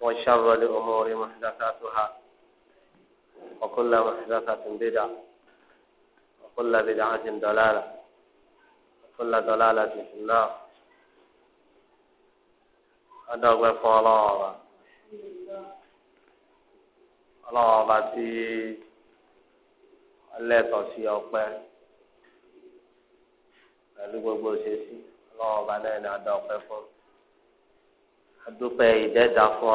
وشر الأمور محدثاتها وكل محدثة بدعة وكل بدعة ضلالة وكل ضلالة في النار أدعو فالله الله باتي lẹ́tọ̀ọ́ sí ọpẹ́ pẹ̀lú gbogbo ṣe sí ọlọ́wọ́ ọba náà ní adá ọpẹ́ fún un. adúpẹ́ ìdẹ́dà fún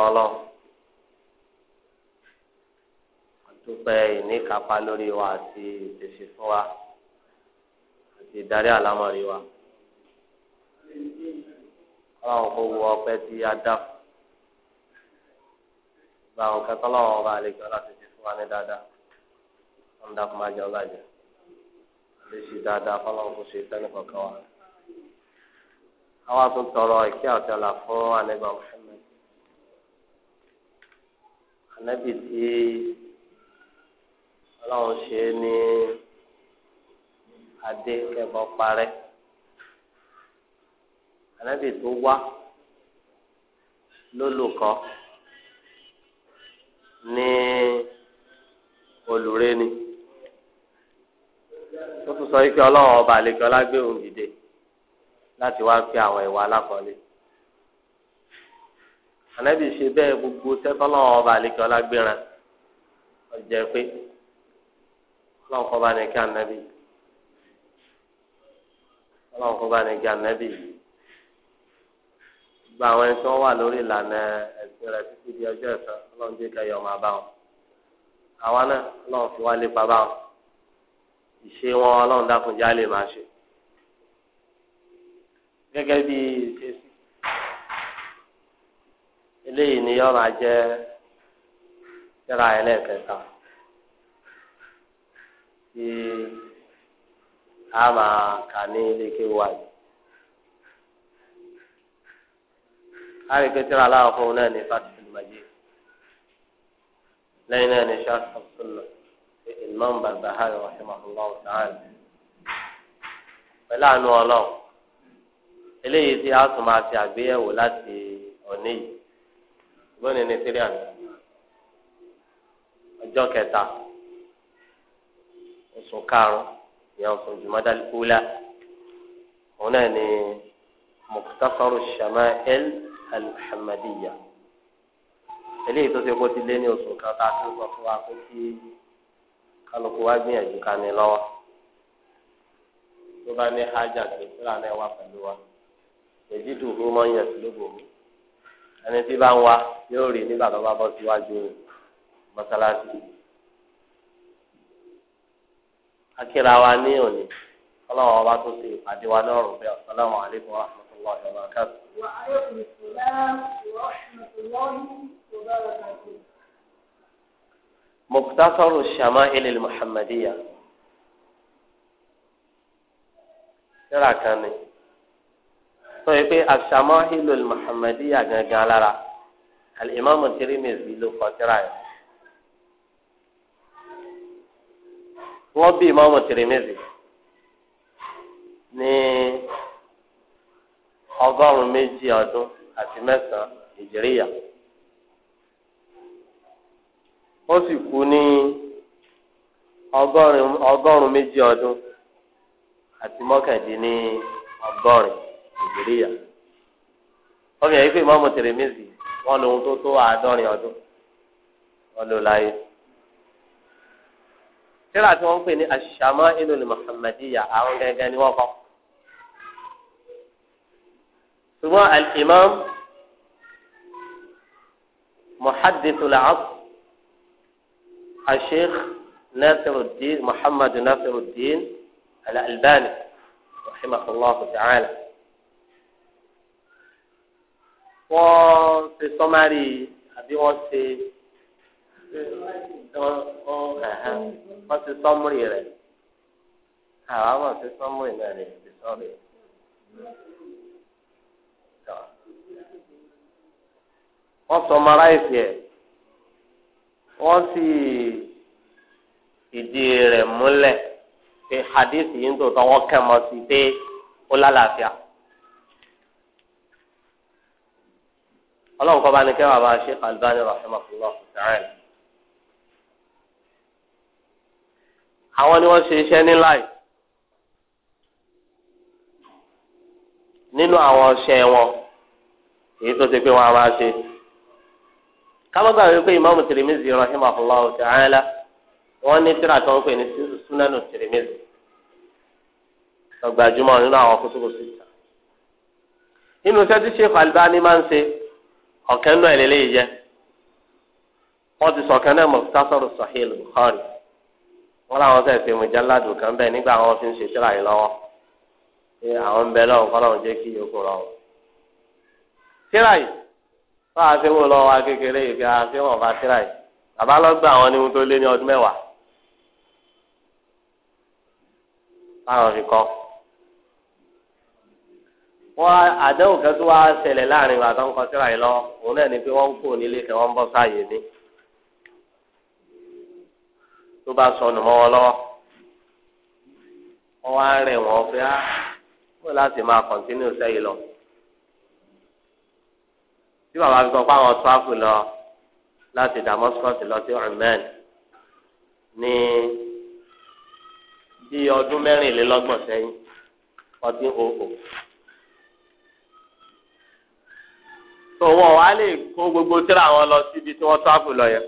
adúpẹ́ ìníkapa lórí wa àti ìpèsè fún wa àti ìdarí àlámọ̀rí wa ọlọ́run kò wọ ọpẹ́ tí a dá gba àwọn kẹtọ́ lọ́wọ́ ọba àlejò láti ti fún wa ní dáadáa wọn dákun máa jẹ dáadáa fọlọ́run kò ṣe wa. àwọn àtún tọrọ ìkí àtàlà fún alẹ́gbà Muhammad anabi tí ọlọ́run ṣe ní adé kẹbọ parẹ́ anabi tó wá lólùkọ́ ní olùrẹ́ni ó tún sọ yìí pé ọlọ́run ọba àlejò ọlágbé dìde láti wá fi àwọn ìwà alákọ̀ọ́lẹ̀. ànábì ṣe bẹ́ẹ̀ gbogbo sẹ́tọ́lọ́wọ́ ọba àlekè ọlágbéra ọ̀jẹ̀ pé ọlọ́run kọ́ bá ní kí ànábì ọlọ́run kọ́ bá ní kí ànábì gba àwọn ẹni tí wọ́n wà lórí ìlànà ẹ̀sìn rẹ̀ títí di ọjọ́ ẹ̀san ọlọ́run jẹ́ kẹyọ̀ máa bá wọn àwa náà ọlọ́run fi wá lépa bá wọn ìṣe wọn ọlọ́run dákun jálè máa ṣe gẹ́gẹ́ bí eléyìí ni yọọ máa jẹ yọra ẹlẹ́ẹ̀kẹta tí a máa kà ní iléeké wa yìí a rí aláwọ̀ fún un náà ní Fathul Majid lẹ́yìn náà ní Sharh as-Sunnah Imam Barbahari rahimahullah ta'ala pẹ̀lú àánú Ọlọ́run eléyìí tí a tún máa ṣe àgbéyẹ̀wò láti òní yìí gbọ́n ní tírí àná ọjọ́ kẹta oṣù karùn-ún ìyẹn oṣù jùmọ́dálí kúlá òun náà ni muktasaru shama'il al-muhammadiyya eléyìí tó ṣe kó ti lé ní oṣù kan tá sọ fún wa pé kí kálukú wa gbìyànjú ká ní lọ́wọ́ tó bá ní hajj àti ìfúlànà ẹ̀ wá pẹ̀lú wa èyí dùn fún mọ́ yẹn lóko ẹni tí bá ń wá yóò rí nígbà tó bá bọ́ síwájú mọ́sálásí. akíra wa ní òní ọlọ́run ọba tó ṣe ìpàdé wa lọ́rùn bẹ́ẹ̀ assalamu alaikum wa rahmatullahi wa barakatuh. wa alaikum assalam wa rahmatullahi wa barakatuh. مختصر الشمائل المحمدية ترى كانت sọ yìí pé asàmọ hilol muhammadiya gangan lára alimami tirimizi ló kọsíra yẹn wọn bí imamu tirimizi ní ọgọ́rùn méjì ọdún àti mẹ́sàn ìjìríyà ó sì kú ní ọgọ́rùn méjì ọdún àti mọ́kàndínní ọgọ́rin. nàìjíríà wọ́n fi hàn pé ìmọ̀ọ́mù tìrìmìsì wọ́n lo ohun tó tó àádọ́rin ọdún wọ́n lò láyé. tíra tí wọ́n ń pè ní àṣàmọ́ ìlú ní muhammadiya àwọn gẹ́gẹ́ ni wọ́n kọ́. ṣùgbọ́n al-imam ọkọ asr al-sheikh nasiruddin muhammadu nasiruddin al-albani rahimahullahu ta'ala. wọ́n ṣe sọ́márì àbí wọ́n ṣe wọ́n ṣe sọ́mùrì rẹ̀ àwọn àwọn ṣe sọ́mùrì náà rẹ̀ ṣe sọ́mùrì. wọ́n sọmara ìfẹ́ wọ́n sì ìdí rẹ̀ múlẹ̀ pé hadith yìí ń tò tọ́ wọ́n kẹ́ mọ́ sí pé ó lálàáfíà. ọlọ́run kọ́ bá ní kẹ́wàá bá ṣe Albani àwọn ni wọ́n ṣe iṣẹ́ ní láì nínú àwọn ọṣẹ wọn èyí tó ti pé wọn a máa ṣe. kámọ́gbà wípé ìmáàmù Tirmidhi rahimahullah ta'ala wọ́n ní tírà tó ń pè ní sunanu Tirmidhi ọgbàjúmọ̀ nínú àwọn kótókó síta. nínú sẹ́tí Sheikh máa ń ọ̀kẹ́ nù ẹ̀ lélẹ́yìí wọ́n ti sọ̀kan náà mọ̀tásọ̀rọ̀ sahih bukhari wọ́n làwọn sẹ̀ fi mujalladu kan bẹ́ẹ̀ nígbà fi ń ṣe síra yìí lọ́wọ́ àwọn ń bẹ lọ́wọ́ kọ́ lọ́wọ́ jẹ́ kí wa yìí a fi wọ́n fa síra yìí bàbá lọ gba àwọn tó lé ní ọdún mẹ́wàá. wọn àdéhùn kan tó wá láàrin ìgbà tó ń kọ síra yìí lọ òun náà ni pé wọ́n ń kó nílé kẹ́ wọ́n ń bọ́ sáàyè ní tó bá sọnù mọ́ wọn lọ́wọ́ wọ́n wá rìn wọ́n fẹ́ á wọ́n láti máa kọ̀ntínú sẹ́yìn lọ tí bàbá fi kọ́ àwọn tíráfù lọ láti Damascus lọ sí Oman ní bí ọdún mẹ́rìnlélọ́gbọ̀n sẹ́yìn fourteen oh, oh. tó wọ́n wá lè kó gbogbo tíra wọn lọ síbi tí wọ́n tábù lọ yẹn.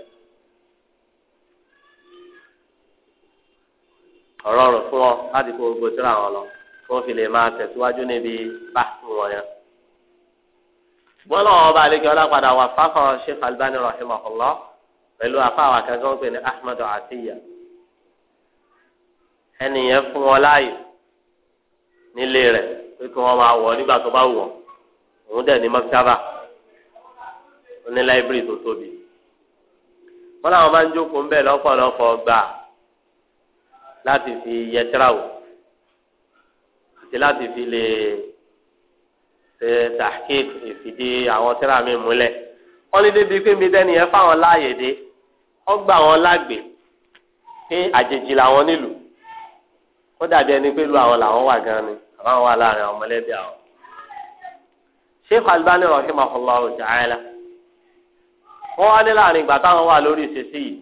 ọ̀rọ̀ rẹ̀ fún ọ láti kó gbogbo tíra wọn lọ kó fi lè máa tẹ̀síwájú níbi báàsì wọn yẹn. ṣùgbọ́n náà wọn bá àlejò ọlọ́padà wà fáfọ̀ Sheikh Albani rahimahullah pẹ̀lú afáwà kankan pè ní Ahmadu Atiya ẹnìyẹn fún wọn láàyè nílé rẹ̀ pé kí wọ́n máa wọ̀ nígbà tó bá wù òun dẹ̀ ní mọ́kítàbà oní láìbírì tó tóbi wọn làwọn máa ń jókòó ń bẹ lọ́pọ̀lọpọ̀ gbà láti fi yẹtírà wò àti láti fi lè ṣe tahqiq ìfìdí àwọn tírà mi múlẹ̀ wọn ní débi pé mi dẹni yẹn fáwọn láàyè dé wọn gbà wọn lágbè pé àjèjì làwọn nílùú wọn dàbí ẹni pé lu àwọn làwọn wà gan ni àwọn wà láàrin àwọn mọ̀lẹ́bí àwọn. sheikh albani rahimahullah ta'ala wọ́n wá ní láàrin ìgbà táwọn wà lórí ìṣesí yìí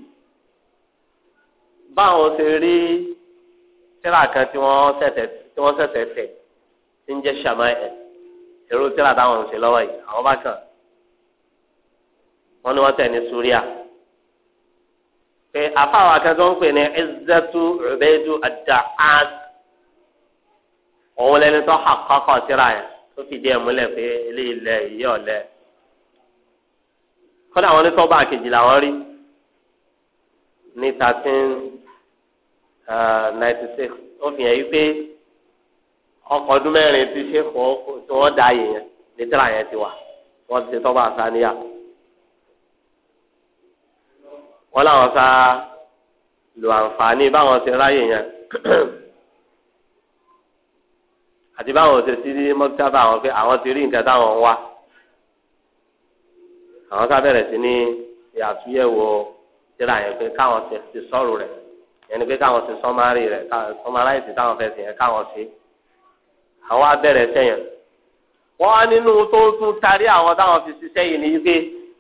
báwọn ṣe rí tíra kan tí wọ́n ṣẹ̀ṣẹ̀ tí wọ́n ṣẹ̀ṣẹ̀ tẹ̀ tí ń jẹ́ ṣàmáyẹ̀ èrò tíra táwọn ń ṣe lọ́wọ́ yìí àwọn bá kàn wọ́n ní wọ́n tẹ̀ ní suria pé àfáwọn akẹ́kọ̀ọ́ ń pè ní Izzatu Ubaidu ad òun lẹni tó hàkọ́kọ́ tíra yẹn tó fìdí ẹ̀ múlẹ̀ pé ilé ilẹ̀ yìí ọ̀lẹ́ kọ́dà àwọn onítọ́ba kejì làwọn rí ní thirteen ninety six ó fi hàn yí pé ọkọ̀ ọdún mẹ́rin tí ṣe kọ́ tí wọ́n da yìí yẹn létírà yẹn ti wà wọ́n ti ṣe tọ́ba àsáníyà wọ́n làwọn sá lo àǹfààní báwọn ti ráyè yẹn àti báwọn ti sí mọ́tàbà àwọn pé àwọn ti rí nǹkan táwọn ń wá àwọn ká sí ní àtúnyẹ̀wò tíra yẹn pé káwọn ti sọ̀rọ̀ rẹ̀ yẹn ni pé káwọn ti sọmárì rẹ̀ sọmáráìsì táwọn fẹsẹ̀ yẹn káwọn ṣe àwọn abẹ́rẹ́ sẹ́yìn wọ́n á nínú tó tún tarí àwọn táwọn fi ṣiṣẹ́ yìí ni wípé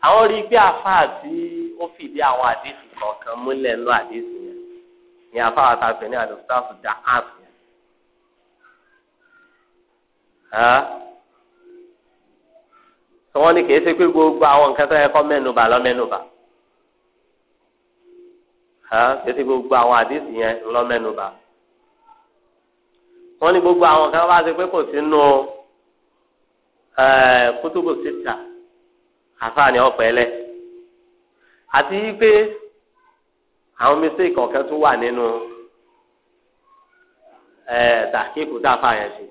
àwọn rí i pé tí ó fìdí àwọn àdéhùn kọ̀ọ̀kan múlẹ̀ ńlọ àdéhùn yẹn ni àfáà ta pè ní àdéhùn sáfù dá áàpù yẹn tí wọ́n ní ṣe pé gbogbo àwọn nǹkan tó yẹ kọ́ mẹ́nuba lọ mẹ́nuba kì ṣe gbogbo àwọn àdìsí yẹn lọ mẹ́nuba wọ́n ní gbogbo àwọn kan bá ṣe pé kò sínú eh, kútùbù síta àfààní ọ̀pẹ̀lẹ̀ àti pé àwọn mistake kọ̀ọ̀kan tún wà nínú eh, tàkíkù tá a fà yẹn sí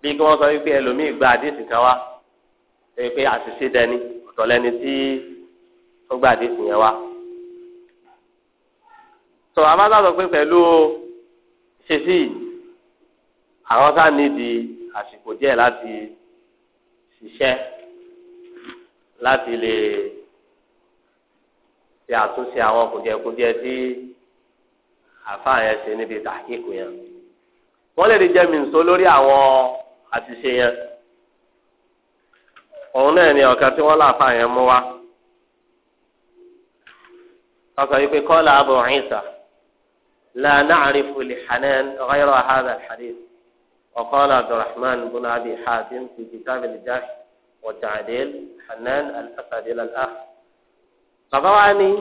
bí kí sọ wípé ẹlòmíì gba àdìsí kan wá ẹ pé àṣìṣe dẹni ọ̀tọ̀ ni tí ó gbàdé sìn yẹn wá. sọ abájáde pé pẹ̀lú ṣèṣì àwọn sáà di àsìkò díẹ̀ láti ṣiṣẹ́ láti lè ṣe àtúnṣe àwọn kùdìẹ̀kudiẹ tí àfa yẹn ṣe níbi tàkíkù yẹn. wọ́n lè rí jẹ́mi nsọ lórí àwọn àṣìṣe yẹn òun náà ni ọ̀kan tí wọ́n láfa yẹn mú wa ọkọ̀ yìí pé kọ́lá Abu Isa la na'rifu li hanan ghayra hadha hadith وقال عبد الرحمن بن أبي حاتم في كتاب الجرح والتعديل حنان الأسد إلى الآخر bàbá ni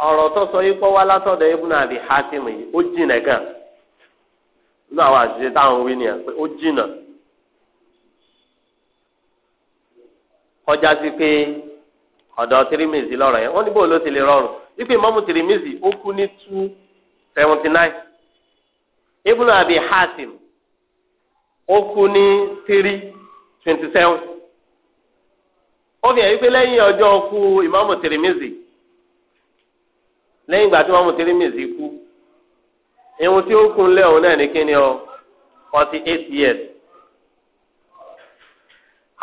ọ̀rọ̀ tó sọ yìí kọ́ wá látọ̀dọ̀ Ibn Abi Hatim yìí ó jìnà gan nínú àwọn àṣìṣe táwọn wí nìyẹn pé ó jìnà kọjá sí pé ọ̀dọ̀ tirimizi lọ́rọ̀ yẹn wọ́n ní bóyá ló ti lè rọrùn wípé mọ́mú tirimizi ó kú ní two seventy nine ibùn àbí hasim ó kú ní three twenty seven ó fi hàn wípé lẹ́yìn ọjọ́ tirimizi lẹ́yìn ìgbà tí mọ́mú tirimizi kú tí ó náà ní ọ forty years.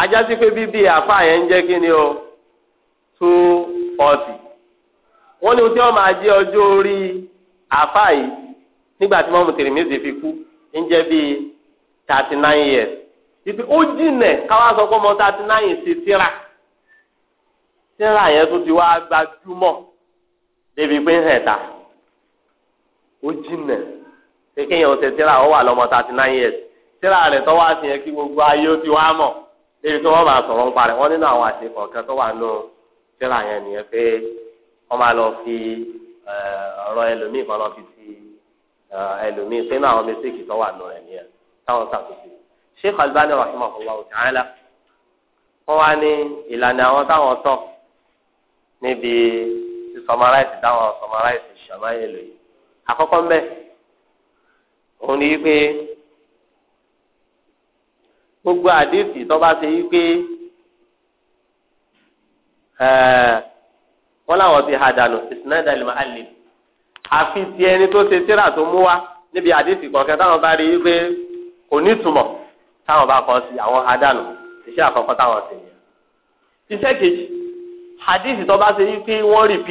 ajásí pé bíbí àfa yẹn ń jẹ́ kí ni o two forty wọ́n ní tí wọ́n máa jẹ́ ọjọ́ orí àfa yìí nígbà tí wọ́n mú tèrèmẹ́sì fi kú ń jẹ́ bíi thirty nine years ìpè ó jìnà káwá sọ pé ọmọ thirty nine ṣe tíra tíra yẹn tó ti wá gbajúmọ̀ débi pé ń hẹ̀ta ó jìnà kékeré yẹn ó ṣe tíra ó wà lọ́mọ thirty nine years tíra rẹ̀ tọ́wọ́ àti yẹn kí gbogbo ayé ó ti wá mọ̀ débi tó wọ́n máa sọ̀rọ̀ ń parẹ́ wọ́n nínú àwọn àṣekọ̀ kan tó wà nù síra yẹn nìyẹn pé wọ́n máa lọ fi ọ̀rọ̀ ẹlòmíì kan lọ fi ti ẹlòmíì pé náà àwọn mẹsíkì tó wà nù rẹ̀ nìyẹn táwọn ṣàkóso Sheikh Albani rahimahullahu ta'ala wọ́n wá ní ìlànà àwọn táwọn tọ̀ níbi sọmaráìsì táwọn sọmaráìsì ṣàmáyé lòyìn àkọ́kọ́ mbẹ́ òun ni wípé. gbogbo àdéhùn tọba ṣe yí pé eh, wọ́n láwọn ti ìlú àfi ti ẹni tó ṣe tíra tó mú wá níbi kọ̀ọ̀kan táwọn bá rí i pé kò ní táwọn bá kọ́ sí àwọn iṣẹ́ àkọ́kọ́ táwọn ṣe iṣẹ́ kejì ṣe yí pé wọ́n ẹ̀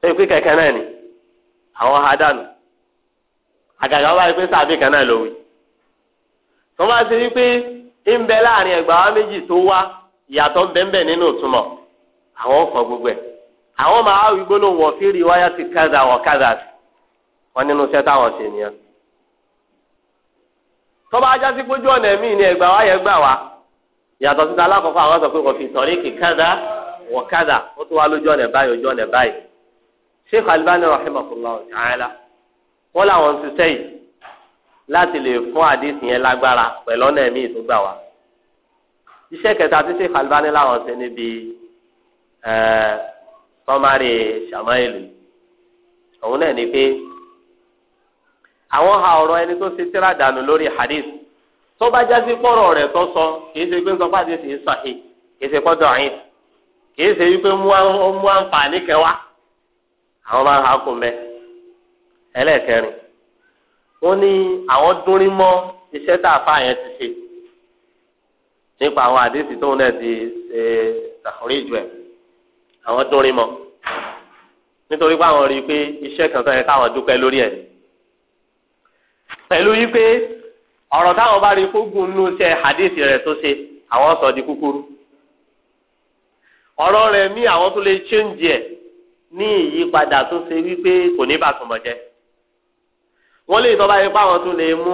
ṣe pé kẹ̀kẹ́ náà ni àwọn àgàgà tó bá ṣe wípé ń bẹ láàrin ẹgbà wa méjì tó wá ìyàtọ̀ bẹ́ẹ̀ nínú ìtumọ̀ àwọn ọkọ̀ gbogbo ẹ̀ àwọn máa wí gbólóhùn wọ̀ fí rí wáyà ti kádà wọ̀ kádà sí wọn nínú iṣẹ́ táwọn ṣe nìyẹn. tó ajá sí pójú ọ̀nà ẹ̀mí ni ẹgbà wa yẹ gbà wá ìyàtọ̀ títa alákọ̀ọ́kọ́ àwọn sọ pé kò fi tọ̀rí kì kádà wọ̀ kádà ó tún wá lójú ọ̀nà báyìí ojú ọ̀nà báyìí. Sheikh Albani rahimahullah ta'ala wọn làwọn ti sẹ́yìn láti lè fún àdìsí yẹn lágbára pẹ̀lú ọ̀nà ẹ̀mí ìtúgbà wa. iṣẹ́ kẹta tí sèkà albani láwọn ṣe níbi sọmárì ṣàmáìlú òun náà ni pé àwọn ha ọ̀rọ̀ ẹni tó ṣe tíra dànù lórí hadith tó bá jásí pọ̀rọ̀ rẹ̀ tó sọ kì í ṣe pé nǹkan pàdé sì ń sàhì kì í ṣe pọ́dọ̀ àyìn kì ṣe wípé mú àǹfààní kẹwàá àwọn máa ń ha kó mẹ́ ẹlẹ́ẹ̀kẹrin wọ́n ní àwọn dúnrín mọ́ iṣẹ́ tá a fa yẹn ti ṣe nípa àwọn àdéhùn tó ń náà ti ṣe ṣàkórí ìjọ ẹ̀ àwọn dúnrín mọ́ nítorí pé àwọn rí i pé iṣẹ́ kan tó yẹ káwọn dúpẹ́ lórí ẹ̀ pẹ̀lú yí pé ọ̀rọ̀ táwọn bá rí i fógun nù iṣẹ́ àdéhùn rẹ̀ tó ṣe àwọn sọ di kúkúrú ọ̀rọ̀ rẹ̀ mí àwọn tó lè ṣéǹjì ẹ̀ ní ìyípadà tó ṣe wípé kò ní bàtúmọ̀ jẹ́ wọ́n lè tọ́ba yẹn fáwọn tún lè mú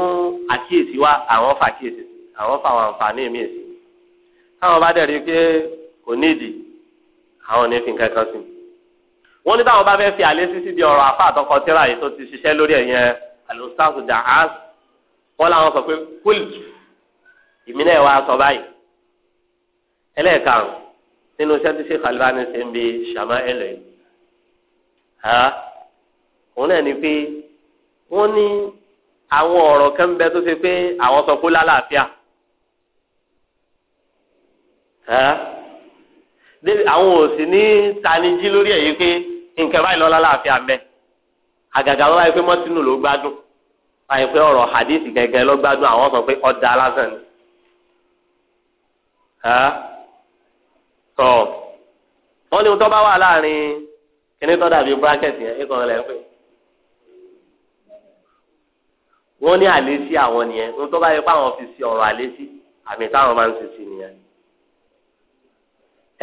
àkíyèsí wá àwọn fa àkíyèsí àwọn fa àwọn àǹfààní míì sí táwọn bá dẹ̀ rí pé kò nídìí àwọn ní fi nǹkan kan sí wọ́n ní táwọn bá fẹ́ fi àlẹ́ sísí di ọ̀rọ̀ àfa àtọkọ tíra yìí tó ti ṣiṣẹ́ lórí ẹ̀yẹn alustaz da'as wọ́n làwọn sọ pé kúlìtù ìmí náà wàá sọ báyìí ẹlẹ́ẹ̀karùn nínú iṣẹ́ tí sèkà lébà ní sẹ́ńbi ṣàmá ẹlẹ́yìn òun náà ni pé wọ́n ní àwọn ọ̀rọ̀ kan ń bẹ tó ṣe pé àwọn sọ pé lálàáfíà débi àwọn ò sì ní tanijí lórí ẹ̀ yìí pé nǹkan báyìí lọ́la láàfin abẹ́ àgàgà wọn báyìí pé mọ́tínù ló gbádùn báyìí pé ọ̀rọ̀ hadith gẹ́gẹ́ ló gbádùn àwọn sọ pé ọ̀dà lásán ni. tọ́ wọ́n ní tó bá wà láàrin kíní tó dàbí bírákẹ́tì yẹn ìkànnì lẹ́yìn pé. wọ́n ní àlésí àwọn nìyẹn ń tó bá yẹ pé àwọn fi sí ọ̀rọ̀ àlésí àmì táwọn máa ń sisi nìyẹn.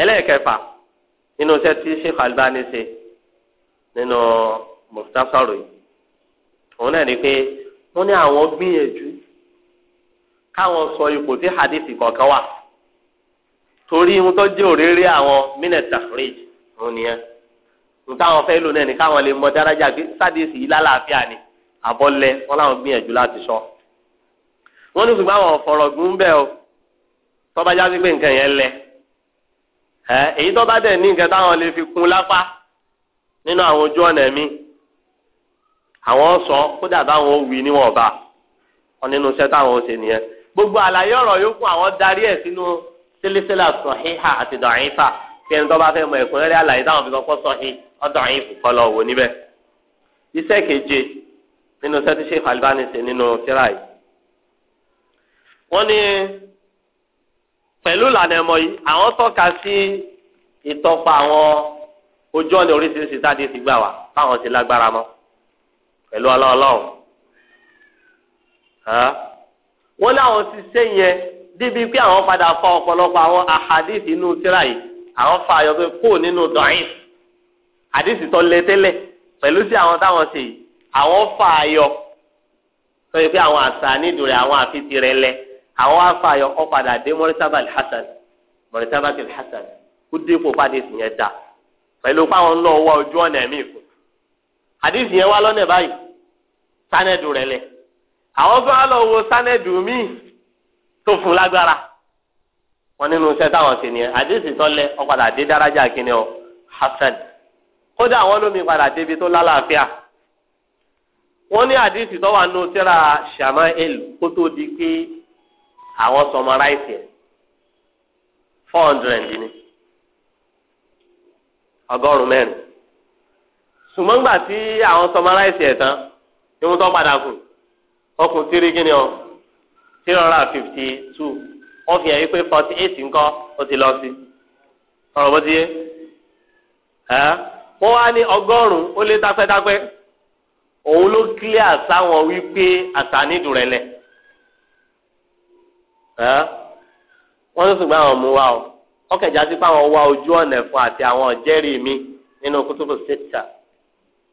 ẹlẹ́ẹ̀kẹfà nínú iṣẹ́ tí Sheikh Albani ṣe nínú mọ̀tàsọ̀rọ̀ yìí òun náà ni pé wọ́n ní àwọn gbìyànjú káwọn sọ ipò tí hadithi kọ̀ọ̀kan wà torí ohun tó jẹ́ òréré àwọn mínẹ̀tà rèj òun nìyẹn ohun fẹ́ lò náà ni káwọn lè mọ dárájà pé sádìsì yìí lálàáfíà ni. àbọ̀lẹ̀ wọn làwọn gbìyànjú láti sọ. wọ́n ní ṣùgbọ́n àwọn ọ̀fọ̀rọ̀gùn bẹ́ẹ̀ o tọ́ba já sí pé nǹkan yẹn lẹ. ẹ èyí tọ́ba dẹ̀ ní nǹkan táwọn lè fi kún lápá nínú àwọn ojú ọ̀nà mi àwọn sọ kódà táwọn ò wí níwọ̀nba ọ nínú iṣẹ́ táwọn ò nìyẹn gbogbo àlàyé ọ̀rọ̀ fún àwọn darí ẹ̀ sínú sílẹ̀sílẹ̀ sọ̀híhà àti kí ẹni fẹ́ mọ ẹ̀kúnrẹ́rẹ́ àlàyé táwọn nínú sẹ́tí Sheikh Albani ṣe nínú tírà yìí. wọ́n ní pẹ̀lú ìlànà ẹ̀mọ́ yìí àwọn tọ́ka sí ìtọ́pa àwọn ojú ọ̀nà oríṣiríṣi táde ti gbà wá táwọn ti lágbára mọ́ pẹ̀lú ọlọ́ọ̀lọ́ọ̀ wọ́n láwọn ti ṣe yẹn débi pé àwọn padà fa ọ̀pọ̀lọpọ̀ àwọn ahadith inú tírà yìí àwọn fa ayọ̀ pé kó nínú dọ̀yìn àdìsí tó lé tẹ́lẹ̀ pẹ̀lú sí àwọn táwọn ṣe yìí àwọn fà á sọ pé àwọn àṣà nídùúrẹ àwọn àfitì rẹ lẹ àwọn afà á kọ padà dé mọrìsábàl hasan mọrìsábàl hasan kó dépò pàdé sì yẹn dà pẹ̀lú fáwọn ńlọ wọ ojú ọ̀nà ẹ̀mí ìfún àdìsí yẹn wá lọ́nà báyìí sánẹ́dù rẹ lẹ àwọn tó wá lọ wo sánẹ́dù míì tó fún lágbára wọn nínú táwọn sì ni àdìsí ọ padà dé hasan kódà àwọn lómi wọ́n ní àdìsí tó wà nù tíra Shama'il kó tó di pé àwọn sọmọráìsì ẹ̀ four hundred ni ọgọ́rùn mẹ́rin sùmọ́ngbà tí àwọn sọmọráìsì ẹ̀ tán ni wọ́n tó padà kù ọkùn tírí kí ni ọ three hundred and fifty two wọ́n fi pé forty eight ńkọ́ ó ti lọ sí ọ̀rọ̀ bó ti yé wọ́n wá ní ọgọ́rùn-ún ó lé dápẹ́dápẹ́. òun ló kílẹ̀ àsáwọn wípé àtànídùn rẹ̀ lẹ̀ wọ́n tún ṣùgbọ́n àwọn mú wa o ọkẹ̀já sí fáwọn wá ojú ọ̀nà ẹ̀fọ́ àti àwọn ọ̀jẹ́rìí mi nínú kútùbù sẹ́tà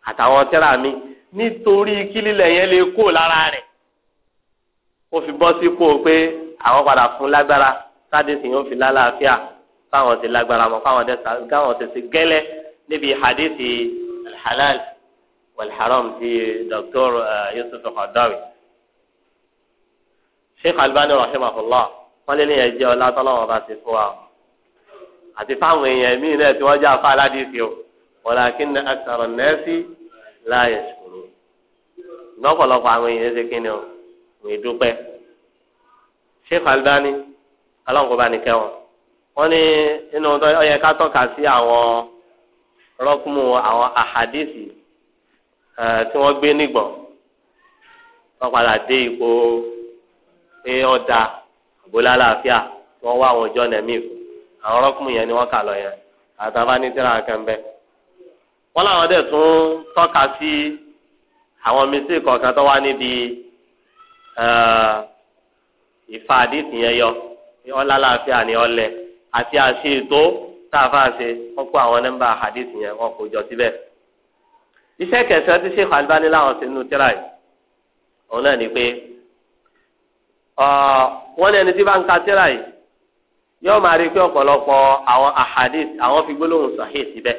àtàwọn tẹ́rà mi nítorí kílílẹ̀ yẹn lè kó lára rẹ̀ ó fi bọ́ sípò pé àwọn padà fún lágbára sádìsì yóò fi lálàáfíà fáwọn ti lágbára mọ́ fáwọn tẹ̀sán káwọn gẹ́lẹ́ níbi hadisi alhalal. والحرام في دكتور يوسف الخداوي sheikh albani rahimahullah wọn lé ní ẹjẹ ọlá tọlọmọ bá ti fún wa àti fáwọn èèyàn míì náà tí wọn já fa aládìsí o walakinna akthara nasi la yashkurun lọ́pọ̀lọpọ̀ àwọn èèyàn ṣe kí ni o kò ì dúpẹ́ sheikh albani ọlọ́nkọba nìkẹ́ wọn wọn ní inú ọyẹ ká tọ́ka sí àwọn rọ́kùmù àwọn àhàdìsí Eh, tí wọ́n gbé nígbọ̀n wọ́n padà dé ipò pé ọ̀dà àbólá àlàáfíà wọ́n wá àwọn ọjọ́ nẹ̀mí fún àwọn ọlọ́kùnrin yẹn ni wọ́n kà lọ yẹn àtàwọn anítìrà akẹ́ńbẹ́. wọ́n láwọn dẹ̀ tún tọ́ka sí àwọn mísíkì kọ̀ọ̀kan tó wá níbi eh, ìfà àdìsí yẹn yọ ọ̀là àlàáfíà ni ọ̀lẹ̀ àti àṣẹ ètò tá a fà ṣe wọ́n kó àwọn nọ́mbà àdìsí yẹn wọ́n kó jọ síbẹ̀ iṣẹ́ kẹsàn-án tí Sheikh Albani láwọn ti nù tíra yìí òun náà ni pé wọ́n ní ẹni tí bá ń ka tíra yìí yóò máa rí pé ọ̀pọ̀lọpọ̀ àwọn ahadith àwọn fi gbólóhùn sahih síbẹ̀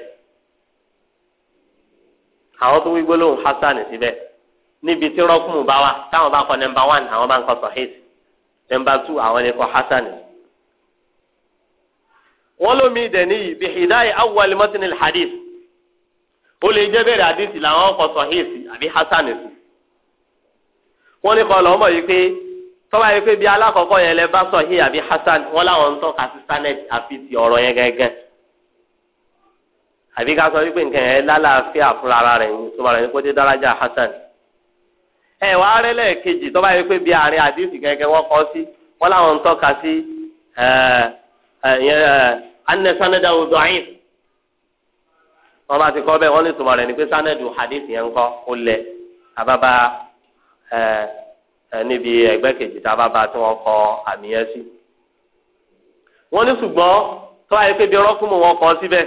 àwọn tó wí gbólóhùn hasan síbẹ̀ níbi tí rọ́kùnmù bá wà táwọn bá kọ nọmba wán àwọn bá ń kọ sahih nọmba tù àwọn lè kọ hasan wọ́n lómi ìdẹ̀ níyì bí hidaya awwal matn hadith. ó lè jẹ́ bẹ̀rẹ̀ àdìsí làwọn kọ sọ hìsì àbí hasan sí wọ́n ní kọ́ lọ́mọ yìí pé tọ́ba yìí pé bí alákọ̀ọ́kọ́ yẹn lẹ bá sọ hìí àbí hasan wọ́n láwọn ń tọ́ka sí sanẹ́tì àfi ti ọ̀rọ̀ yẹn gẹ́gẹ́ àbí ká sọ wípé nǹkan yẹn lálàáfíà ara rẹ̀ ní rẹ̀ ní kó dé dárájà hasan ẹ wàá rẹ lẹ́ẹ̀kejì tọ́ba yìí pé bí àárín àdìsí gẹ́gẹ́ wọ́n kọ́ sí wọ́n láwọn ń wọn bá ti kọ bẹ́ẹ̀ wọn lè tuma rẹ̀ ní pé sanadu hadith yẹn kọ ó lẹ ababa ẹ ẹ níbi ẹgbẹ́ kejì tá a bá ba tí wọn kọ àmì yẹn sí. wọn ní ṣùgbọ́n tó ayé pé bí ọlọ́kùnmọ̀ wọn kọ síbẹ̀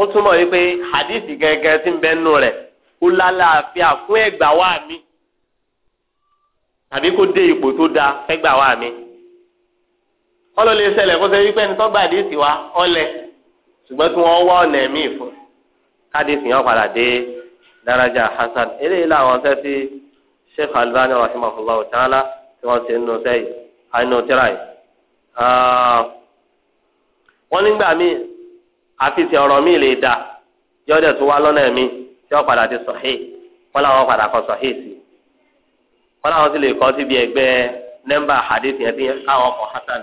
ó túmọ̀ yìí pé hadith gẹ́gẹ́ tí ń bẹ nù rẹ̀ ó lálàáfíà fún ẹgbà wá mi tàbí kó dé ipò tó dáa fẹ́gbà wá mi. wọn lọ lè ṣẹlẹ̀ kó ṣe wípé ẹni tó gbà hadith wa ọlẹ ṣùgbọ́n tí wọ́n wá ọ̀nà ẹ̀mí ìfún hadith yẹn padà dé daraja hasan eléyìí làwọn sẹ́ ti sheikh albani rahimahullah ta'ala tí wọ́n ti ń nu sẹ́yìn tíra yìí. Ah, wọ́n nígbà míì n'o ọ̀rọ̀ míì lè dà yọ̀dẹ̀ tó wá lọ́nà mi tí wọ́n padà di sahih làwọn padà kọ sí làwọn ti lè síbi hadith yẹn tí kọ hasan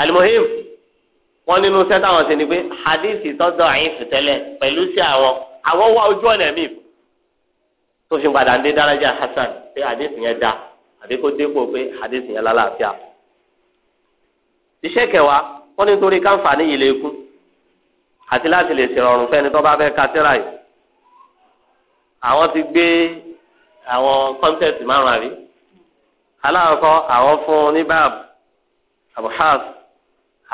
alimohim. wọn nínú iṣẹ́ táwọn ṣe ni pé hadithi tọdọ àyìn fìtẹlẹ pẹ̀lú sí àwọn àwọn wá ojú ọ̀nà míì tó fi padà ń dé dáradà hasan pé hadithi yẹn da àbí kó dépò pé hadithi yẹn lálàáfíà. iṣẹ́ kẹwàá wọ́n nítorí káǹfààní yìí lè kú àti láti lè ṣèrọ̀rùn fẹ́ni tó bá fẹ́ ka tírà yìí. àwọn ti gbé àwọn kọ́ńtẹ́ẹ̀tì márùn-ún àrí. aláàkọ́ àwọn fún oníbàb abuhas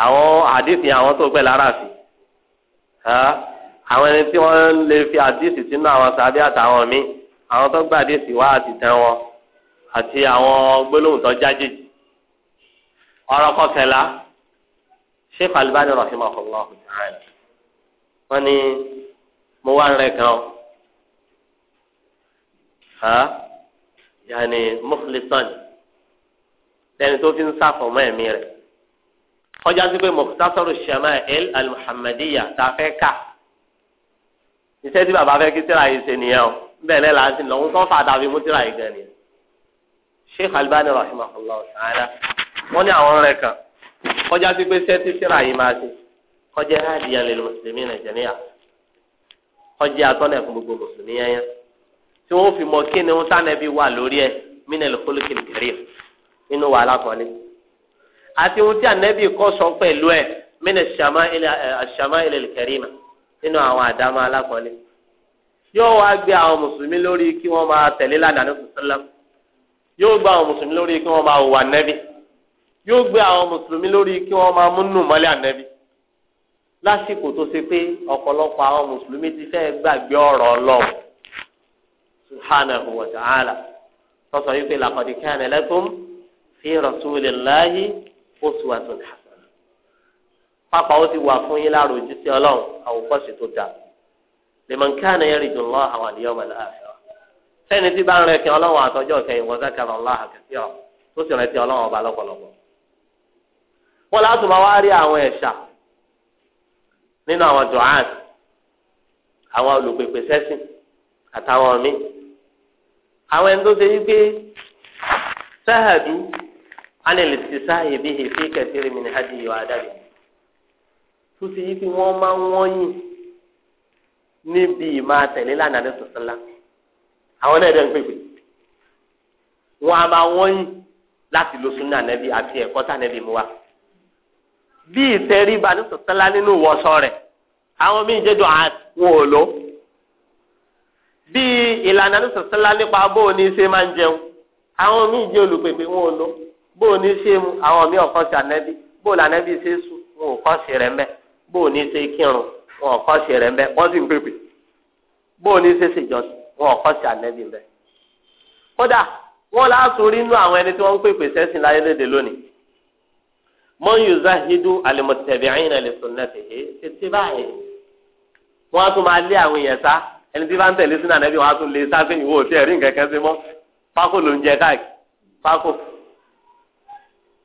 àwọn àdìsí àwọn tó pẹ̀lú aráàfin àwọn ẹni tí wọ́n lè fi àdìsí sínú àwọn sàbí àtàwọn míì àwọn tó gba àdìsí wá àti tán wọn àti àwọn gbólóhùn tó jáde ọ̀rọ̀ kọkànlá Sheikh Albani rahimahullah ta'ala wọ́n ní mo wá ń rẹ kan yaani mukhlisan lẹni tó fi ń sáfọmọ ẹ̀mí rẹ̀ ọjà sí pé mọ̀tàsọ̀rọ̀ shama'il al-muhammadiya tá a fẹ́ kà iṣẹ́ tí bàbá fẹ́ kí tíra yìí ṣe nìyẹn o bẹ́ẹ̀ lẹ́la á sì lọ wọ́n tó fà dàbí mú tíra yìí gan ni sheikh albani rahimahullah ta'ala wọ́n ní àwọn rẹ̀ kan ọjà sí pé iṣẹ́ tí tíra yìí máa ṣe kọjá hadiyan lil muslimin jami'a kọjá atọ́nà ẹ̀kún gbogbo mùsùlùmí yẹn tí wọ́n fi àti ohun tí ànábì kọ́ sọ pẹ̀lú ẹ̀ mẹ́nà ṣàmá ilẹ̀ ṣàmá ilẹ̀ kẹrìmà nínú àwọn àdámọ́ alákọ̀ọ́lẹ̀ yóò wá gbé àwọn mùsùlùmí lórí kí wọ́n máa tẹ̀lé lánàá nípa sọ́lá yóò gbé àwọn mùsùlùmí lórí kí wọ́n máa wà nẹ́bí yóò gbé àwọn mùsùlùmí lórí kí wọ́n máa múnú mọ́lẹ̀ ànẹ́bí lásìkò tó ṣe pé ọ̀pọ̀lọpọ̀ àwọn mùsùlùmí ti fẹ́ gbàgbé ọ̀rọ̀ ọlọ́run subhanahu wa ta'ala tọ́sọ̀ yìí pé laqad kana lakum fi rasulillahi uswatun hasana pápá ó ti wà fún yín láàrò ojúṣe ọlọ́run àwòkọ́ṣe tó dáa liman kana Allah wal awa akhir sẹ́ni tí bá ń rẹ̀ kí ọlọ́run àtọ́jọ́ kẹyìn wọ́n zakara Allah kathira tó sì rẹ̀ tí ọlọ́run ọba lọ́pọ̀lọpọ̀ wọn láti máa wá rí àwọn ẹ̀ṣà nínú àwọn du'at àwọn olùpèpè sẹ́sìn àtàwọn míì àwọn ẹni tó عن الاستساء به في كثير من هدي وآدابه tó ṣe yí pé wọ́n máa ń wọ́nyìn níbi ìmáa tẹ̀lé lánàá ní sọ̀sọ́lá àwọn náà dẹ̀ ń pèpè wọ́n á máa wọ́nyìn láti lo sunna nẹ́bí àti ẹ̀kọ́ tá nẹ́bí mu wa bí ìtẹríba ní sọ̀sọ́lá nínú ìwọṣọ rẹ̀ àwọn míì jẹ́ dùn àwọn òòlò bí ìlànà ní sọ̀sọ́lá nípa bóun ní í ṣe máa ń jẹun àwọn míì jẹ́ olùpèpè wọn ò lò bó o ní ṣe mu àwọn mi ọkọ ṣe ànẹbí bó o lànẹbí ṣe sùn wọn ò kọ ṣe rẹ mbẹ bó o ní ṣe kírun wọn ò kọ ṣe rẹ mbẹ wọn sì ń pèpè bó o ní ṣe ṣèjọsìn wọn ò kọ ṣe ànẹbí mbẹ. kódà wọn láàtún rí inú àwọn ẹni tí wọn ń pèpè sẹ́sìn láyé léde lónìí man yuzahidu al-muttabi'ina li sunnatihi ittiba'i wọn á tún máa lé àwọn èèyàn sá ẹni tí bá ń tẹ̀lé sínú ànẹ́bí wọn á tún lé e sá fún ìwọ òsì ẹ̀rí nǹkan kan pákó ló ń jẹ káàkiri pákó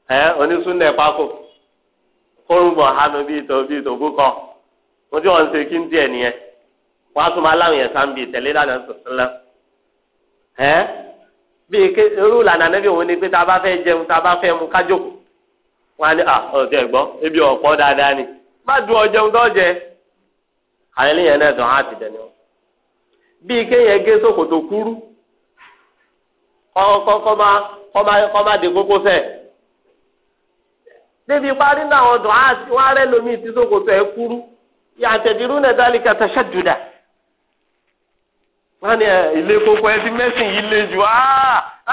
ẹ onísúnnẹ pákó kórùbọ hanu bíi tó bíi tó búkọ mo wọn ṣe kí n díẹ̀ nìyẹn wọn á ẹ bíi ké irú níbi òun ni pé tá a bá fẹ́ jẹun tá a bá fẹ́ mu ebi ọpọ dáadáa ni má du ọjẹun tó jẹ náà ti dẹni bíi kéèyàn gé débi parí náà àwọn dùn á wọn arẹ lomi ti ṣòkòtò ẹ kúrú yàtẹ̀dìrú nẹ̀dálì kàtà ṣàjùdà wọn ni ilé koko ẹ ti mẹ́sìn yìí le jù áá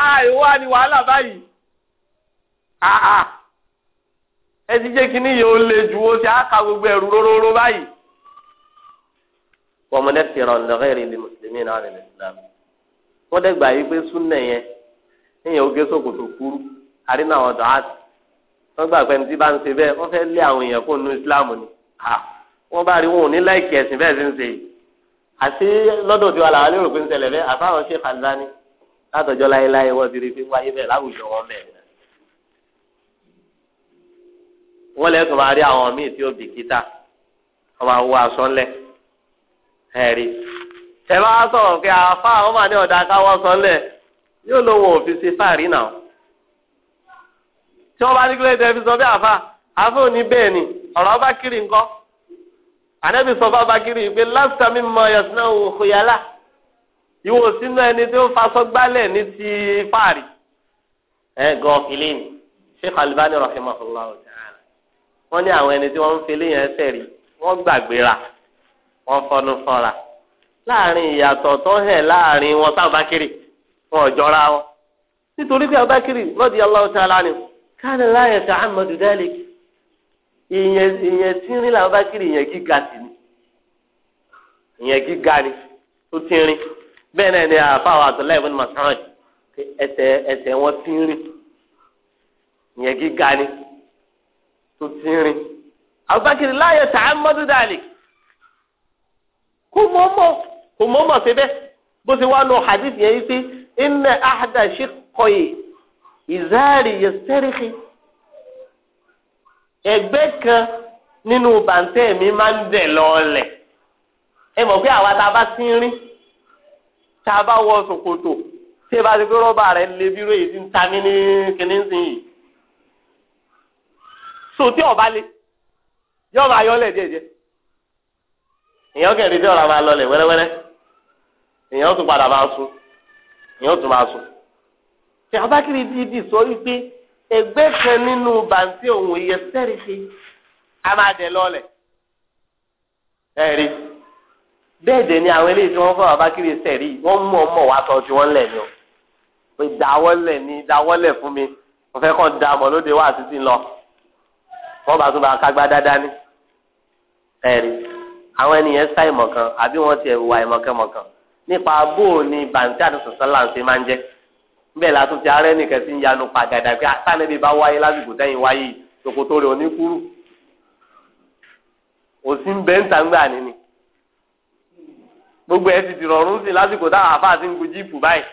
áá ìwà ni wàhálà báyìí àà ẹ ti jẹ́ kí níyẹn ó le jù ó ti á ka gbogbo ẹ̀rù róróró báyìí. wọ́n mọ̀ lẹ́tìrọ̀ lọ́gẹ́rì lè mùsùlùmí náà rẹ̀ lẹ́sìlámù wọ́n dẹ́gbà yìí pé súnà yẹn níyẹn ó gé kúrú àrínà ọ̀dọ̀ àti wọ́n gbà pé ní tí bá ń ṣe bẹ́ẹ̀ wọ́n fẹ́ lé àwọn èèyàn kó nu islam ni wọ́n bá rí wọn ò ní láìkí ẹ̀sìn bẹ́ẹ̀ sì ń ṣe àti lọ́dọ̀ tí wà làwọn lérò pé ń ṣẹlẹ̀ bẹ́ẹ̀ àfáwọn ṣe kàlùdání látọjọ́ láéláé wọ́n ti rí pé wáyé bẹ́ẹ̀ láwùjọ wọn bẹ́ẹ̀ wọ́n lè tún máa rí àwọn míì tí ó bìkítà wọ́n máa wọ aṣọ ńlẹ̀ ẹ̀rí tẹ̀ máa sọ̀rọ̀ pé àfáà wọ́n máa ní ọ̀dà tí wọ́n bá ní kílódé tẹ́ fi sọ bí àfa àfa ò ní bẹ́ẹ̀ ni ọ̀rọ̀ bá kiri ńkọ́ ànábì sọ fún abakiri pé lásìkò mi mọ yọ̀sìn náà wò kóyálà ìwò sínú ẹni tó fasọ gbálẹ̀ ní ti fáàrí ẹ gan ilé ni Sheikh Albani rahimahullah ta'ala wọ́n ní àwọn ẹni tí wọ́n ń fele yẹn sẹ̀rí wọ́n gbàgbéra wọ́n fọnú fọ́ra láàrin ìyàtọ̀ tó hẹ̀ láàrin wọn sábàkiri wọn jọra wọn nítorí pé abakiri lọ́dí Allah ta'ala ni káàdì láyé ká amadu dálé ìyẹn ìyẹn tínrín làwọn bá kiri ìyẹn gíga sí ni ìyẹn gíga ni ó tínrín bẹ́ẹ̀ náà ni àfàwọn àtọ́lá ìbọn masáàjì ẹsẹ̀ ẹsẹ̀ wọn tínrín ìyẹn gíga ni tó tínrín àbúkàkiri láyé ká amadu dálé kó mọ́mọ́ kó mọ́mọ́ síbẹ̀ bó ti wá lọ hadith yẹn yìí sí inna ahada ṣe kọ́ yìí ìzáàrí yẹsẹrìkì ẹgbẹ́ kan nínú bàǹtẹ́ mi máa ń dẹ̀ lọ́ọ̀lẹ̀ ẹ mọ̀ pé àwa tá a bá ti ń rí tá a bá wọ ṣòkòtò tí ẹ bá ti gbé rọ́bà rẹ lé bí rèé ti ń ta mí ní kíní sí yìí so tí ọba le yóò máa yọlẹ̀ díẹ̀díẹ̀ èèyàn kẹrin tí ọ̀rọ̀ máa lọlẹ̀ wẹ́rẹ́wẹ́rẹ́ èèyàn tún padà máa sùn èèyàn tún máa sùn ṣe abákiri bíbí sọ wípé ẹgbẹ́ kan nínú bàǹtí òun yẹ sẹ́rìṣe a máa dẹ̀ lọ́lẹ̀ ẹ̀rí bẹ́ẹ̀ dẹ̀ ni àwọn eléyìí tí wọ́n fọ́ abákiri sẹ̀rí wọ́n mú ọmọ wa tọ́jú wọn lẹ̀ ni o pé ni dáwọ́lẹ̀ fún mi mo fẹ́ kàn da ọmọ lóde wá títí lọ wọ́n bá tún bá kágbá dáadáa ní ẹ̀rí àwọn ènìyàn sá ìmọ̀ kan àbí wọ́n ti ẹ̀wà ìmọ̀kẹ́mọ̀kan nípa bóò ni bàǹtí àti sọ̀sọ́là ń ṣe máa ń jẹ́ bẹ́ẹ̀ la tún ti arẹ́ nìkan ti ń yanu pàgàdà pé àtàlẹ́bí bá wáyé lásìkò tẹ́yìn wáyé ṣòkòtò rẹ̀ oníkúrú òsì ń bẹ́ ń ta ńgbà nínú gbogbo ẹ ti ti rọrùn sí lásìkò táwọn àfáà ti ń gun jíìpù báyìí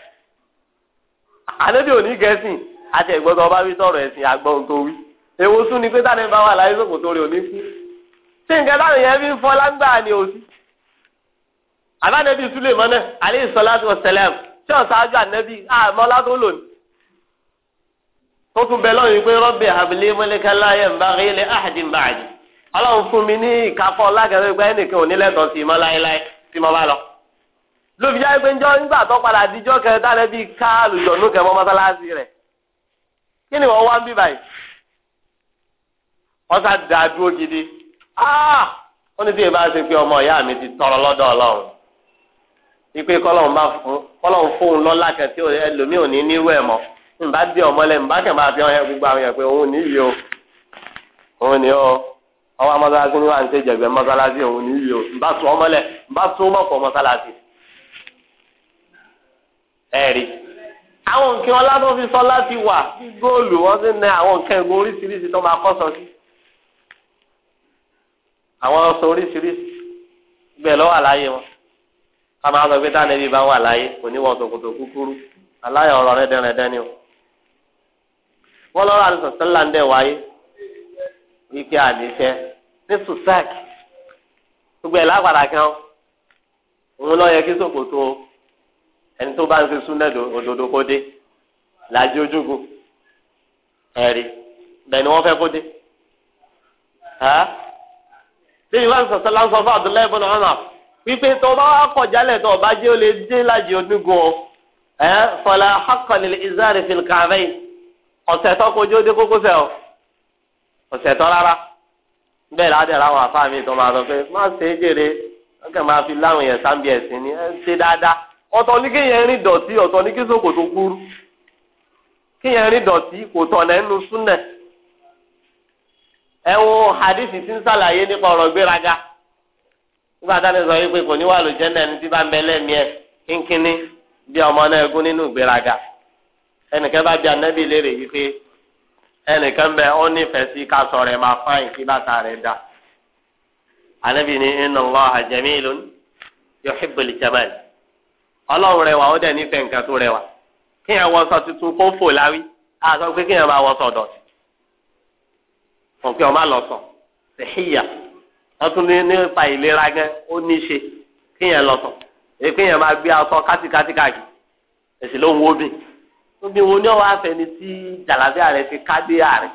àlẹ́bí òní gẹ̀ẹ́sìn àti ẹ̀gbọ́dọ̀ ọba wí sọ̀rọ̀ ẹ̀sìn àgbọ̀n tó wí èwo sún ni pé táwọn bá wà láyé ṣòkòtò rẹ̀ oníkú ṣé nǹkan táwọn yẹn fi ń fọ́ lágbà ni òsì àbánẹ́bí Sùlẹ̀mọ́nà alayhi salatu tí ọ̀sáájú ànẹ́bí àmọ́lá tó lò ní. ó tún bẹ lọ́yìn pé rọ́bì àbílẹ̀ mọ́lẹ́kẹ́lá yẹn ń bá rí ilé ọlọ́run fún mi ní ìkápọ̀ lágẹ̀rẹ́ pé ẹnìkan ò tí mo bá lọ. lóbi ya jáde pé ń nígbà tó padà díjọ́ bíi ká mọ́ mọ́sálásí rẹ̀. kí ni wọ́n wá ń bí báyìí? wọ́n sá gidi. ó ní mi ti tọrọ lọ́dọ̀ ọlọ́run ipe kọlọ́n bá fún kọlọ́n fóun lọ́la kan tí ẹlòmíì ò ní nírú ẹ̀ mọ́ nbà bí ọmọlẹ́ nbà kàn bá fi hàn gbogbo àwọn yẹn pé òun níyì o òun ní o ọwọ́ mọ́sálásí ni wà ń ṣèjẹ̀gbẹ́ mọ́sálásí òun níyì o nbà tún ọmọlẹ́ nbà tún mọ̀pọ̀ mọ́sálásí. ẹ̀rí àwọn nǹkan ọlọ́dún fi sọ láti wà bí góòlù wọ́n ti nẹ àwọn nǹkan ẹ̀gbọ́n oríṣiríṣi tó máa kọ́sọ sí àwọn ọsọ oríṣiríṣi bẹ́ẹ̀ lọ́wọ́ àlàyé wọn a máa sọ pé tánàbí bá wà láyé kò ní wọ ṣòkòtò kúkúrú aláyà ọ̀rọ̀ rẹ̀ dẹrẹdẹ ni o wọn lọrọ àdìsọ sẹlá ń dẹ wáyé wípé àdìsẹ ní sùsáàkì gbogbo ẹ̀ lápàdà kan òun lọ yẹ kí ṣòkòtò ẹni tó bá ń ṣe súnlẹ̀ òdòdó kó dé làjí ojúgun ẹ̀rí bẹ́ẹ̀ ni wọ́n fẹ́ kó dé ṣé ìwà ń sọ̀tọ́ láǹsọ̀ fún Abdullahi ibn Umar wípé tó bá wà kọjálẹ̀ tó bá jẹ́ ó lè dé lájì onígun ọ ẹ fọlá hakọlẹ̀ ìzáre fìlkàvẹ́ ọ̀sẹ̀ tó kojú ó dé kókósẹ̀ ọ ọ̀sẹ̀ tó rárá bẹ́ẹ̀ ládẹ̀ láwọn àfáà mi tó máa sọ pé má ṣe é jèrè wọ́n kàn máa fi láwọn yẹn sáńbí ẹ̀sìn ni ẹ ṣe dáadáa ọ̀tọ̀ ní kéèyàn rìn dọ̀tí ọ̀tọ̀ ní kíṣòkò tó kúrú kéèyàn rìn dọ̀tí kò tọ̀nà ẹnu súnẹ̀ ẹ wo hadisi tí ń ṣàlàyé nípa ọ̀rọ̀ gbéraga. nígbà tá a lè sọ yìí pé kò ní wà ló jẹ́ náà ní tí bá ń bẹ lẹ́mìí ẹ̀ kínkínní bí ọmọ náà gún nínú ìgbéraga ẹnìkan bá bí anábì léèrè yìí pé ẹnìkan bẹ ó nífẹ̀ẹ́ sí ká sọ rẹ̀ máa fáyìn kí bàtà rẹ̀ dá anábì ní inna Allaha jamilun yuhibbul jamal ọlọ́run rẹwà ó dẹ̀ nífẹ̀ẹ́ nǹkan tó tuntun kó fò láwí àtọ́ pé wọ́n tún ní nípa ìlera gan ó ní ṣe kéèyàn lọ sàn èyí kéèyàn máa gbé aṣọ kátikáti káàkiri èsì ló ń wo bí níbi wo ni ọwọ́ afẹni tí jàlábíà rẹ ti ká dé ààrẹ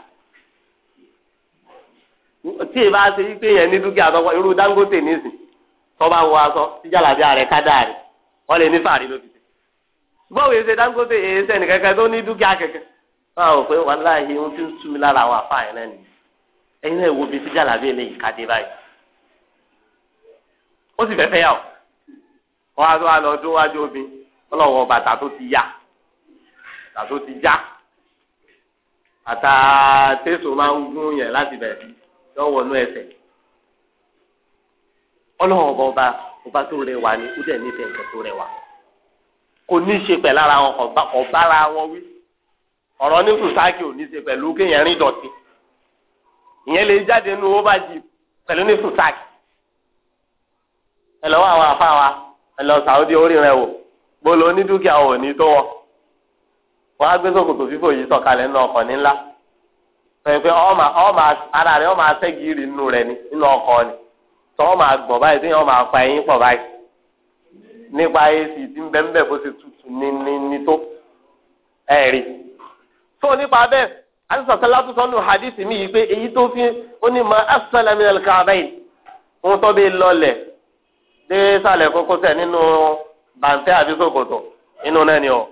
tí ìbá ṣe yí kéèyàn ní dúkìá tọpọ irú Dangote nísìn tọba wo aṣọ tí jàlábíà rẹ ká dá ààrẹ wọ́n lè ní fàárí ló ti tẹ bọ́ọ̀wé ṣe Dangote èyí sẹ́ni kẹ́kẹ́ tó ní dúkìá kẹ́kẹ́ wọn ò pé wàhálà yìí ń fi ń sú mi lára àwọn àfáà náà nìyí ẹ̀yin náà wo bí tí jàlábíà lè ká dé báyìí. ó sì fẹ́ẹ́ ya yà ó wọ́n á tó wá lọ dún wájú omi ọlọ́wọ́ bàtà tó ti ya, bàtà tó ti já ata tẹ̀sán máa ń gún yẹn láti bẹ̀rẹ̀ lọ́wọ́ inú ẹsẹ̀ ọlọ́wọ́ bọ́ ọba ọba tó rẹwà ni ó dẹ̀ nífẹ̀ẹ́ nǹkan tó rẹwà kò ní í ṣe pẹ̀lú ara wọn kò bá ara wọn wí ọ̀rọ̀ ní sùsáàkì ò ní í ṣe pẹ̀lú kéèyàn dọ̀tí ìyẹn lè jáde nínú owó bá jì pẹ̀lú ní sùsáàkì. ẹ lọ wá àwọn àfa wa ẹ lọ sàwọ́dí orí rẹ wò gbolo onídùúkìá ò ní tó wọn wọn á gbé sòkòtò fífò yìí sọ̀kalẹ̀ nínú ọkọ̀ nílá sọ pé ọmọ ọmọ ara rẹ ọmọ asẹ́gìrì nínú rẹ ni nínú ọkọ̀ ni tọ́ ọmọ àgbọ̀n báyìí tíyẹn ọmọ apá ẹyin pọ̀ báyìí nípa ac tí ń bẹ́ ń bẹ̀ bó ṣe tutù ní ní ní tó ẹ̀ rí. tó nípa bẹ́ẹ̀ àtúntò sọ́látù sọ́nù hadith mi yìí pé èyí tó fi ó ní mọ asálàmì alkaabayin òun tó bẹ́ẹ̀ lọlẹ̀ dé sàlẹ̀ kókósẹ̀ nínú bàǹtẹ́ àbí ṣòkòtò inú náà ni ọ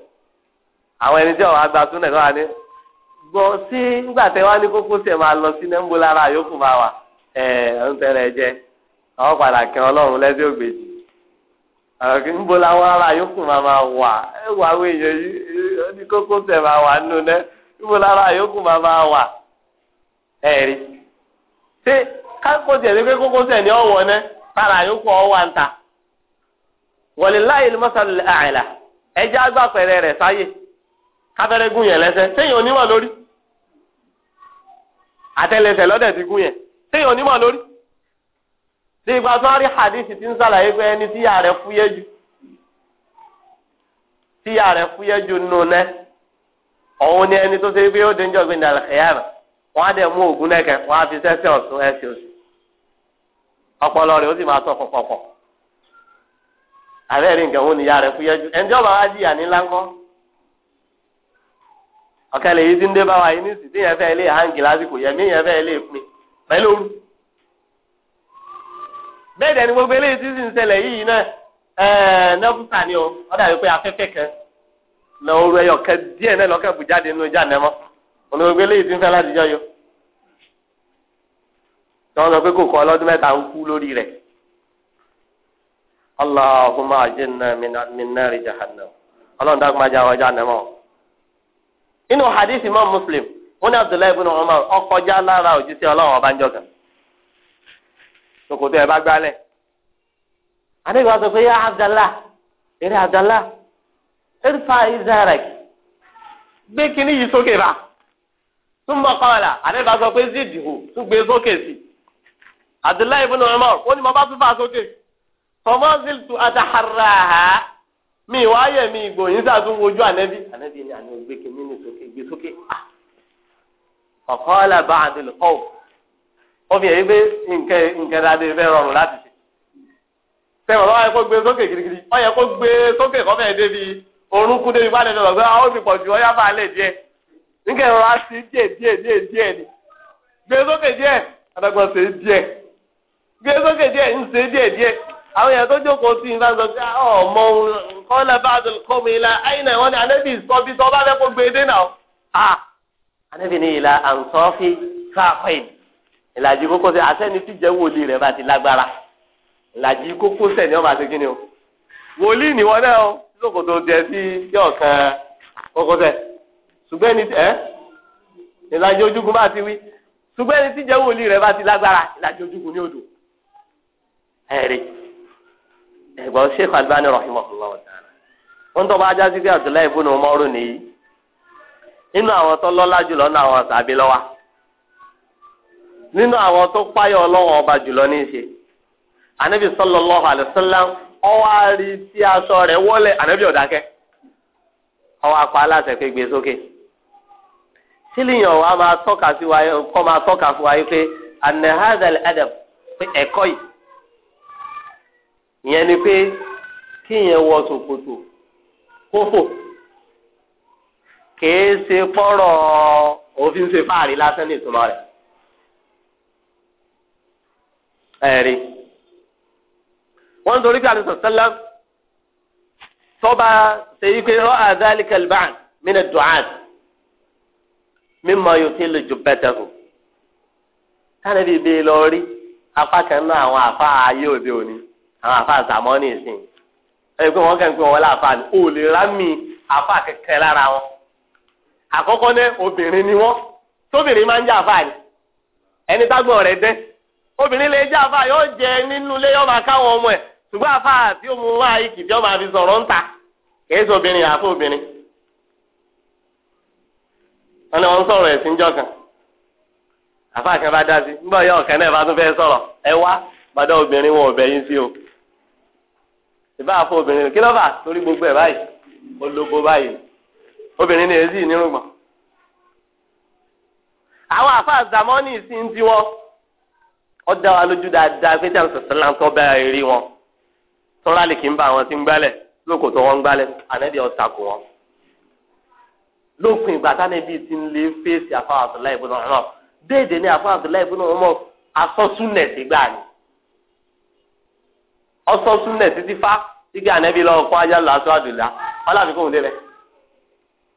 àwọn ẹni tí àgbà tún ni gbọ́ sí nígbà tẹ wá ní kókósẹ̀ máa lọ sí nẹ́ńbó lára yòókù máa wà ẹ̀ ń tẹ̀lé jẹ àwọn padà kẹ́ ọlọ́run lẹ́sẹ̀ ògbèjì níbo làwọn ará yòókù máa máa wà ẹ wà àwọn èèyàn yìí ní kókósẹ̀ máa wà nínú náà níbo lára ma máa máa wà ẹ̀rí ṣé kákó tiẹ̀ pé kókósẹ̀ ni ọ̀wọ́ náà. kára yòókù ọ wà ń ta walillahi al-masalul rẹ sáyé kábẹrẹ gún yẹn lẹsẹ téèyàn onímọ̀ lórí àtẹlẹsẹ lọdẹ ti gún yẹn téèyàn onímọ̀ lórí tí ìgbà tó ń rí hadith ti ń sàlàyé pé ẹni ni ẹni tó ṣe pé ó dé ń jọ gbẹndàlẹ wọn á dẹ mú nẹkẹ wọn á fi ọpọlọ rẹ ó sì máa sọ pọpọpọ àbẹ nǹkan rẹ wá jìyà ní ti ń dé bá wa yìí ní sì tíyẹn fẹ́ lé hangi lásìkò yẹmí yẹn fẹ́ lé pin pẹ̀lú òru bẹ́ẹ̀ gbogbo eléyìí sì ń ṣẹlẹ̀ yìí náà ni o ọdà yìí pé afẹ́fẹ́ díẹ̀ náà nínú ìjà gbogbo eléyìí ti ń fẹ́ láti tí wọ́n sọ pé kò kọ́ ọlọ́dún mẹ́ta ń kú lórí rẹ̀ allahumma ajinna min nari jahannam ọlọ́run dákun máa jẹ́ àwọn ọjà nàmọ́. inú hadith imam muslim wọn ní abdullahi ibn umar ọkọjá lára òjíṣẹ́ ọlọ́run ọbànjọ́ kan sokoto ẹ̀ bá gbálẹ̀ àdéhùn wa sọ pé yá abdallah eré abdallah irfa izarak gbé kínní yìí sókè bá túnbọ̀ kọ́ọ̀là àdéhùn wa sọ pé zidhu tún gbé sókè sí Abdullahi ibn Umar ó ní mo bá tún fà sókè fọmọ́sìl tu àtàhàràhà mi wáyẹ̀ mi ìgbòyìn sàtún wojú ànẹ́bí ànẹ́bí ni àná gbé kí nínú sókè gbé sókè ọ̀kọ́ là bá àdìlù ọ̀f ó fi èyí pé nǹkan nǹkan dáadé fẹ́ rọrùn láti ṣe sẹ́wọ̀n lọ́wọ́ yẹ kó gbé sókè ó yẹ kó gbé sókè débi débi ah, ju ọyá sí ṣe gbé sókè díẹ̀ ń ṣe díẹ̀ díẹ̀ àwọn èèyàn tó jókòó sí ìfẹ́ sọ pé ah, ọmọ nǹkan lẹ́bàá àdùnkọ́mi ilá àyìnà ìwọ́n ni ànábì sọ bí sọ bá fẹ́ kó gbé e dé náà a ah, ànábì ní ìlà àǹsọ́fì fáfẹ́ìn ìlàjì kókó sẹ́ àsẹ́ni tí jẹ́ wòlíì rẹ̀ bá ti lágbára ìlàjì kókó sẹ́ ni wọ́n bá ti kí ni o wòlíì ni wọ́n náà o lókòtò jẹ sí yọ̀ọ̀kan kókó sẹ́ ṣùgbọ́n ẹni ẹ́ ìlàjì ojúgun bá ti wí ṣùgbọ́n tí jẹ́ wòlíì rẹ̀ bá ti lágbára ìlàjì ojúgun ní odò ẹ̀rí ẹ̀gbọ́n Sheikh Albani rahimahullah ta'ala wọ́n tó bá jásí Abdullahi ibn nìyí nínú àwọn tó lọ́lá jùlọ nínú àwọn sàbí nínú àwọn tó páyọ̀ ọlọ́wọ́n ọba jùlọ ní anabi sallallahu alayhi wa sallam aṣọ anabi akọ wa ma wa ma wa pé anahadal Adam pé ìyẹn ni pé kí ìyẹn wọ ṣòkòtò kófò kìí ṣe pọ́rọ̀ òfin ṣe fáàrí lásán ní ìtumọ̀ rẹ̀ ẹ̀rí wọ́n torí pé àdìsọ̀ sẹ́lá tọ́ba ṣe yí pé rọ́ àdáli kẹlbàn mínà dùhán mímọ yóò ti lè ju bẹ́tẹ̀ hù tánàbí bíi lọ rí apá kan náà àwọn àfa ayé òde òní. àwọn àfa àsàmọ́ ní ìsìn ẹni pé wọ́n kẹ́ ń pé wọ́n láfa ni ò lè lára wọn àkọ́kọ́ náà obìnrin ni wọ́n tóbìnrin máa ń jẹ́ ni ẹni rẹ̀ dẹ́ obìnrin lè jẹ́ yóò jẹ nínú ilé yóò máa káwọn ọmọ ẹ̀ ṣùgbọ́n àfa àti òun wá ikì tí wọ́n fi sọ̀rọ̀ nta. kìí ṣe obìnrin àfa obìnrin wọn ni wọn sọ̀rọ̀ ẹ̀sìn dá sí nígbà yóò kẹ́ náà sọ̀rọ̀ ẹ o. ìbá àfọ obìnrin kí ló fà torí gbogbo ẹ̀ báyìí olóbo báyìí obìnrin náà èzì nírùngbọ̀n. àwọn àfáà zamani sí ń di wọn ó dá wa lójú dáadáa pé tí a ń sọ̀tún láǹtọ́ bẹ́ẹ̀ rí wọn tọ́lá lè kí ń bá àwọn tí ń gbálẹ̀ lókòtò wọn ń gbálẹ̀ ànẹ́bí ọ̀tà kù wọn. lópin ìgbà tánẹ́bí ti ń lé fèsì àfáà àtúnláì bùnà náà déèdè ní àfáà àtúnláì bùnà wọn mọ asọ́súnẹ̀ sí gbà ọsọ súnlẹ̀ títí fá sígi ànẹ́bí lọ kọ́ ajá làásù àdùlá ọlá àbí kóhùn débẹ̀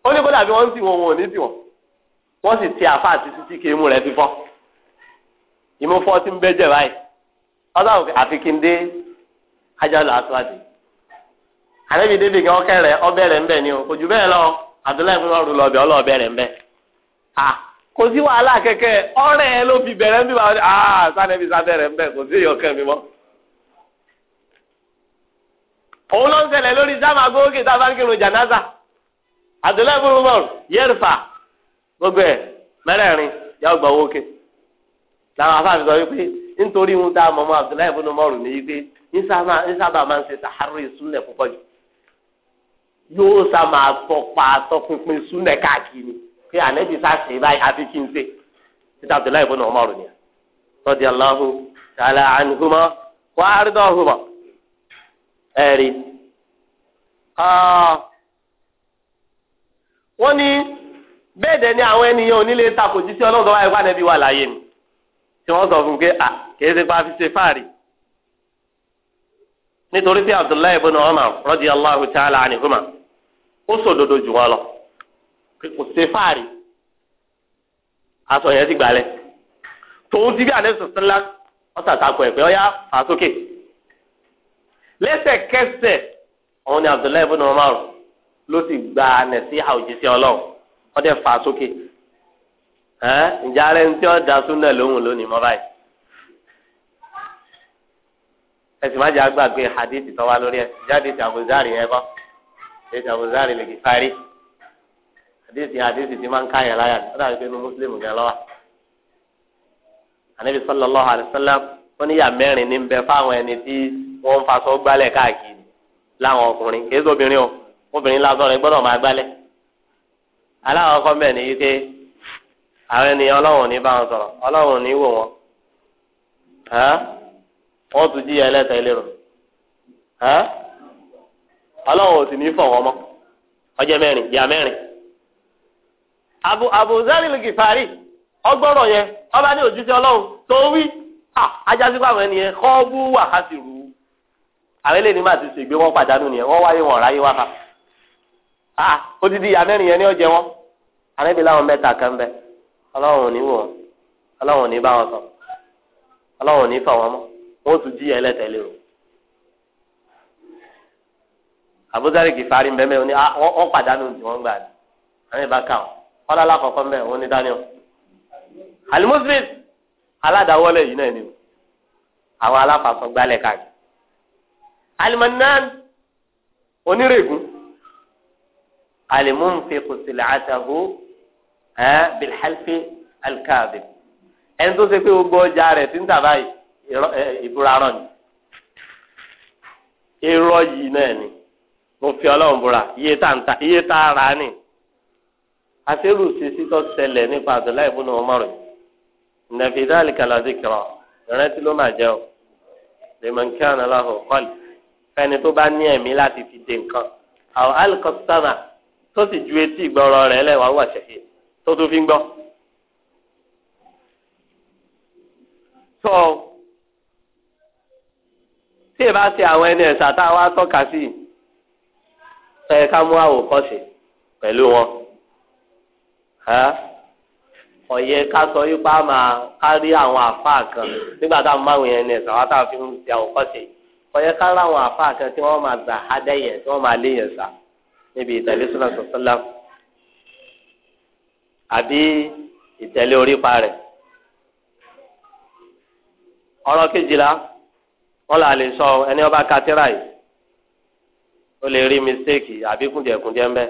ó ní kódà wọ́n ti wọn wọn ò ní wọ́n sì ti àfa àti títí kí imú rẹ̀ ti fọ́ imú ti ń bẹ́jẹ̀ báyìí ọlá àfi kí n dé ajá ni o kò jù lọ àdúlá ìfúnná lọ kò sí wàhálà ló fi ń bí òun ló ń ṣẹlẹ̀ lórí sáàmà gógè tá a bá ń kírun jànáza àdúlẹ̀ búrúbọ̀rù yẹ́rìfà gbogbo ẹ̀ mẹ́rẹ̀ẹ̀rin yà gbọ́ owó ké làwọn afáàfin sọ wípé nítorí wọn dá mọ́mọ́ àdúlẹ̀ búrúbọ̀rù ní wípé nísàbà máa ń ṣe sàárè súnlẹ̀ púpọ̀ jù yóò sá máa tọpa tọpinpin súnlẹ̀ káàkiri pé ànẹ́bí sá ṣe báyìí àfi kí n ṣe títà àdúlẹ̀ ni ẹ̀rí. wọ́n ní bẹ́ẹ̀ dẹ̀ ni àwọn ènìyàn onílé takò jí sí ọlọ́run tó wáyé wà nẹ́bí wà láyé ni tí wọ́n sọ fún pé à kìí ṣe pa fi ṣe fáàrí. nítorí pé Abdullahi ibn Umar radiyallahu ta'ala anhuma ó sòdodo jù lọ kò ṣe fáàrí aṣọ yẹn ti gbalẹ̀ tòun ti bí alẹ́ ọ̀sà takò ẹ̀ pé fà sókè. lẹ́sẹ̀kẹsẹ̀ kese, onye abdullahi ibn umar ló ti gba nasiha òjíṣẹ́ ọlọ́run wọ́n dẹ̀ fà á sókè ǹjẹ́ ara ẹni tí wọ́n da súnà lóhùn lónìí mọ́ báyìí ẹsì má jẹ́ hadithi tó lórí ẹ̀ jáde ti àbúzárì yẹn kọ́ jáde ti lè fi parí hadithi hadithi ti máa ń láyà ní mùsùlùmí lọ́wọ́ anabi sallallahu alayhi wa sallam ní fáwọn ẹni tí. wọ́n ń faṣọ gbálẹ̀ káàkiri láwọn ọkùnrin kì í ṣe obìnrin o obìnrin lásán rẹ gbọ́dọ̀ máa gbálẹ̀ aláwọ̀ ọkọ bẹ́ẹ̀ ni wípé àwọn ènìyàn ọlọ́run ní bá wọn sọ̀rọ̀ ọlọ́run ní wò wọn wọ́n tún jíyà ẹlẹ́tẹ̀ ìlérò ọlọ́run ò sì ní fọ̀ wọn mọ́ ọjọ́ mẹ́rin ìyá mẹ́rin abu abu zari gifari ọgbọrọ yẹn ọba ní ojúṣe ọlọ́run tó wí ah, ajásí pàwọn ẹnìyẹn kọ́ bú wàhásì rú àwọn eléyìí má ti ṣègbè wọn pàdánù nìyẹn wọn wáyé wọn ráyé wá fa ah odidi ìyá yẹn ni ó wọn àrẹ́bí láwọn mẹ́ta kan bẹ ọlọ́run ò ní wọn ọlọ́run ò ní bá wọn sọ ọlọ́run ò ní fà wọn mọ́ wọn ó tún jí ẹlẹ́tẹ̀lé o àbúzárì kìfàárí mbẹ́mẹ́ wọn ni ah, wọ́n pàdánù tí wọ́n gbà àwọn ìbá kà wọn ọlọ́lá kọ̀ọ̀kan mbẹ́ wọn ni daniel alimusbis aládàwọlé yìí náà ni àwọn aláfàfọ́ gbálẹ̀ káàkiri alimannan onírègùn alimunfiqu silatahu ẹ bilhalfi alkaadib ẹni tó ṣe pé gbogbo ọjà rẹ̀ ti ń tà báyìí ìbúra rán ni irọ́ yìí náà ni mo fi ọlọ́run búra iye tá ń ta iye tá a ni àṣírù ṣíṣí tó ṣẹlẹ̀ nípa àdúrà ìbúnú ọmọ rẹ̀ nàfìdá àlìkàlà ìrántí ló máa jẹ́ o lè mọ̀ nkí àná láhùn kọ́lì fẹ́ni tó bá ní ẹ̀mí láti fi dé nǹkan àwọn alikọsánà tó sì ju etí ìgbọràn rẹ̀ lẹ wàá wà ṣẹṣẹ tó tó fi ń gbọ́. tó tí ì bá ṣe àwọn ẹni ẹ̀sà tá a wá tọ́ka sí ẹ ká mú àwòkọ́ṣe pẹ̀lú wọn ọ̀yẹ ká sọ yípa máa kárí àwọn àfáà kan nígbà tá a máa wọ̀nyẹn ní ẹ̀sà wá tá a fi ń ṣe àwòkọ́ṣe yìí ọ̀yẹ́ kára àwọn àfáà kan tí wọ́n máa gbà adẹ́yẹ tí wọ́n máa léyìn sá níbi ìtẹ̀lé sunnah sọ̀tọ́lá àbí ìtẹ̀lé orípa rẹ̀. ọ̀rọ̀ kejìlá wọ́n là lè sọ ẹni ọba katira yìí ó lè rí mistake àbí kùjẹ̀kùjẹ̀ ń bẹ́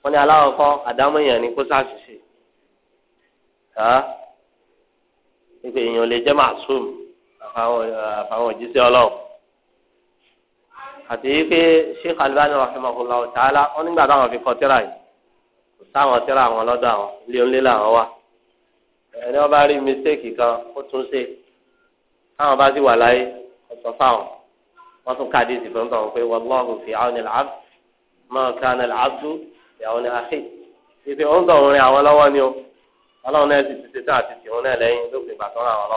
wọ́n ní aláwọ̀ kọ́ àdámọ̀ èèyàn ni kó ṣàṣìṣe ìpè èèyàn lè jẹ́ màsúùm àfàwọn òjíṣẹ́ ọlọ́run àti wípé sheikh Albani rahimahullah ta'ala wọn nígbà táwọn fi kọ tírà yìí kò sáwọn tírà àwọn lọ́dọ̀ àwọn ilé ńlẹ làwọn wà ẹni wọn bá rí mistake kan ó tún ṣe táwọn bá sì wà láyé ó sọ fáwọn wọn tún ká díìsì fún tọhún pé wallahu fi auni al-abd ma kana al-abdu fi auni akhi ìpè òun tọhún rin àwọn lọ́wọ́ ni o Ọlọ́run náà sì ti ṣe tán àti tìhún náà lẹ́yìn lópin ìgbà tó ràn wọn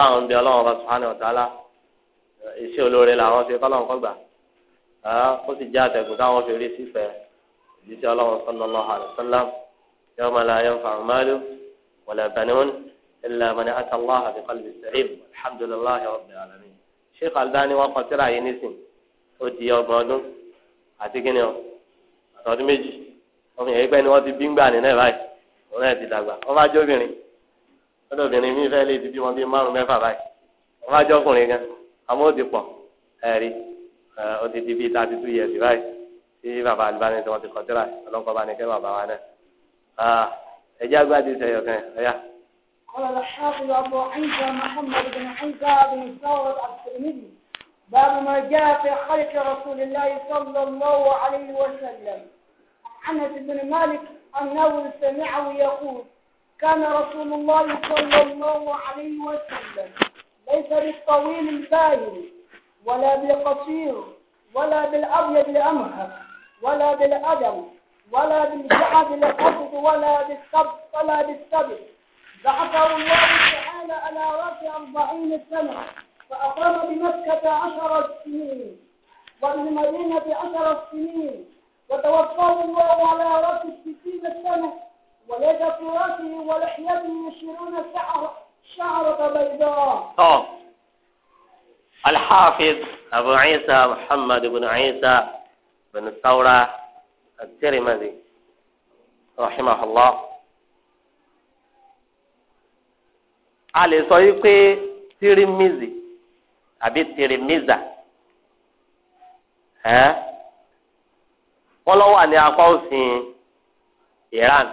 làwọn ń bẹ Ọlọ́run subhanahu iṣẹ́ olóore làwọn ṣe kọ́lọ́n kọ́ gbà ó sì já àtẹ̀kù táwọn fi rí sífẹ̀ ìdíṣẹ́ ọlọ́run sallallahu alaihi wasallam yawma la yanfa'u malun wala banun illa man ata Allah bi qalbin salim alhamdulillahi rabbil alamin sheikh Albani wọn kọ síra yìí nísìn ó di ọgbọ̀n ọdún àti kíni ọ àtọdún méjì ọmọ yẹn pẹ ni wọn ti bí ń gbà nínú ẹ báyìí òun náà ti dàgbà wọn bá jẹ obìnrin lọ́dọ̀ obìnrin mi fẹẹ lè ti bí wọn bí márùn mẹ́fà báyìí wọn bá jẹ ọkùnrin gan àmọ́ ó ti pọ̀ ẹ̀rí ó ti di bíi thirty two years báyìí tí bàbá alibani tí wọ́n ti kọ́ síra ọlọ́kọ̀ bá ní kẹ́ bàbá wa náà ẹ̀jẹ̀ agbáde sẹ̀yọ̀ kan ẹ̀yà. قال الحافظ أبو عيسى محمد بن عيسى بن الزورة الترمذي باب ما جاء في خلق رسول الله صلى الله عليه وسلم أنس بن مالك أنه سمعه يقول كان رسول الله صلى الله عليه وسلم ليس بالطويل الباين ولا بالقصير ولا بالأبيض الأمهر ولا بالأدم ولا بالجعد الاسود ولا بالسبط ولا بالسبط بعثه الله تعالى على رأس أربعين سنة فأقام بمكة عشر سنين وبالمدينة عشر سنين وتوفاه الله على رأس ستين سنة في راسه ولحيته يشيرون شعره شعرة بيضاء اه الحافظ أبو عيسى محمد بن عيسى بن الثورة الترمذي رحمه الله a lè sọ yìí pé tirimizi àbí tirimiza ẹ wọn lọ apá òsìn Iran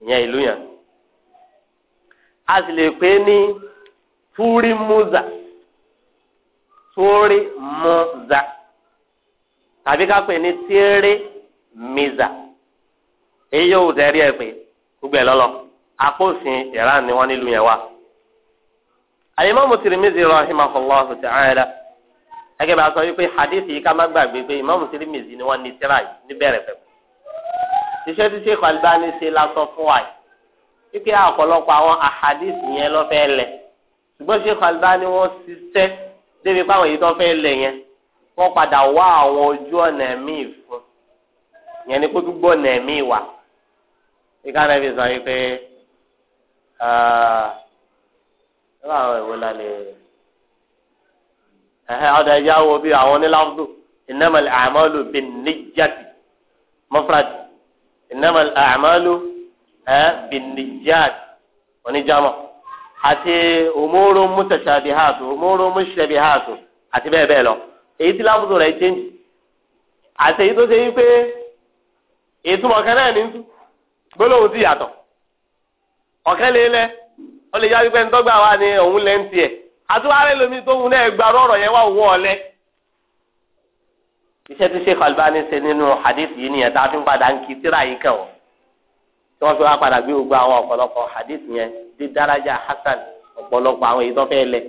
ìyẹn ìlú yẹn a sì lè pè ní túrí múzà túrí múzà tàbí ká pè ní tíírí mízà èyí ò dẹ́rí ẹ̀ pé gbogbo ẹ̀ lọ́lọ́ apófin Iran ni wọ́n nílùú yẹn wá. Al-Imam Tirmidhi ta'ala gẹ́gẹ́ bá a sọ wípé hadithi yìí ká má gbàgbé pé Imam Tirmidhi ni wọ́n ní tíra yìí níbẹ̀rẹ̀ pẹ̀lú. iṣẹ́ tí Sheikh Albani lásán fún wa yìí wípé ọ̀pọ̀lọpọ̀ àwọn ahadith yẹn ló fẹ́ lẹ̀ ṣùgbọ́n Sheikh Albani wọ́n ṣiṣẹ́ débi pé àwọn èyí tó fẹ́ lẹ̀ yẹn wọ́n padà wá àwọn ojú ọ̀nà míì fún yẹn ni kó tún ọ̀nà míì wà ìka náà fi sọ yìí pé ah, ẹ̀rọ àwọn ìwé la lè ọ̀dà ìyá wo bí àwọn oníláwùdù innamal a'malu bin niyyati mufrad innamal a'malu ẹ binijad oníjàmọ àti umuru mutashabihatu umuru mushabihatu àti bẹ́ẹ̀ bẹ́ẹ̀ lọ èyí tí lábùdó rẹ̀ change àti èyí tó ṣe wípé ìtumọ̀ kan náà ní tú gbólóhùn sí yàtọ̀ ọ̀kẹ́ lè lẹ ó lè yá wípé ntọ́gbà wa ni òun lẹ́ ń tiẹ̀ àtúwárẹ́ lomi tóun náà gba rọ̀rọ̀ yẹn wá òun ọ̀lẹ́ iṣẹ́ tí Sheikh Albani ṣe nínú hadith yìí nìyẹn tá a fi ń padà ń kí tíra yìí kàn wọ́n. tí wọ́n fi wá padà gbé gbogbo àwọn ọ̀pọ̀lọpọ̀ hadith yẹn dé dárájà hasan ọ̀pọ̀lọpọ̀ àwọn èyí tó fẹ́ lẹ̀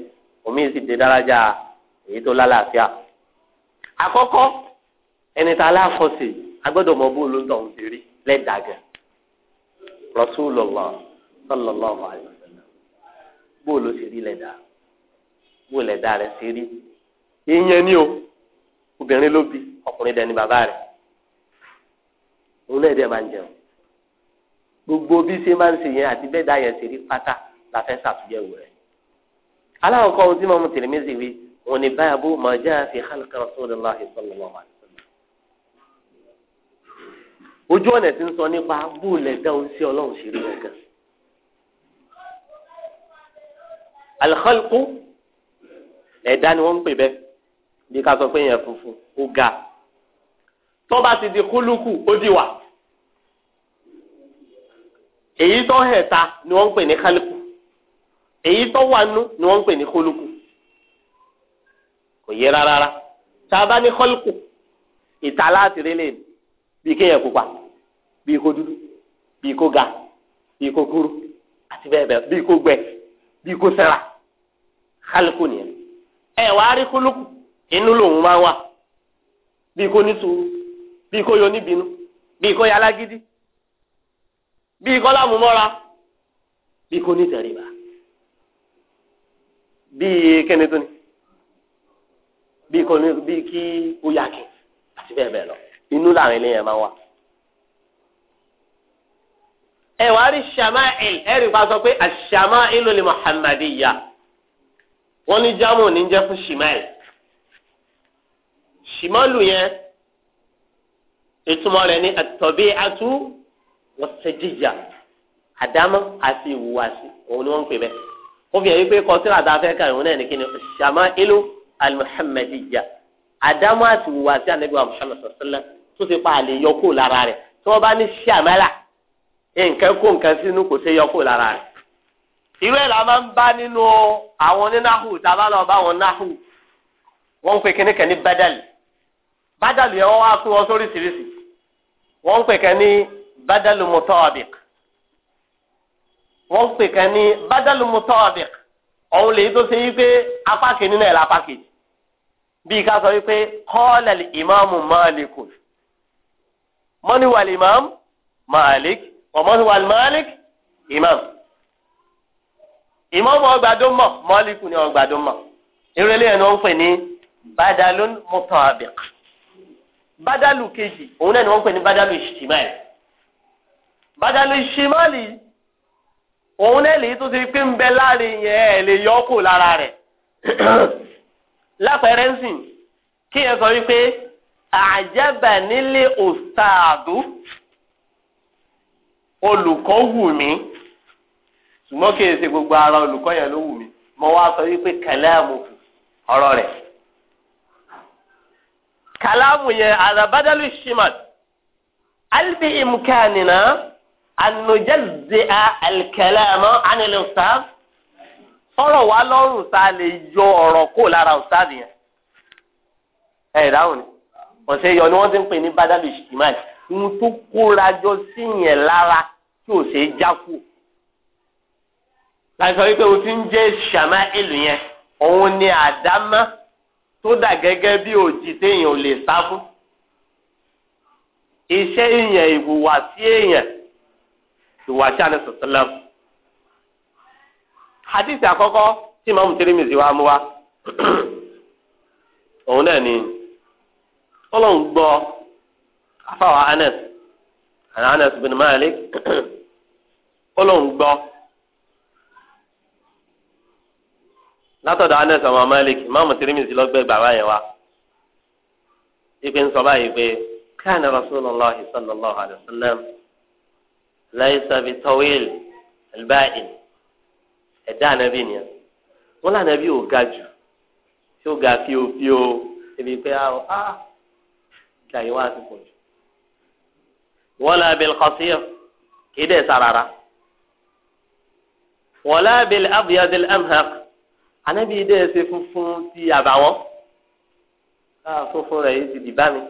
omi sì dé èyí tó lálàáfíà. àkọ́kọ́ ẹni tá a láfọ̀sì agbọ́dọ̀ mọ bó ń rí bó ló ṣe rí bó rẹ̀ ṣe rí ìyẹn ni o obìnrin ló gbogbo bí ṣe máa ń ṣe yẹn àti bẹ́ẹ̀ dá yẹn ṣe rí pátá la fẹ́ ṣàtúnyẹ̀wò rẹ̀. aláwọ̀kọ́ ohun tí mo mú Tirmidhi wí òun ni báyà bó mọ̀ jẹ́ fi khalqi Rasulillahi sallallahu alaihi wasallam. ojú ọ̀nà tí ń sọ nípa bóòlẹ̀ dá ohun ọlọ́run ṣe rí gẹ́gẹ́. al ẹ̀dá ni wọ́n ń pè bẹ́ẹ̀ bí ká sọ pé yẹn funfun ó ga tó bá ti di kúlùkù ó di wà èyí tó hẹ̀ta ni wọ́n ń pè ní kálíkù èyí tó wánú ni wọ́n ń pè ní kólukù kò yé rárá tá a bá ní kọ́lùkù ìta láti rí lẹ́nu bíi kéèyàn pupa bíi kó dúdú bíi kó ga bíi kó kúrú àti bẹ́ẹ̀ bẹ́ẹ̀ bíi kó gbẹ bíi kó sẹ́ra kálíkù nìyẹn ẹ wá rí kólukù inú lòun máa wà bíi kó ní bíi kó yọ níbínú bíi kó yálà gidi bí kọ́lá mú mọ́ra bí kò ní tẹ̀ríba bí kẹ́ni tó ní bí kò ní bí kí ó yá kí àti bẹ́ẹ̀ bẹ́ẹ̀ lọ inú làwọn eléyàn máa wà. ẹ wàá rí shama'il ẹ̀rí bá sọ pé ash-shama'ilu li muhammadiyya wọ́n ní jámù ní jẹ́ fún shimail shimalu yẹn ìtumọ̀ rẹ̀ ní at-tabi'atu wọ́n ṣe jíjà àdámọ́ àti ìwùwàsí òun ni wọ́n ń pè bẹ́ẹ̀. ó fi hàn wípé kọtíra àtàfẹ́ kan ìwọ̀n náà ní kíni ṣàmá ilú alimuhammadiyya àdámọ́ àti ìwùwàsí ànágbèwà muhammed sọ̀tẹ́lá tó ti pa àlè yọkó lára rẹ̀ tí wọ́n bá ní ṣàmẹ́là nǹkan kó nǹkan sínú kò ṣe yọkó lára rẹ̀. irú ẹ̀ la máa ń bá nínú àwọn onínáhù tàbá lọ bá wọn náhù wọ́n ń pè ní badalu mutawabiq wọ́n pè kan ní badalu mutawabiq ọ̀hún lè tó ṣe yí pé apá kìíní náà lápá kejì bíi ká sọ yí pé qala al-imamu Malik man huwa al-imam Malik wa man huwa al-Malik imam ìmọ̀mù ọgbàdúnmọ̀ mọ́líkù ni ọgbàdúnmọ̀ irú eléyìí ni wọ́n pè ní badalun mutawabiq badalu kejì òun náà ni wọ́n pè ní badalu ijtima'i bàdàlì ṣìmọ́lì òun náà lèyí tó ti pín bẹ láàrin yẹn ẹ̀ lè yọ kù lára rẹ̀ lápẹẹrẹ ń sìn kí yẹn sọ wípé nílé òsàdù wù mí kí gbogbo ara olùkọ́ yẹn ló wù mí mo wá sọ wípé kàlámù ọ̀rọ̀ rẹ̀ yẹn àdàbàdàlù alibi ànùjẹ́zẹ̀ àlìkẹ́lẹ́ àmọ́ ànìlẹ̀ ọ̀sáàbù ọ̀rọ̀ wa lọ́rùn tá a lè yọ ọ̀rọ̀ kó lára ọ̀sáàbù yẹn. ẹ ìdáhùn ni ọ̀sẹ̀ yọ ni wọ́n ti ń pè ní badalu ishtimal ohun tó kóra jọ sí yẹn lára tí ò ṣe é já kù. wípé o ti ń jẹ́ ṣàmá èlù yẹn òun ni àdámá tó dà gẹ́gẹ́ bí òjì téèyàn ò lè sá fún. iṣẹ́ èèyàn ìwùwà sí èèyàn ìwàṣà ní sọ̀tẹ́lẹ̀. hadith àkọ́kọ́ tí màmú Tirmidhi wa mú wa òun náà ni ọlọ́run gbọ́ afáwa Anas bin Malik ọlọ́run gbọ́ látọ̀dọ̀ Anas ọmọ Malik màmú Tirmidhi lọ́gbẹ́ gbàgbá yẹn wa ìpè sọ báyìí pé kana Rasulullahi sallallahu alaihi wasallam. laisa bi tawil albaid ẹ̀dá ànábì nìyẹn wọn lànàbí ò ga jù tí ó ga fíofío ebi pé a ah ìgbà yìí wá sí pọ̀ jù wala bil qasir kì í dẹ̀ sarara wala bil abyad al amhaq ànábì dẹ̀ ṣe funfun ti àbàwọ́n funfun rẹ̀ yìí ti dì bá mi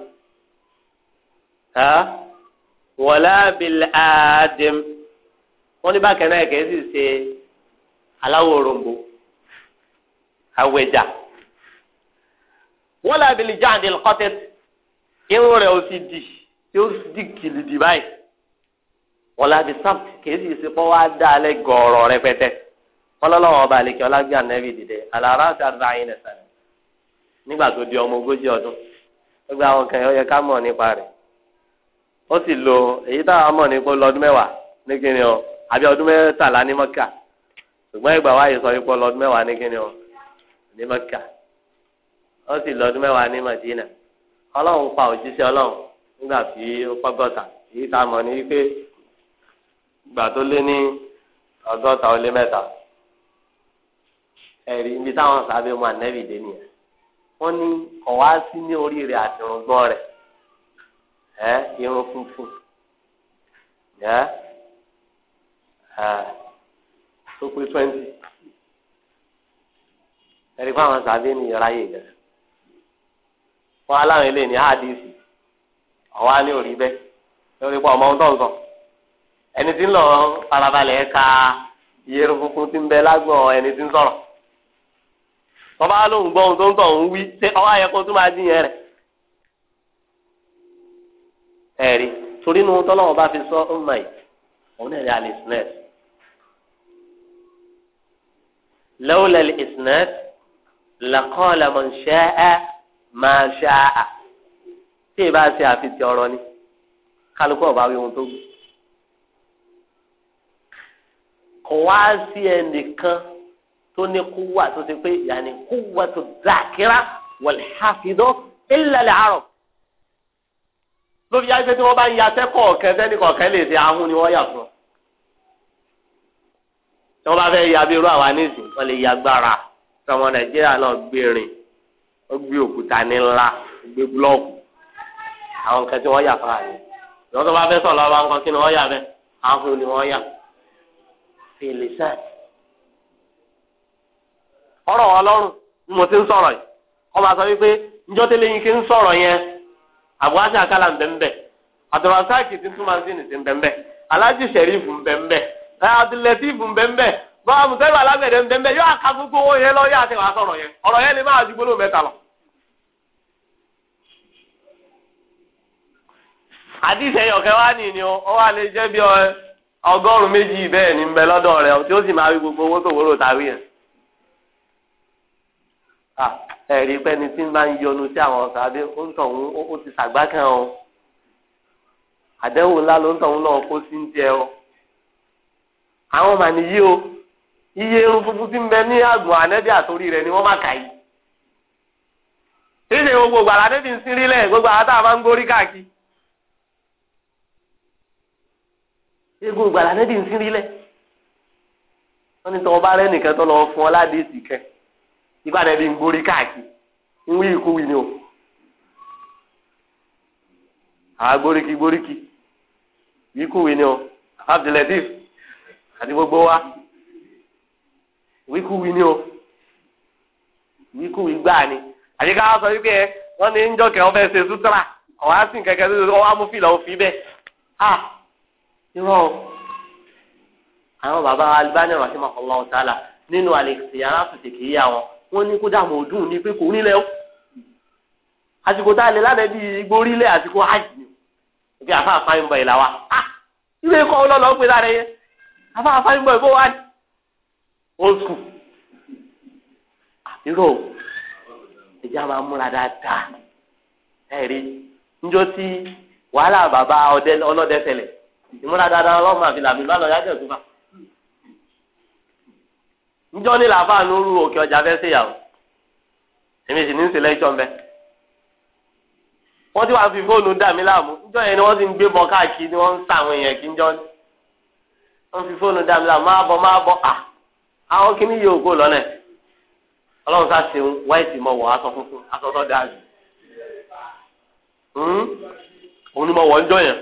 wọlá bíi àádìm wọn ní bákẹ́ náà kẹ́ sì ṣe aláwọ̀ òrombo awẹ́jà wọlá bíi jáde lọ́kọ́tẹ́ irun rẹ̀ ó sì di tí ó di kìlìdì báyìí wọlá bíi sáàpù kẹ́ sì ṣe pọ́ wá dá alẹ́ gọ̀ọ̀rọ̀ rẹpẹtẹ wọn lọ́wọ́ ọba àlekẹ́ ọlágbé ànábì dìde alára àti àdáyé nìsan nígbà tó di ọmọ ogójì ọdún ó gba àwọn kan yẹ ká mọ̀ nípa rẹ̀ ó sì lo èyí táwọn mọ̀ ní kó lọ́dún mẹ́wàá ní kíni o àbí ọdún mẹ́tàlá ní mọ́kà ṣùgbọ́n ìgbà wáyé sọ wípé lọ́dún mẹ́wàá ní kíni o ní mọ́kà ó sì lọ́dún mẹ́wàá ní mọ̀dínà ọlọ́run pa òjíṣẹ́ ọlọ́run nígbà tí ó pọ́gọ́ta èyí tá a mọ̀ ní wípé ìgbà tó lé ní ọgọ́ta ó lé mẹ́ta ẹ̀rí ibi táwọn sábẹ́ mọ ànẹ́bì dé nìyẹn wọ́n ní kọ̀wá sí ní orí rẹ̀ àtìrùngbọ́n rẹ̀ ẹ irun funfun yẹ ẹ tó pé twenty ẹ̀rí fún àwọn sàbẹ̀ ní ìráyè gan wọn aláwọn ilé ní hadisi ọwọ́ á òrí bẹ́ẹ̀ lórí pọ̀ ọmọ ọdún sọ ẹni tí ń lọ farabalẹ̀ ka iye funfun ti ń bẹ lágbọ̀n ẹni tí ń sọ̀rọ̀ tọ́ba lóhùn gbọ́n tó ń tọ̀ ń wí ṣé ọwọ́ tó máa dín yẹn rẹ̀. ẹ̀rí torí nu tọ́lọ́wọ́ bá fi sọ ọmọ yìí òun náà ní alìsínẹ́t lọ́wọ́lẹ̀ alìsínẹ́t làkọ́ọ̀lẹ̀ mọ̀ ṣẹ́ ẹ́ máa ṣá a tí ì bá ṣe àfitì ọ̀rọ̀ ni kálukú ọ̀bá wí ohun tó gbé kò wá sí ẹnìkan tó ní kúwà tó ti pé yàní kúwà tó dàkírà wal hafidọ illa al-arab. ló fi tí wọ́n bá ń yasẹ́ kọ̀ọ̀kan sẹ́ni lè ṣe ahun ni wọ́n yà fún. tí wọ́n bá fẹ́ ya bí irú àwa nísìn wọ́n lè ya gbára nàìjíríà náà gbé rìn ó gbé òkúta ní ńlá gbé búlọ́ọ̀kù àwọn nǹkan tí wọ́n yà fún àyè tó bá fẹ́ nǹkan kí ni wọ́n yà àbúrásì àkàlà akala mbembe ń akiti àdùrọ̀sáàkì tí túmọ̀sínì ti ń mbembe ń mbembe alájì sẹ̀rífù ń bẹ ń bẹ àdùlẹ̀tífù ń bẹ gbogbo lọ a ti sọ̀rọ̀ yẹn ọ̀rọ̀ yẹn lè má ju gbólóhùn mẹ́ta lọ. àdìsẹ́ ni ó bi lè meji ibe ni mbe gbogbo owó tòwórò tàwí ẹ̀rí pẹ́ni tí ń bá ń yọnu sí àwọn ọ̀sàdé ó ń tọ̀hún ó ti sàgbá kan o àdéhùn ńlá ló ń tọ̀hún náà kó sí ń jẹ o àwọn màní yí o iye funfun tí ń ní ànẹ́bí àtòrí rẹ ni wọ́n má kà gbogbo gbàrà gbogbo àwọn tá a máa ń gorí káàkiri ọba rẹ nìkan tó lọ fún nígbà tẹ́bi ń borí káàkiri ń wí ikú wí ni o àá gbóríkì gbóríkì ikú wí ni o Abdulatif àti gbogbo wa wíkú wí ni o wíkú wí gbáà ni àti ká sọ wípé ẹ wọn ní ń jọkẹ wọn fẹẹ ṣe sutura ọwọ á sì ń kẹkẹ tó wọn òfin bẹ́ẹ̀ a irọ́ o àwọn bàbá alibani rahimahullah ta'ala nínú àlè ìyàrá tòṣèkì yìí àwọn. wọ́n ní kódà mọ̀ọ́dún ni pé kò nílẹ̀ ó àsìkò tá a lè lálẹ́ bíi gborílẹ̀ àsìkò hajj bí afa afáyín bọ̀ ìlà wa ah! ilé kọ́ ọ pé lára afa bọ̀ wa old school àbírò ìjà máa múra dáadáa ẹ̀rí njó tí wàhálà bàbá ọlọ́dẹ tẹ̀lẹ̀ ìmúra dáadáa ọlọ́mọ lọ́nà njọ́ ní làáfà nuru òkè ọjà fẹ́ ṣèyàwó èmi sì ní ti wá fi fóònù dà mí láàmú yẹn ni wọ́n ti ń gbé káàkiri ni ń sa àwọn wọ́n fi fóònù dà mí láàmú máa bọ̀ máa bọ̀ à àwọn kìíní yóò kó lọ́nà ẹ̀ ọlọ́run sá ṣeun wáìtì mọ̀ wọ̀ aṣọ funfun aṣọ tó dáa jù hmm? òun ni mo yẹn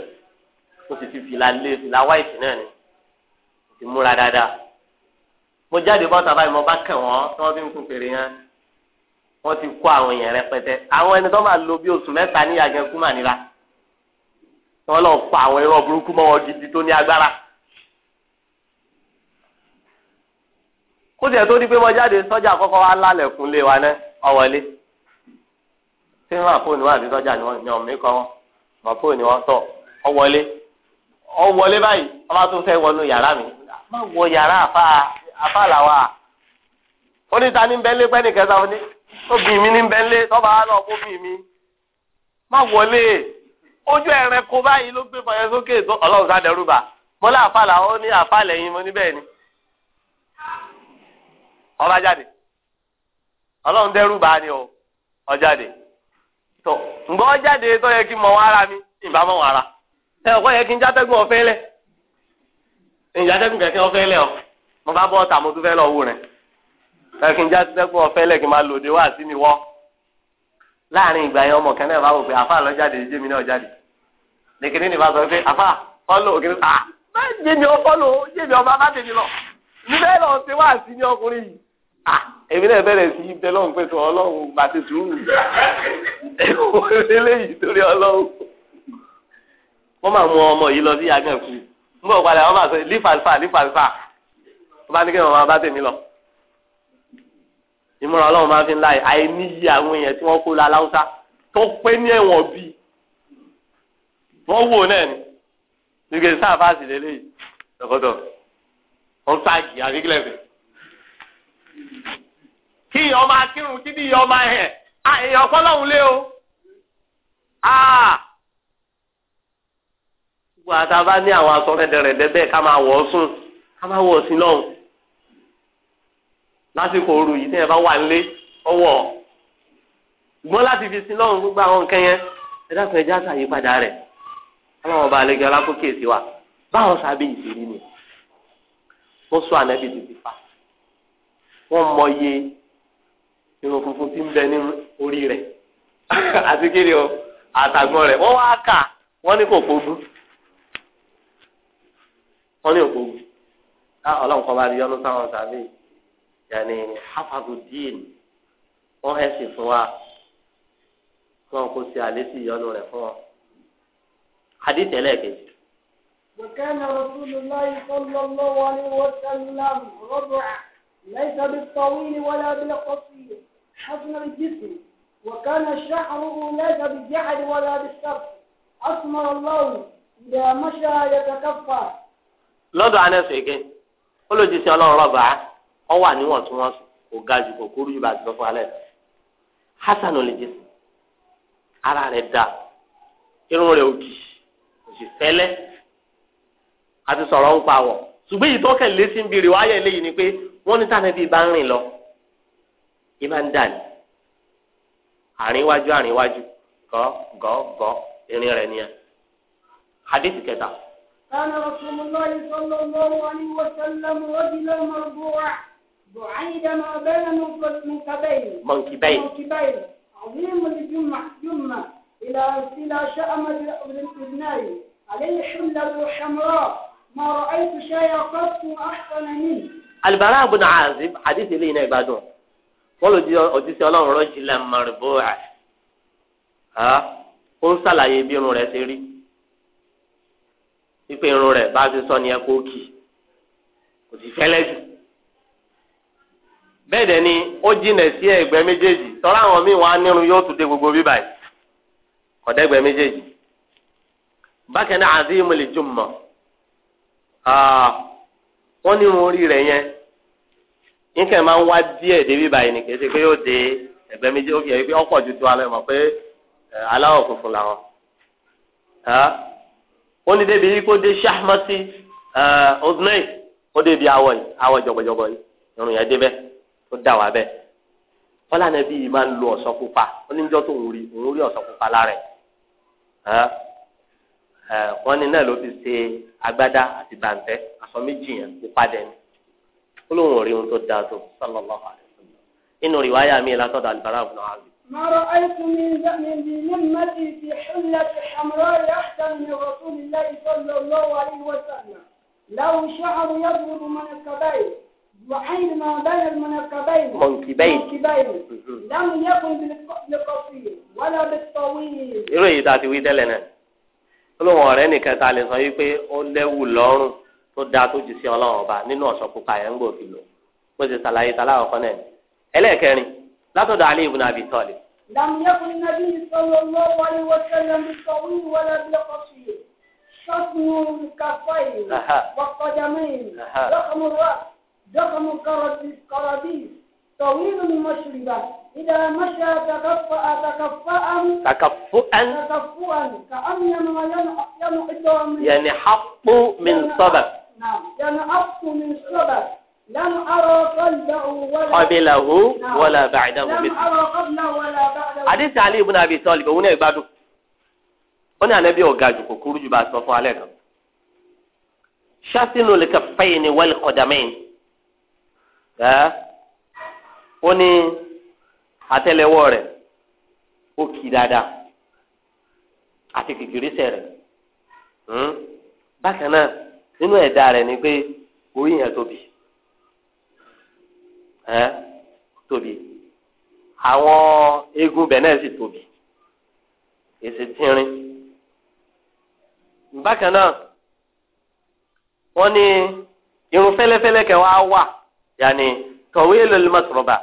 mo sì ti fìlà lé fìlà wáìtì náà ni mo ti múra mo jáde bọ́ta báyìí mo bá kàn wọn tí wọ́n fi ń kun fèrè yẹn wọ́n ti kó àwọn èèyàn rẹpẹtẹ àwọn ẹni tó máa lo bí oṣù mẹ́ta ní yàgàn kú mà níra wọ́n lọ fa àwọn irọ́ burúkú mọ wọn gidi tó ní agbára. kó tiẹ̀ tó di pé mo jáde sọ́jà kọ́kọ́ wa lálẹ́ kún lé wa ná ọ̀wọ́lé tí wọ́n fóònù wọn àti sọ́jà ni wọ́n yàn mí kọ́ wọn mọ̀ fóònù wọn tọ̀ ọ̀wọ́lé ọ̀wọ́lé báyìí wọ́n bá tún fẹ́ wọnú yàrá mi má wọ yàrá àfáà. afa wa onita ni ta ní bẹ́ńlé pẹ́ nìkan sáfù mi ni bẹ́ńlé tọ́ba wa náà mi Ma wọlé ojú ẹ̀rẹ̀ kó báyìí ló gbé fọyín sókè tó ọlọ́run sá dẹrú bá mọ́lá afa làwọn ní afa mo ni ọba jáde ọlọ́run dẹ́rù bá ni o ọjáde tó ǹgbọ́ tó yẹ kí mi ìbá ara yẹ kí mo bá bọ́ ọ̀tà mo tún fẹ́ lọ wù rẹ̀ ẹ̀kí ń já sí sẹ́kù ọ̀fẹ́ lẹ̀ máa lòdì wá sí mi wọ́ láàrin ìgbà yẹn ọmọ kẹ́nẹ́ bá wò pé àfa lọ jáde jẹ́mi náà jáde lèkìní ni bá sọ pé àfa fọ́lọ̀ òkè à bá jẹ́mi ọ fọ́lọ̀ jẹ́mi ọba bá tèmi lọ níbẹ̀ lọ sí wá sí ní ọkùnrin yìí à èmi náà bẹ̀rẹ̀ sí í bẹ lọ́hùn pẹ̀sọ̀ ọlọ́hùn bá ti sùúrù eléyìí torí ọlọ́hùn wọ́n máa mú ọmọ yìí lọ sí ó bá ní kí wọn bá tèmi lọ ìmúra ọlọ́run máa fi ń láyè àìníyí àwọn èèyàn tí wọ́n kó la láwùsá tó pé ní ẹ̀wọ̀n bí wọ́n wò náà ni nígbè sáà fáàsì lélẹ́yìí lọ́kọ́tọ̀ wọ́n sáàgì àbíkílẹ̀ fẹ́. kí ìyọ́ máa kírun kí ni ìyọ́ máa hẹ̀ à èèyàn fọlọ́hún lé o gbogbo àtàbá ní àwọn aṣọ rẹ̀ dẹ̀rẹ̀ dẹ́ bẹ́ẹ̀ ká máa wọ̀ ọ́ sùn ká máa wọ̀ ọ́ sí lọ́hùn lásìkò ooru yìí tẹ́yẹ̀ bá wà lé ọwọ́ gbọ́n láti fi sin lọ́run gbogbo àwọn nǹkan yẹn ẹ dákun ẹja ṣàyípadà rẹ̀ ọlọ́run ọba àlejò alákòókè sí wa báwọn sábẹ́ ìṣèlú ni wọ́n sọ ànábì títí fa wọ́n mọye irun funfun tí ń bẹ ní orí rẹ̀ àti kiri o àtàgbọ́n rẹ̀ wọ́n wá kà wọ́n ní kò fógun wọ́n ní òfógun ọlọ́run kọ́ bá di yọ́nú sáwọn sábẹ́ yìí yàní hafazu dín wọn hẹ sí fún wa kí wọn kó sí alẹ sí ìyọnu rẹ fún wọn hadith ẹlẹ́ẹ̀kejì. وكان رسول الله صلى الله عليه وسلم ربع ليس بالطويل ولا بالقصير حسن الجسم وكان شعره ليس بالجعد ولا بالشرف أسمر الله إذا مشى يتكفى. lọ́dọ̀ àná ṣèké ó lòdì sí ọlọ́run rọ̀bà á ọ wà níwọ̀ntúnwọ̀nsì kò ga jù kò kúrú jù bá ti sọ fún alẹ́ hasan ò lè jẹ sí ara rẹ̀ da irun rẹ̀ òkì kò sì fẹ́lẹ́ àti sọ̀rọ̀ ń pa wọ̀ ṣùgbọ́n èyí tó kẹ̀lé sí ń bi eléyìí ni pé wọ́n ní tànà bíi bá ń rìn lọ ìbá ń dà ní àrínwájú àrínwájú gọ́ gọ́ gọ́ irin rẹ̀ nìyẹn hadith kẹta. كان رسول الله صلى الله عليه وسلم رجلا مربوعا بعيد ما بين منكبين منكبين منكبين عظيم الجمع جمع إلى إلى شأمة الأبناء عليه حملة حمراء ما رأيت شيئا قط أحسن منه البراء بن عازب حديث لينا يبادون wọ́n lò òjíṣẹ́ ọlọ́run rọ́jì lẹ́ mọ̀rìbóà ó ń ṣàlàyé bí irun rẹ̀ ṣe rí wípé irun rẹ̀ bá ti sọ ni ẹ kó kì kò sì fẹ́lẹ́ jù bẹ́ẹ̀ dẹ̀ ni ó jìnà sí ẹ̀gbẹ́ méjèèjì tọ́lá àwọn míì wọn á nírun yóò tún dé gbogbo bíbà yìí ọ̀dẹ́gbẹ́ méjèèjì bákan náà àdéhùn lè jùm mọ́ wọ́n nírun orí rẹ̀ yẹn nǹkan máa ń wá díẹ̀ dé bíbà yìí ni kì í ṣe pé yóò dé ẹ̀gbẹ́ méjèèjì ó fi ẹ̀rí pé ọkọ̀ ju tó alẹ́ mọ̀ pé aláwọ̀ funfun làwọn ó ní débi yìí kó dé sàmọ́tì ọdún náà ó débi awọ yìí awọ tó dà wá bẹ́ẹ̀ wọ́n lànà bí yìí máa ń lo ọ̀ṣọ́ pupa oníjọ́ tó ń rí òun rí ọ̀ṣọ́ pupa lára ẹ̀ wọ́n ní náà ló fi ṣe agbádá àti bàǹtẹ́ aṣọ méjì yẹn pupa dẹ́ni ó lóun ò rí ohun tó dáa tó sallallahu alaihi wasallam inú rìwáyà mi látọ̀dọ̀ àlùbárà ọ̀gbìn ọ̀hán. ما رأيت من من ذمتي في حلة حمراء أحسن من رسول الله صلى الله عليه وسلم له شعر يبلغ من الكبائر وعين ما بين المنكبين منكبين لم يكن بالقصير ولا بالطويل irú èyí tá a ti wí tẹ́lẹ̀ náà olóhùn ọ̀rẹ́ nìkan tá a lè sọ yìí pé ó léwu lọ́rùn tó dáa tó jù sí ọlọ́run ọba nínú ọ̀ṣọ́ pupa yẹn ń gbò fi lò bó ṣe ṣàlàyé ta láwọn kan náà ni ẹlẹ́ẹ̀kẹrin látọ̀dọ̀ Ali ibn Abi Talib. لم يكن النبي صلى الله عليه وسلم بالطويل ولا بالقصير شطن كفيه وقدمين رقم الرأس جسم قرابيس طويل المشربة إذا مشى تكفأ تكفأ تكفؤا تكفؤا كأنما ينحط من حط من صبب نعم ينحط من صبب لم أرى قبله ولا قبله نعم. ولا بعده لم أرى قبله ولا بعده حديث علي بن أبي طالب هنا بعد هنا النبي وقاجه كروج بعد صفوة عليكم شاسن لكفين والقدمين ẹ ó ní àtẹ́lẹwọ́ rẹ̀ ó kì dáadáa àti kìkìrì rẹ̀ hmm? bákan náà nínú ẹ̀dá rẹ̀ ni pé orí yẹn tóbi ẹ tóbi àwọn eegun bẹ̀ náà sì tóbi èsì tínrín bákan náà wọ́n ní irun fẹ́lẹ́fẹ́lẹ́ kẹ́ wà. yanni kọ̀wé lọ́lọ́mọ̀sọ̀rọ̀bà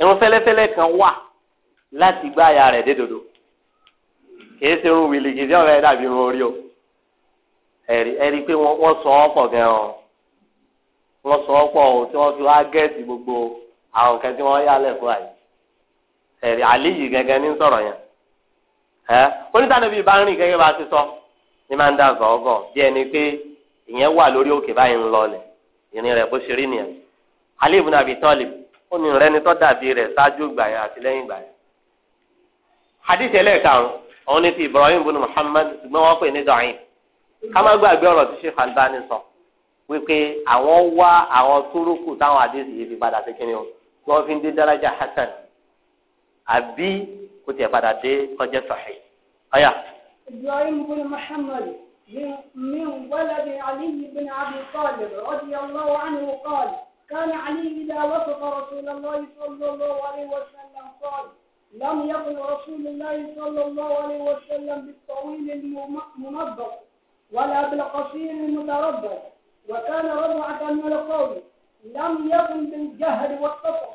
irun fẹ́lẹ́fẹ́lẹ́ kan wà láti gbá aya rẹ̀ dédodo kìí ṣe irun wìlì kìí ṣe ọ̀rẹ́ dàbí irun orí o ẹ̀rí pé wọ́n sọ ọ́ gan wọ́n sọ o tí wọ́n fi wá gbogbo àwọn kan tí fún àyè àlíyì ní yẹn bá ti sọ ní máa ń dà bí ẹni pé ìyẹn wà lórí òkè báyìí Ali ibn Abi Talib ó ní rẹ́ni tó dàbí rẹ̀ ṣáájú gbà yẹn àti lẹ́yìn gbà yẹn. hadith ẹlẹ́ẹ̀karùn-ún òun ní ti Ibrahim bin Muhammad ṣùgbọ́n wọ́n pè ní dọ̀yìn ká má gbàgbé ọ̀rọ̀ tí Sheikh Albani sọ wípé àwọn wá àwọn túrúkù táwọn hadith yìí fi padà sí kíni o tí wọ́n fi ń dé dárájà hasan àbí kò tiẹ̀ padà dé kọjá sahih ọ̀yà. Ibrahim bin Muhammad min waladi Ali bin Abi Talib radiyallahu anhu qala. كان علي إذا وصف رسول الله صلى الله عليه وسلم قال لم يقل رسول الله صلى الله عليه وسلم بالطويل المنظف ولا بالقصير المتردد وكان ربعة من القول لم يقل بالجهل والقطع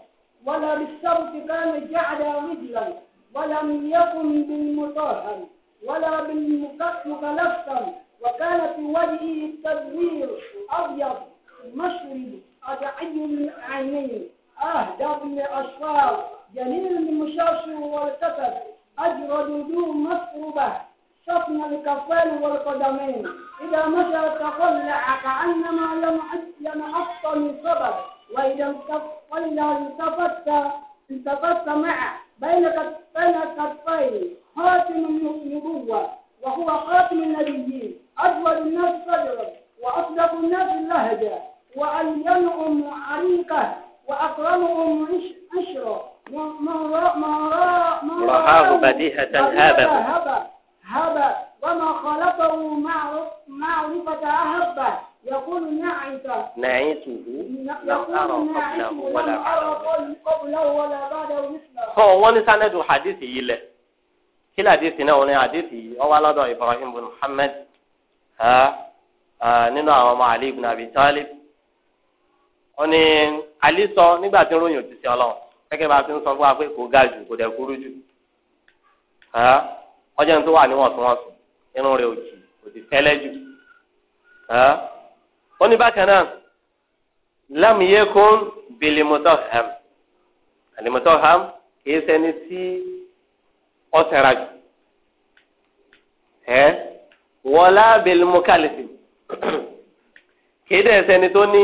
ولا بالسبط كان جعل رجلا ولم يكن بالمطهر ولا بالمكلفا وكان في وجهه التدوير أبيض مشرد أدعي من عيني أهدى من أشفار جميل من مشاش والكسد أجرد وجوه مصروبة شطن الكفين والقدمين إذا مشى تقلع كأنما لم ينحط من سبب وإذا التفت التفت معه بين بين كفين خاتم النبوة وهو خاتم النبيين أجود الناس صدرا وأصدق الناس لهجة وألينهم عريقا وأكرمهم عشرا رآه بديهة هبة هبة وما خلقه معرفة أهبة يقول نعيته نعيته يقول نعيته ولا أرى قبله ولا بعده مثله هو وان سند حديثه له كل حديثنا هو حديثه هو على إبراهيم بن محمد ها آه ننوى علي بن أبي طالب wọn ni n'igbati sọ nígbà tí ń ròyìn òtítì Ọlọ́run gẹ́gẹ́ bá a ti ń sọ fún wa pé kò ga jù kò dẹ̀ kúrú jù ọjọ́ ní tó wà níwọ̀ntúnwọ̀nsì irun rẹ̀ òjì òjì fẹ́lẹ́ jù ó ní bákan náà lam yekun bilimutaham alimutaham kìí ṣẹni tí ó ṣẹ̀ra jù ẹ wọlá bilimukalifi kìí dẹ̀ ṣẹni tó ní.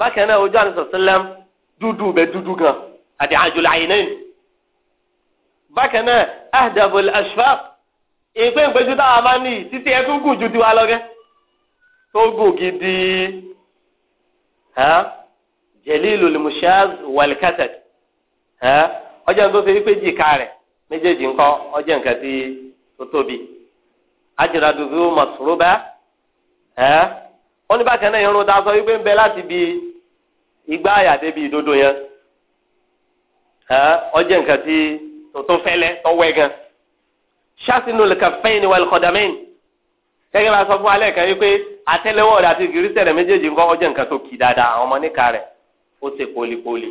bákan náà ojú àdìsọ sílẹm dúdú bẹ dúdú gan àti àjùlọ àyìnlẹyìn bákan náà ahdabul ashfaq ìpè ìpéjú táwa máa ní títí ẹ tún gùn ju tiwa lọ gẹ tó gùn gidi jalilul mushaz wal kasad ọjọ́ tó ṣe wípé jìkà rẹ̀ méjèèjì ńkọ́ ọjọ́ nǹkan tí tó tóbi ajradu zu masruba wọ́n ní bákan náà irun ta sọ wípé ń bẹ láti bi igbá àyà débi ìdodo yẹn ọjẹ́ nǹkan tí tuntun fẹ́lẹ́ tọ́wẹ́ gan ṣáṣínú lè kàfẹ́yìn ní wàlúù kọ́dàmẹ́yìn gẹ́gẹ́ bá a sọ fún alẹ́ kan wípé àtẹ́lẹwọ́ rẹ̀ àti gìrìsẹ̀ rẹ̀ méjèèjì ńkọ́ ọjẹ́ nǹkan tó kì dáadáa àwọn ọmọ níka rẹ̀ ó ṣe pólípólí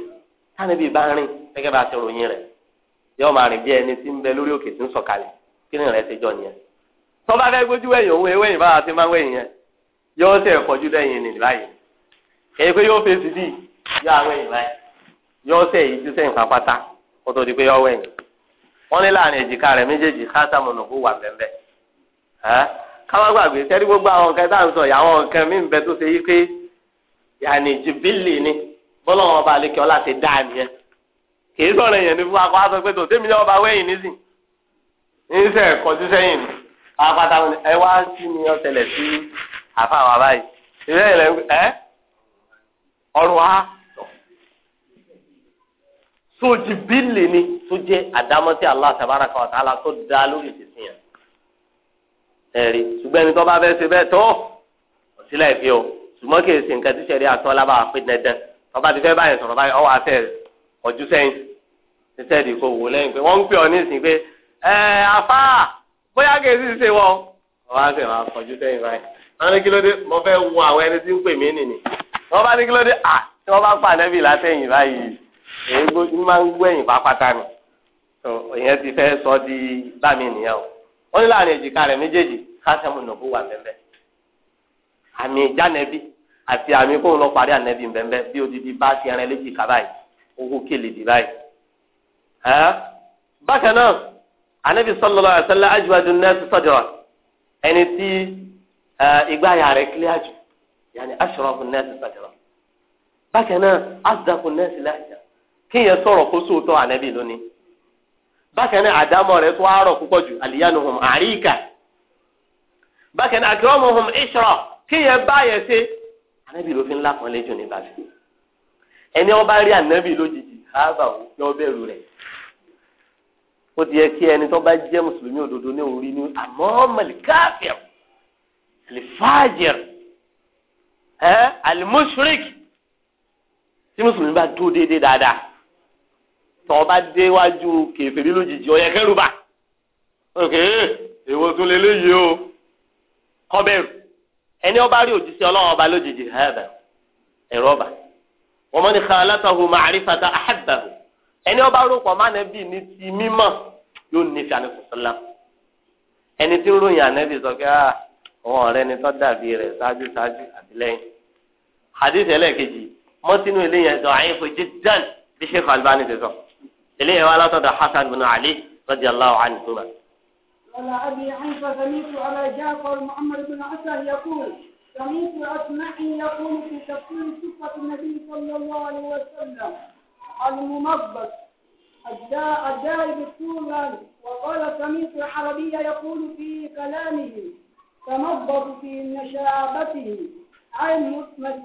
tánibí bá rìn gẹ́gẹ́ bá a ṣe ròyìn rẹ̀ yóò máa rìn bí ẹni tí ń bẹ lórí òkè tí ń sọ̀kalẹ̀ kí ni rẹ̀ ṣe jọ nìyẹn tọ́ba fẹ́ gbójú wẹ̀yìn òun ewéyìn bá a ti máa wẹ̀yìn yẹn yóò tẹ̀ kọjú lẹ́yìn ní báyìí kẹ́yẹ pé yóò fèsì bí yọ àwọn èèyàn báyìí yóò tẹ̀ yìí títẹ̀ nǹkan pátá kó tó di pé yọ wẹ̀yìn wọ́n ní láàrin èjìká rẹ̀ méjèèjì káàtàmù nùkú wà bẹ́ẹ̀ káwá gbàgbé sẹ́ni gbogbo àwọn nǹkan tá à ń sọ nǹkan mí bẹ tó ṣe yí pé yàní jìbìlì ni bọ́lá wọn bá lékè ọlá ti dáa nìyẹn kì í sọ̀rọ̀ yẹn ní fún akọ aṣọ àfa àwọn abáyé ìrẹ́ ìrẹ́ ẹ́ ọrùn á sóòjì bílì ni tó jẹ́ àdámọ́tí Allah tabaraka wa ta'ala tó dá lórí ìsinsìn yẹn ẹ̀rí ṣùgbọ́n ẹni tó bá fẹ́ ṣe bẹ́ẹ̀ tó ọ̀sílẹ̀ ìfi o ṣùgbọ́n kì í ṣe nǹkan tí ṣẹ̀rí àtọ́lá bá pé dandan tọ́ba ti fẹ́ báyìí sọ̀rọ̀ báyìí ọwọ́ afẹ́ ọjọ́ sẹ́yìn títẹ́ di kò wò lẹ́yìn pé wọ́n ń pè ọ ní ìsìn pé ẹ̀ afá bóyá kì í sì ṣe wọ́n ọwọ́ afẹ́ wọn afọ́jú sẹ́yìn báyìí wọn ní mo fẹ́ wo àwọn ẹni tí ń pè mí nìní wọn bá ní kí à tí wọn bá pa nẹ́bì látẹ̀yìn báyìí èyí ló máa ń gbẹ̀yìn pápátá ni ìyẹn ti fẹ́ sọ di bámi nìyẹn o wọn ní láàrin èjìká rẹ̀ méjèèjì kásẹ̀mù nàbó wà bẹ́ẹ̀ àmì ìjánẹbí àti àmì kóun lọ parí ànẹbí bẹ́ẹ̀ bí odidi bá ti ẹran léjìká báyìí owó kele ìgbà yà rẹ̀ kílíà jù yàní aṣọ́rọ̀kùn nẹ́ẹ̀sì sàjọ́rọ̀ bákan náà aṣọ́rọ̀kùn nẹ́ẹ̀sì láìjà kíyẹn sọ̀rọ̀ kó sóòótọ́ ànẹ́bí lónìí bákan náà àdámọ̀ rẹ̀ tó àárọ̀ púpọ̀ jù àlìyánuhùn àríkà bákan náà àkìrọ̀mùhùn ìṣọ̀rọ̀ kíyẹn báyẹn ṣe ànẹ́bí ló fi ńlá kan lẹ́jọ́ ní bàbá ẹni wọn bá rí ànẹ́bí lójijì ààbà ò yọ bẹ̀rù rẹ̀ ó ti yẹ kí ẹni tó bá jẹ́ mùsùlùmí òdodo ní orí ní àmọ́ mọ̀lì alifajir ẹ alimusirik tí mùsùlùmí bá dúró déédéé dáadáa tọ́ bá déwájú kèfèrí lójijì ọ̀yẹ́ kẹ́rù bá ok èwo tún lè léyìí o kọ́bẹ̀rù ẹni ọba rí òjíṣẹ́ ọlọ́run ọba lójijì ẹ̀ẹ́dà ẹ̀rọ ọba wọ́n mọ́ ní khalatahu ma'rifata ahabbahu ẹni ọba rúpọ̀ má nẹ́bí ní ti mímọ́ yóò nífẹ̀ẹ́ àníkùsọ́lá ẹni tí ń ròyìn ànẹ́bí sọ pé ah òun ọ̀rẹ́ ni tó dàbí rẹ̀ ṣáájú ṣáájú àtìlẹ́yìn hadith ẹlẹ́ẹ̀kejì mọ́tínú eléyẹn sọ àyè fún jíjàn bí sheikh albani ti sọ eléyẹn wà látọ̀dọ̀ hasan bin ali radiyallahu anhu. قال أبي عنف سمعت على جعفر محمد بن عسى يقول سمعت أسمعي يقول في تفسير صفة النبي صلى الله عليه وسلم الممبس الداء الداء بالطول وقال سمعت الحربي يقول في كلامه تمضض في نشابته أي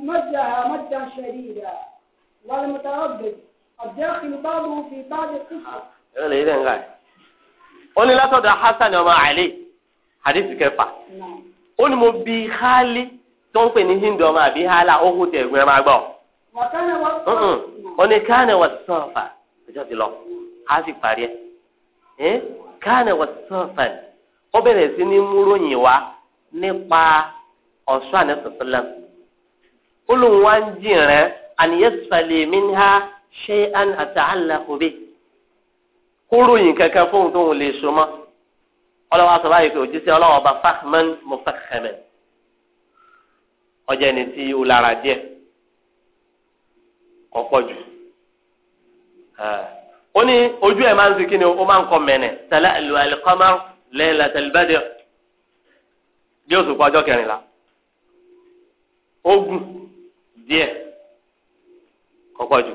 مدها مدا شديدا والمتردد الداخل بعضه في بعض القصص. ó ní látọ̀dọ̀ hasan ọmọ ali hadith kẹfà ó ní mo bi khali tó ń pè ní hindu ọmọ àbí hala ó kú tẹ̀ ẹ̀gbọ́n máa gbọ́. ó ní kánẹ̀ wà sọ́ọ̀fà ti lọ a sì parí ẹ̀ kánẹ̀ wà sọ́ọ̀fà ó bẹ̀rẹ̀ sí ní wa nípa ọ̀ṣọ́ ànẹ́sọ̀sọ́lá ó lóun wá ń jìn rẹ àníyẹ́sọ̀lẹ̀ mi ní ha ṣé àni àtàlà òbí kó ròyìn kankan fóun tóun lè so mọ́ ọlọ́wọ́ aṣọ báyìí pé òjíṣẹ́ ọlọ́wọ́ ọba fahman mufakhaman ọjà ẹni tí ó lára díẹ̀ ọ̀pọ̀ jù ah. ó ní ojú ẹ̀ máa ń sìnkí ni ó máa ń kọ mẹ́nẹ̀ tẹ̀lé àlùkọ́mọ́ lẹ́yìn látẹ̀lẹ́bẹ́dẹ́ bí oṣù kọ kẹrìnlá ogun díẹ̀ kọpọjù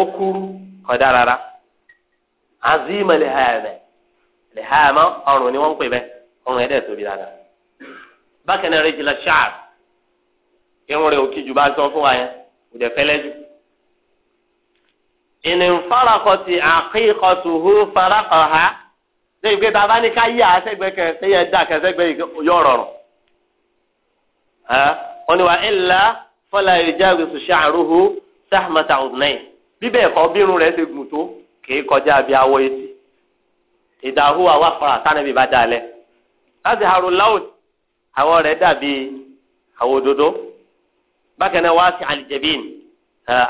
okuru kódà rárá azima lihama lihama ọrùn ni wọn pè bẹ ọrùn ẹdẹ tóbi dáadáa bákan náà ṣáàr irun rẹ̀ òkè jù bá sọ fún wa yẹn kò hó ha. lẹ́yìn pé bàbá ní ká yí àásẹ́gbẹ́ kan sẹ́yìn ẹ̀dá kan sẹ́gbẹ́ yọ rọrùn. wọ́n ní wa ilà fọlá ìjáwé sùsà àrùhù sàmàtà ọ̀dùnẹ́yìn bíbẹ̀ ẹ̀kọ́ bírun rẹ̀ ṣe gùn tó kì í kọjá bí awọ etí. ìdáhùn àwa fara sánẹ́bí bá dalẹ̀. láti haru laut àwọ̀ rẹ̀ dàbí àwọ̀ òdodo. bákan náà wá sí alìjẹ̀bín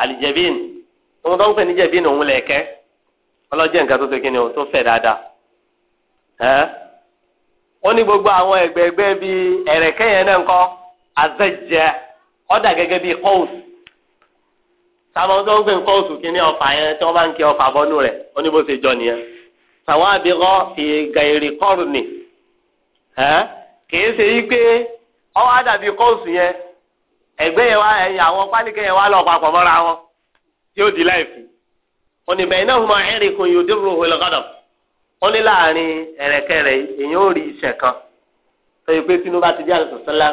alìjẹ̀bín tó ń pè ní jẹ̀bín òun lẹ̀kẹ́ ọlọ́jẹ̀ nǹkan tó ṣe kí ni o tó fẹ̀ dáadáa. ẹ ní gbogbo àwọn ẹgbẹgbẹ bíi ẹrẹkẹ yẹn náà kọ azẹjẹ ọdà gẹ́gẹ́ bíi kọọsù sábà tó ń gbé kọọsù kí ní ọfà yẹn tí bá ń kí rẹ wọn ní bó ṣe jọ nìyẹn sàwọn gàìrì ni kìí ṣe yí pé ọwọ àdàbí kọọsù yẹn ẹgbẹ yẹn wá ẹyìn àwọn pálíkẹ yẹn wá lọ papọ̀ mọ́ra wọn tí di láìpẹ́ òní náà ó ní láàrin ẹ̀rẹ̀kẹ̀rẹ̀ èèyàn ò rí iṣẹ́ kan tó yẹ pé tinubu ti jáde sọ̀sọ́lá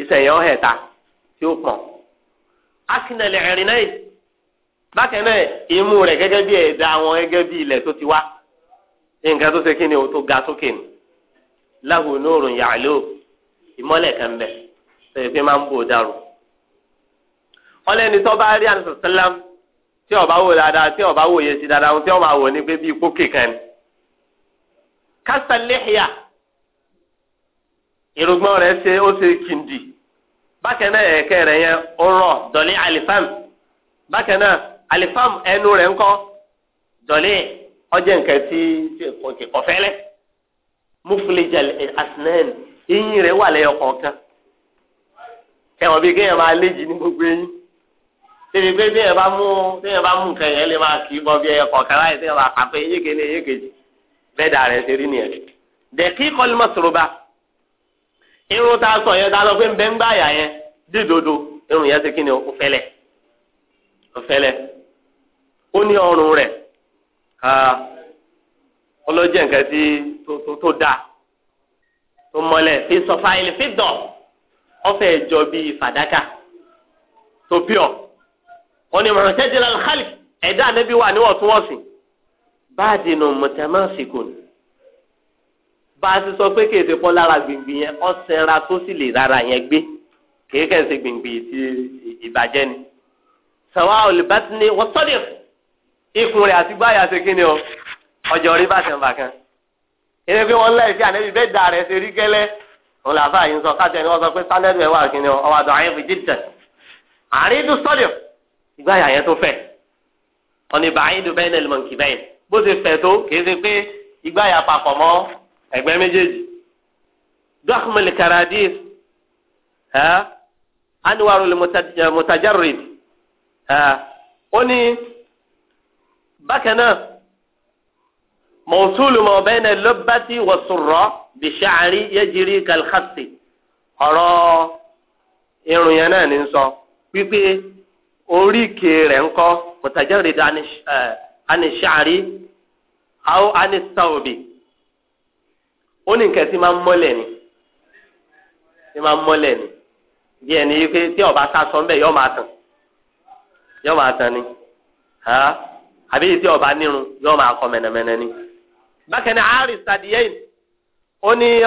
iṣẹ́ yẹn ó hẹ̀ta tí ó pọ̀ akínẹ̀lẹ̀ ẹ̀rìn náà bákan náà imú rẹ̀ gẹ́gẹ́ bí ẹ̀dá wọn gẹ́gẹ́ bí ilẹ̀ tó ti wá nǹkan tó ṣe kí ni o tó ga sókè ni láhùn nóòrùn yàló ìmọ́lẹ̀ kan bẹ̀ tó yẹ pé máa ń bò dàrú ọlẹ́ni tó bá rí àdìsọ̀sọ́lá tí ọba wò dáadáa tí ọba wò yẹ dáadáa tí ọba wò ní pé bí ipò kékan kásá lẹ́hìá irùgbọ́n ṣe ó ṣe kìndì bákan náà ẹ̀kẹ́ rẹ̀ yẹn ó rọ̀ dọ̀lẹ́ àlìfàm bákan náà àlìfàm ẹnu rẹ̀ ńkọ́ dọ̀lẹ́ ọjẹ́ nǹkan tí ọ̀fẹ́lẹ́ mufulijal asinẹ́ẹ̀nì eyín wà lẹ́yọ kọ̀ọ̀kan bíi kéèyàn máa léjì ní gbogbo eyín tèmi pé bá mú bá mú nǹkan yẹn lè máa kì í bọ bẹ́ẹ̀ dà rẹ̀ ṣe rí nìyẹn dẹ̀kí kọ́lí mọ́sòròba irun tá a sọ yẹn tá lọ pé ń bẹ ń yà yẹn dídodo irun ti kí ni ó fẹ́lẹ̀ ó fẹ́lẹ̀ ó ní ọrùn rẹ̀ ọlọ́jẹ̀ nǹkan tí tó tó fi fi báàdì nù mọ̀tẹ́másìkùn bá a ti sọ pé kèsì pọ́ lára gbìngbìn yẹn ọ̀sẹ̀ra tó sì lè rárá yẹn gbé kéékèèsì gbìngbìn ti ìbàjẹ́ ni sàwa olùbátìní wọ́n sọ́dẹ̀ ikùn rẹ̀ àti gbáyà ṣe kí ni o ọjọ́ rí bàtàn bàkan ilé pé wọ́n láì fi ànẹ́bí bẹ́ẹ̀ dà rẹ̀ ṣe rí gẹ́lẹ́ òun làbá yìí ń sọ káàtì ẹni wọ́n sọ pé sálẹ́dù ẹ̀ wà kí ni ọwọ́ àdó àyẹ̀fọ́ jíjẹ̀ àrídù sọ́dẹ̀ ìgbáyà yẹn tó fẹ̀ ọ bó ṣe fẹ̀ tó kìí ṣe pé igbá yà papọ̀ mọ́ ẹ̀gbẹ́ méjèèjì dọ́kùmẹ̀lì karadis ẹ́ aniwaru lè mutajarrid ẹ́ ó ní bákan náà mọ̀súlù mọ̀ bẹ́ẹ̀ náà lọ́bàtì wọ̀sùrọ̀ bìṣàárí yẹ́jìrì kàlxàsì ọ̀rọ̀ irun yẹn náà ní sọ wípé oríkèé rẹ̀ ńkọ́ mutajarrid anish ẹ́. ani ṣaari awo ani sawubi ó ní nǹkan tí máa ń mọ́lẹ̀ ni tí máa ń mọ́lẹ̀ ni bí ẹni yìí tí ọba sá sọ ń yọ máa tàn yọ máa tàn ni tí ọba nírun yọ máa kọ mẹ̀nẹ̀mẹ̀nẹ̀ ni. bákan náà ari sadiyẹ́yìn ó ni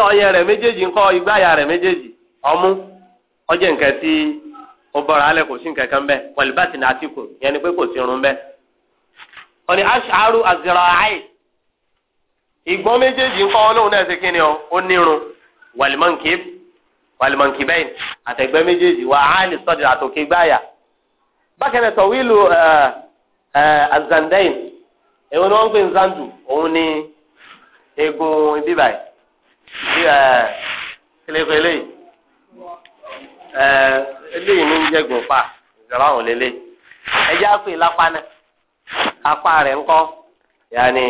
ọ̀nì aṣááru aziraayi ìgbọ́n méjèèjì ńkọ́ ọlọ́run náà ṣe kíni ọ ó nírun wàlímọ̀nkì wàlímọ̀nkìbẹ́yìn àtẹ̀gbẹ́ méjèèjì wà áàlì sọ́dì àtòkè gbáyà bákan náà tọ̀wílù eh, eh, azandain èwo ni wọ́n ń pè zandu òun ni egun bíbáyì yìí ní ń ìjọba àwọn lápá náà. apá rẹ̀ ńkọ́ yàní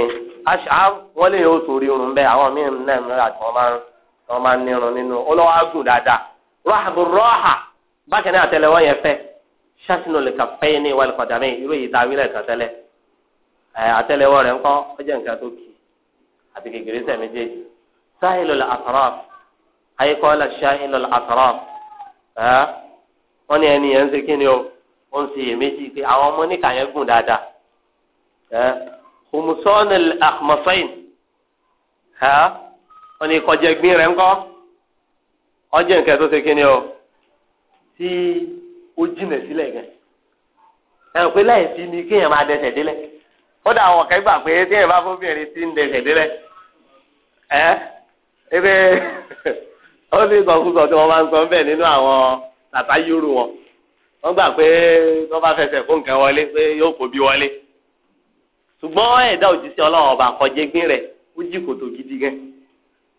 a wọ́n lè yóò torí irun bẹ́ẹ̀ àwọn míì náà mìíràn àti wọ́n máa ń wọ́n máa ń nírun nínú ọlọ́wọ́ agùn dáadáa rọ́hàbù rọ́hà bákan náà àtẹ́lẹwọ́ yẹn fẹ́ ṣáṣínú lè kà ní ìwà irú èyí a wílẹ̀ kan tẹ́lẹ̀ àtẹ́lẹwọ́ rẹ̀ ńkọ́ ó jẹ́ nǹkan tó kì àti wọ́n ní ẹni yẹn ń ṣe kí ni o ó ń ṣe iyèméjì pé àwọn ọmọ dáadáa humusan al-akhmasain ha wọn ni kọjá ẹ̀gbin rẹ̀ tó ṣe kíni o tí ó sílẹ̀ pé láì ni kéèyàn máa dẹsẹ̀ délẹ̀ pé bá tí ń dẹsẹ̀ délẹ̀ ebe ó ní sọkúsọ tí máa ń sọ nínú àwọn tàtà yúrù wọn gbà pé bá fẹsẹ̀ fún nǹkan wọlé pé yóò kó bí wọlé. ṣùgbọ́n ẹ̀dá òjíṣẹ́ ọlọ́run ọba àkọ́jẹ́gbín rẹ̀ ó jí kòtò gidi gan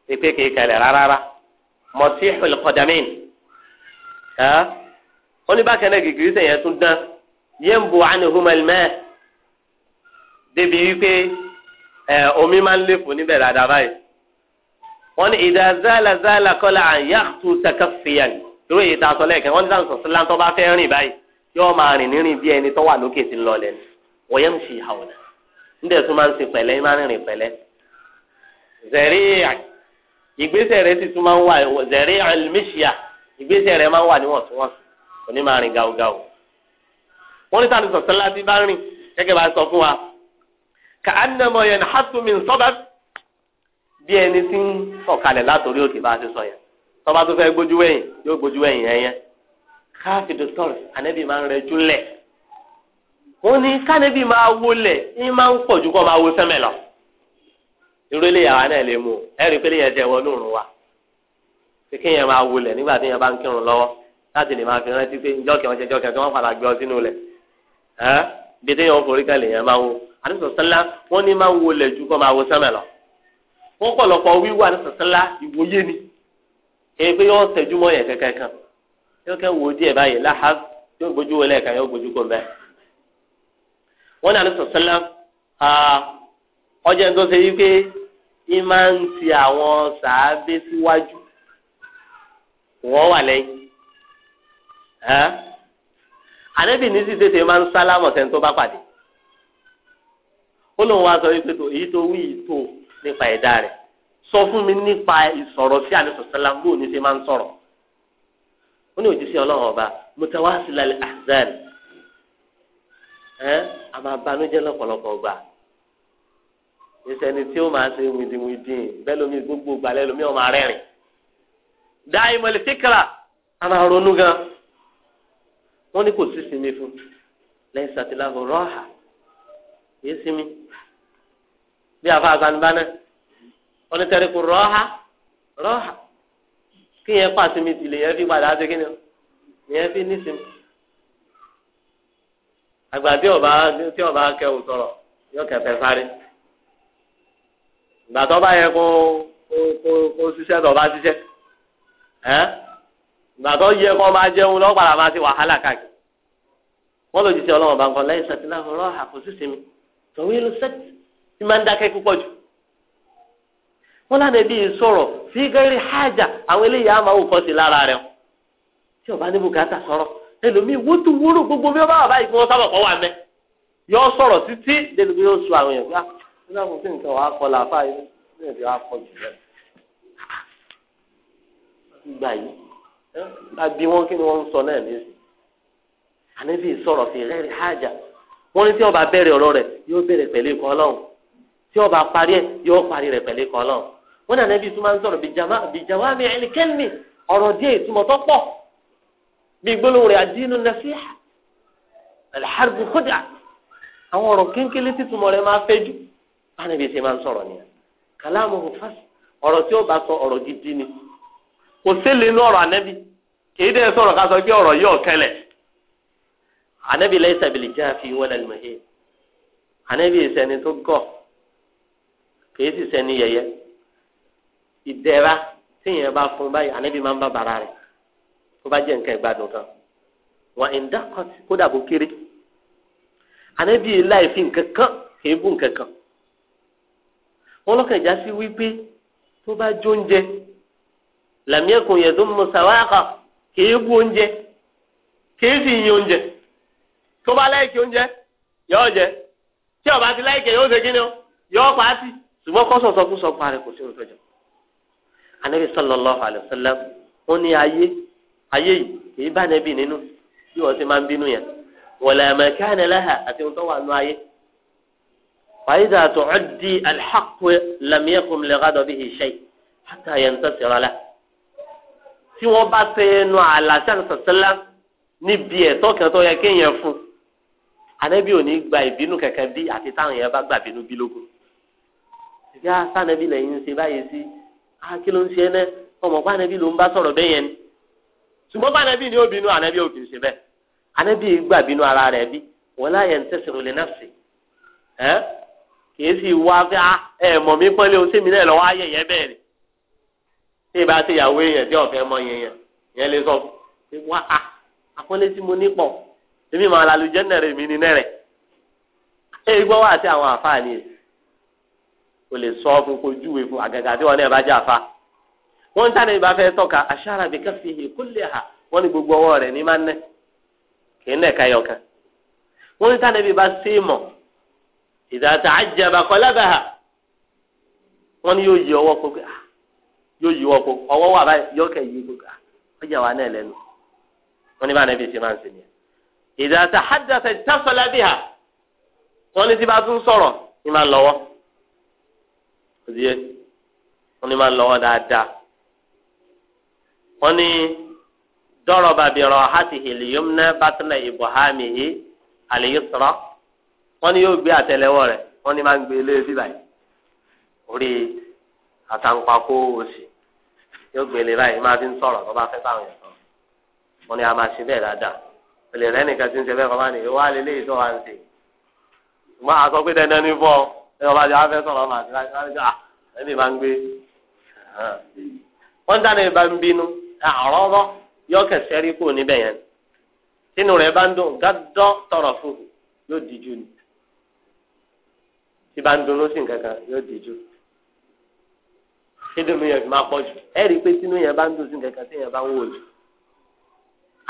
pépé kìí kalẹ̀ rárá mọ̀tíhùl kọ́dàmín ó ní bákan náà gègé sẹ̀yìn tún dán yé ń bu ànihumalmẹ́ débi wípé omi máa ń lè fún níbẹ̀ dáadáa báyìí wọ́n ní ìdá zálà zálà kọ́lá àyà tó tẹ̀kẹ́ fìyà lórí èyí tá a sọ wọ́n ní sáà sọ̀sílá tó níbẹ̀ tún máa ń sin pẹ̀lẹ́ máa ń rìn pẹ̀lẹ́ zẹ̀rí ìgbésẹ̀ rẹ̀ sì tún máa ń wà zẹ̀rí àlùmíṣíà ìgbésẹ̀ rẹ̀ máa ń wà níwọ̀ntúnwọ̀nsì kò ní máa rìn gàùgàù wọ́n ní sàdùsọ̀ sẹ́lá tí bá rìn gẹ́gẹ́ bá sọ fún wa kà á nà mọ̀ yẹn hàtú mi sọ́bà bí ẹni tí ń sọ̀kalẹ̀ látòrí òkè bá a ti sọ yẹn tọ́ba tó fẹ́ gbójú wẹ̀yìn yóò gbójú wẹ̀yìn yẹn yẹn káfíńdù sọ̀rọ̀ máa ń rẹjú lẹ̀ ó ní máa wọlé ní máa ń pọ̀ ju kọ́ máa wo sẹ́mẹ̀ lọ. irú ilé náà lè mú o ẹ̀rí pé yẹn jẹ́ wọnú òrùn wa pé kí yẹn máa wọlé nígbà tí yẹn bá ń kírun lọ́wọ́ láti lè máa fi rántí pé jọ́kẹ́ wọn ṣe jọ́kẹ́ tí wọ́n padà gbé ọ sínú lẹ̀ ẹ́ bí tí yẹn forí kalẹ̀ yẹn máa wo àdìsọ̀sánlá wọ́n ní máa wọlé ju kọ́ máa wo sẹ́mẹ̀ lọ. wọ́n pọ̀lọpọ̀ wíwá àdìsọ̀sánlá wọn nàní sọsẹlẹ ọjọ ẹni tó ṣe wípé ẹ máa ń ti àwọn sàábé síwájú wọn wà lẹ́yìn ànábì ní sì tètè máa ń sálámọ sẹni tó bá pàdé ó lóun wá sọ wípé tó èyí tó wí yìí tó nípa ẹ̀dá rẹ̀ sọ fún mi nípa ìsọ̀rọ̀ sí àdìsọ̀sẹ́lá bóun ní ṣe máa ń sọ̀rọ̀ ó ní òjíṣẹ́ ọlọ́run ọba mutawasila al-ahzan ẹ a máa banújẹ́ lọ́pọ̀lọpọ̀ gbà ìsẹni tí ó máa ṣe wìdìwìdìn bẹ́ẹ̀ lómi gbogbo gbalẹ lómi ọmọ arẹrin dáì mọlẹ fíkàrà a máa ronú gan wọn ní kò sí sinmi fún lẹ́yìn sàtìláhù rọhà yé sinmi bí afa agbanibánẹ onítẹ̀ríkù rọhà rọhà kí yẹn pàṣẹ mi tìlẹ yẹn fi padà á kí ni yẹn fi ní sinmi. agbà tí ọba tí ọba kẹwù sọ̀rọ̀ yóò kẹfẹ sáré ìgbà tó bá yẹ kó kó kó kó tó bá ṣiṣẹ́ ẹ ìgbà jẹun máa ti wàhálà káàkiri wọn lò jíṣẹ́ ọlọ́wọ́n bá ń kọ́ lẹ́yìn ń dákẹ́ púpọ̀ jù wọn lànà sọrọ hájà àwọn eléyìí sí lára tí ọba ẹlòmíì wútu wúrú gbogbo mi ọba bàbá ìfowó sábà kọ́ wà mẹ́ yọ sọ̀rọ̀ títí lẹ́nu bí yóò sọ àwọn èèyàn gbá nínú àwọn tí nǹkan wàá kọ́ làáfà yìí nínú ìwà kọ́ jù lẹ́nu. gbà yìí àbí wọn kí ni wọn ń sọ náà ní ìsìn ànábì sọ̀rọ̀ fi rẹ́rì hájà wọ́n ní tí ọba bẹ̀rẹ̀ ọ̀rọ̀ rẹ̀ yóò bẹ̀rẹ̀ pẹ̀lú ikọ̀ ọlọ́run tí ọba parí ẹ̀ yóò parí rẹ̀ pẹ̀lú ikọ̀ ọlọ́run wọ́n ní ànábì tún máa ń sọ̀rọ̀ bìjàwá mi ẹnikẹ́ni ọ̀rọ̀ díẹ̀ ìtumọ̀ tó pọ̀ bí gbólóhùn rẹ̀ àdínú nasiha alḥarbu kódà àwọn ọ̀rọ̀ kéńkélé títúmọ̀ rẹ̀ máa fẹ́ jù báyìí bí ṣe máa ń sọ̀rọ̀ nìyẹn kàlámù fásitì ọ̀rọ̀ tí ó bá sọ ọ̀rọ̀ gidi ni kò sílẹ̀ inú ọ̀rọ̀ ànábì kì í dẹ́ sọ̀rọ̀ ká sọ pé ọ̀rọ̀ yóò kẹlẹ̀ ànábì laysa bil jafi wala al mahin ànábì ìsẹni tó gọ̀ kì í sì sẹni yẹyẹ ìdẹ̀ra tíyẹn bá fún báyìí ànábì máa ń bá bàrà rẹ̀ tó bá jẹ́ nǹkan ìgbádùn kan wà ń dákọ̀ sí kódà bó kéré ànábì láì fi nǹkan kan kìí bù nǹkan kan wọn lọ́kàn ìjà sí wípé tó bá jó oúnjẹ làmíẹ̀kùn yẹn tó ń mọ sàwáàkà kìí bù oúnjẹ kìí sì yin oúnjẹ tó bá láìkì oúnjẹ yóò jẹ tí ó ti láìkì yóò ṣe kí ni o yóò pa á sí ṣùgbọ́n kọ́sọ̀ sọkúsọ parẹ́ kò sí òótọ́ jọ ànábì sallallahu alaihi wasallam ó ní ayé ayé yìí kì í bá nẹ́bì nínú bí wọ́n ti máa ń bínú yẹn wọ̀lẹ̀ àmẹ́ká ẹ̀nẹ́lẹ́hà àti ohun tó wà nù ayé. fàyídà tó ọ́ di alḥàkù lamíẹ́kùn lẹ́gàdọ̀ bíi ṣẹ́yì hàtà yẹn tó ti rọlá. tí wọ́n bá tẹ ẹnu àlàáṣà sọ̀tẹ́lá níbi ẹ̀tọ́ kan tó yẹ kéèyàn fún anẹ́bí ò ní gba ìbínú kẹ̀kẹ́ bí àti táwọn yẹn bá gbà bínú bí lógún. ìgbà sànẹ́bí lẹ́yìn ń ṣe báyìí sí á ah, náà ọmọ ṣùgbọ́n bá anabi ni ó bínú anabi ò kì í ṣe bẹ́ẹ̀ anabi gbà bínú ara rẹ̀ bí wala yantasiru li nafsi ẹ́ kìí sì wá fẹ́ ah, ẹ̀ mọ̀ mí pọ́nlé o sẹ́mi náà lọ́wọ́ ayẹyẹ bẹ́ẹ̀ ni tí ì bá ṣe ìyàwó èèyàn tí ọ̀fẹ́ mọ yẹn yẹn yẹn lè sọ pé wá a àpọ́nlé tí mo ní pọ̀ èmi màá lalu jẹ́nẹ̀rẹ̀ mi ní nẹ́rẹ̀ ẹ gbọ́ wá àti àwọn àfáà ni o lè sọ fún kojú ìfún àgàgà tí wọn náà bá jẹ́ àfáà wọ́n ń tànà ìbá fẹ́ tọ́ka aṣáára bí káfí hì kúlẹ̀ ha wọ́n ní gbogbo ọwọ́ rẹ̀ ní máa ń nẹ́ kì í nẹ̀ káyọ̀ kan wọ́n ní tànà ìbá sí mọ̀ ìdàtà àjàbà kọ́lábà ha wọ́n ní yóò yí ọwọ́ kó ah, yóò yí ọwọ́ kó ọwọ́ wà báyìí yóò yí kó ọjà ah, wà náà lẹ́nu wọ́n ní bá nàbí ṣe máa ń sinmi ìdàtà àjàbà tásọ̀lá bí ha wọ́n ní tí bá tún sọ̀rọ̀ ní máa lọ́wọ́ òdìyẹ wọ́n ní máa lọ́wọ́ dáadáa wọ́n ní dọ́rọ̀ bàbírọ̀ hàtì hìlì yóò ná bàtìlẹ̀ ìbọ̀hámi yìí àlèyé sọ̀rọ̀ wọ́n ní yóò gbé àtẹlẹwọ́ rẹ̀ wọ́n ní máa ń gbé ilé bíbà yìí orí àtàǹpàkò òsì yóò gbé ilé báyìí máa fi ń sọ̀rọ̀ tó bá fẹ́ báwọn yẹn sọ̀rọ̀ wọ́n ní a máa ṣe bẹ́ẹ̀ dáadáa pèlè rẹ nìkan ti ń ṣe bẹ́ẹ̀ kọ́ máa ní wá lélẹ́ yìí tó wà ń ṣe ṣùgbọ́n ti láti láti gbà ẹni máa ń gbé wọ́n dáná ìbá ń bínú àrọ́rọ́ yóò rí kó níbẹ̀ yẹn tínú rẹ̀ bá ń dùn gádọ́ tọrọ fún yóò díjú ni tí bá ń sí yóò díjú tínú yẹn fi máa pọ̀ jù ẹ rí i pé tínú yẹn bá ń sí tí yẹn bá ń wò jù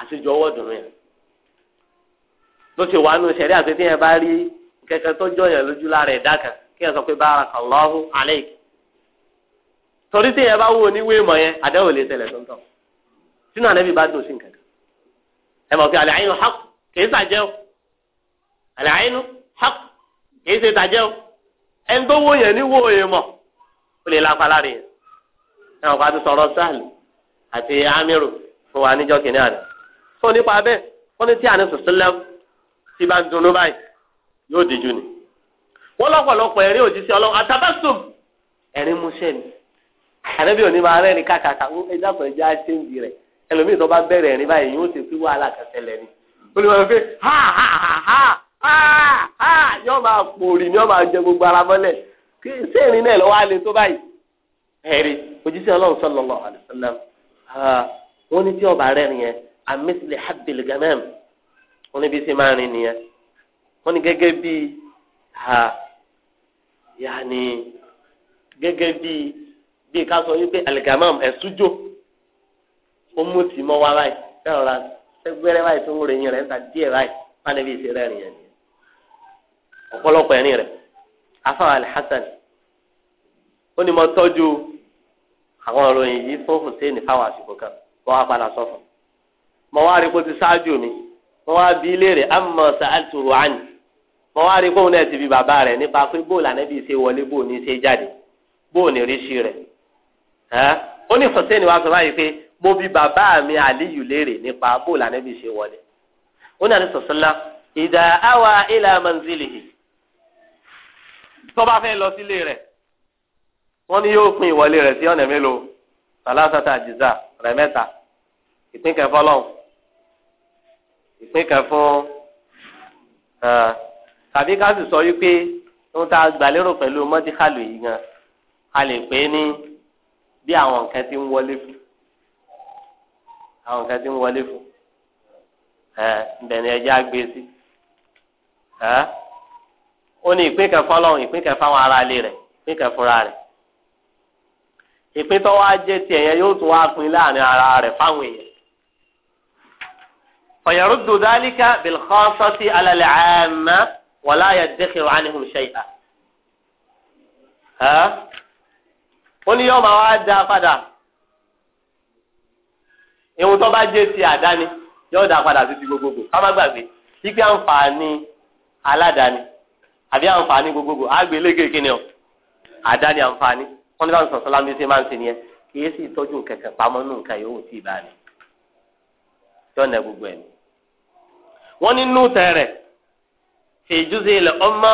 àtijọ́ ọwọ́ dùnú yẹn ló ti wà nù sẹ̀rí àti tí yẹn bá rí kẹ̀kẹ́ tó jọ yẹn lójú lára ẹ̀dá kan kí yẹn sọ pé torí sínú ànábì bá dùn sí nǹkan kan ẹ mọ̀ pé àlẹ́ àyínú hàk kìí sàjẹ́ o àlẹ́ àyínú hàk kìí ṣe tàjẹ́ o ẹni tó wó yẹn ní wó yẹn mọ̀ ó lè lápá lára yẹn ẹ mọ̀ pé a ti sọ̀rọ̀ sáàlì àti amiru fún wa níjọ́ kìnìún àná tó nípa bẹ́ẹ̀ wọ́n ní tí àná sọ̀sọ́lẹ́m tí bá ń dunnú báyìí yóò díjú ni wọ́n lọ́pọ̀lọpọ̀ ẹ̀rí òjíṣẹ́ ọlọ́run àtàbẹ́sùn ẹ̀rí múṣẹ́ ni ànábì òní máa rẹ́ni káàkàkà ẹ̀dá pẹ̀lú ẹ̀já ṣéǹdì rẹ̀ ẹlòmíì tó bá bẹ̀rẹ̀ ẹ̀rín báyìí yóò ṣe fi wàhálà kẹsẹ̀lẹ̀ ni olùwà fẹ́ ha ha ha ha ha yóò máa pòrì ni yóò máa jẹ gbogbo ara mọ́lẹ̀ kí sẹ́ẹ̀rin náà lọ́wọ́ alẹ́ tó báyìí ẹ̀rí òjíṣẹ́ ọlọ́run sallallahu alaihi wasallam wọ́n ní tí ọba rẹ̀ nìyẹn amísílẹ̀ habil gamam wọ́n ní bí sí máa rìn nìyẹn wọ́n ní gẹ́gẹ́ bí yaani gẹ́gẹ́ bí bí ká sọ yín pé aligamam ẹ̀sùjò ó mú tì mọ́ wá báyìí fẹ́ràn ra sẹ́gbẹ́rẹ́ báyìí tó ń ròyìn rẹ̀ ń ta díẹ̀ báyìí wọ́n á bí rìn yẹn ni ọ̀pọ̀lọpọ̀ ẹ̀rín rẹ̀ afáwọn alhassan ó ní mo tọ́jú àwọn ìròyìn yìí fún hussein fáwọn àsìkò kan wọ́n wá padà sọ fún mo wá rí kó ti ṣáájú mi mo wá bí léèrè àmọ́ sàátù ruhani mo wá rí kóun náà ti fi bàbá rẹ̀ nípa pé bóòlù ànábì ṣe wọlé bóòlù ní ṣe jáde bóòlù ní ríṣi rẹ̀ ó ní hussein wá sọ báyìí pé mo bi bàbá mi aliyu léèrè nípa bó lànà bí ṣe wọlé ó nàní sọsọlá ìdá àwa ilà manzilihi tó bá fẹ́ lọ sílé rẹ̀ wọ́n ní yóò pín ìwọlé rẹ̀ sí ọ̀nà mélòó sàlásàtà àjìzà rẹ̀ mẹ́ta ìpín kan fọ́lọ́run ìpín kan tàbí ká sì sọ wípé ohun tá a pẹ̀lú mọ́tíkàlù yìí gan a lè pè é ní bí àwọn nǹkan ti ń wọlé fún àwọn kan ti ń wọlé fún ẹ ǹdẹ̀ ni ẹja gbé sí ẹ ó ní ìpín kan fọlọ́run ìpín kan fáwọn ará ilé rẹ̀ ìpín kan fúnra rẹ̀ ìpín tó wá jẹ́ tiẹ̀ yẹn yóò tún wá pín láàrin ara rẹ̀ fáwọn èèyàn fọyọ̀rọ̀ dòdálíkà bìlkọ́sọ́tì alẹ́ àmà wọlá yẹ̀dẹ́kẹ̀ wà ní hùn ṣẹ́yà ó ní yọ́ọ̀ máa wá dá padà ìwọ̀n tó bá jẹ́ ti àdáni yóò dá padà sí ti gbogbogbò ká má gbàgbé ipe àǹfààní aládàáni àbí àǹfààní gbogbogbò àgbélé kékeré o àdáni àǹfààní wọn ní bá ń sọ sọlá bí ṣe máa ń ṣe nìyẹn kì í sì tọ́jú kẹ̀kẹ́ pamọ́ nù nǹkan yòówù tí ì bá ní yọ̀nà gbogbo ẹ̀ wọ́n ní nù tẹ̀rẹ̀ fi ilẹ̀ ọmọ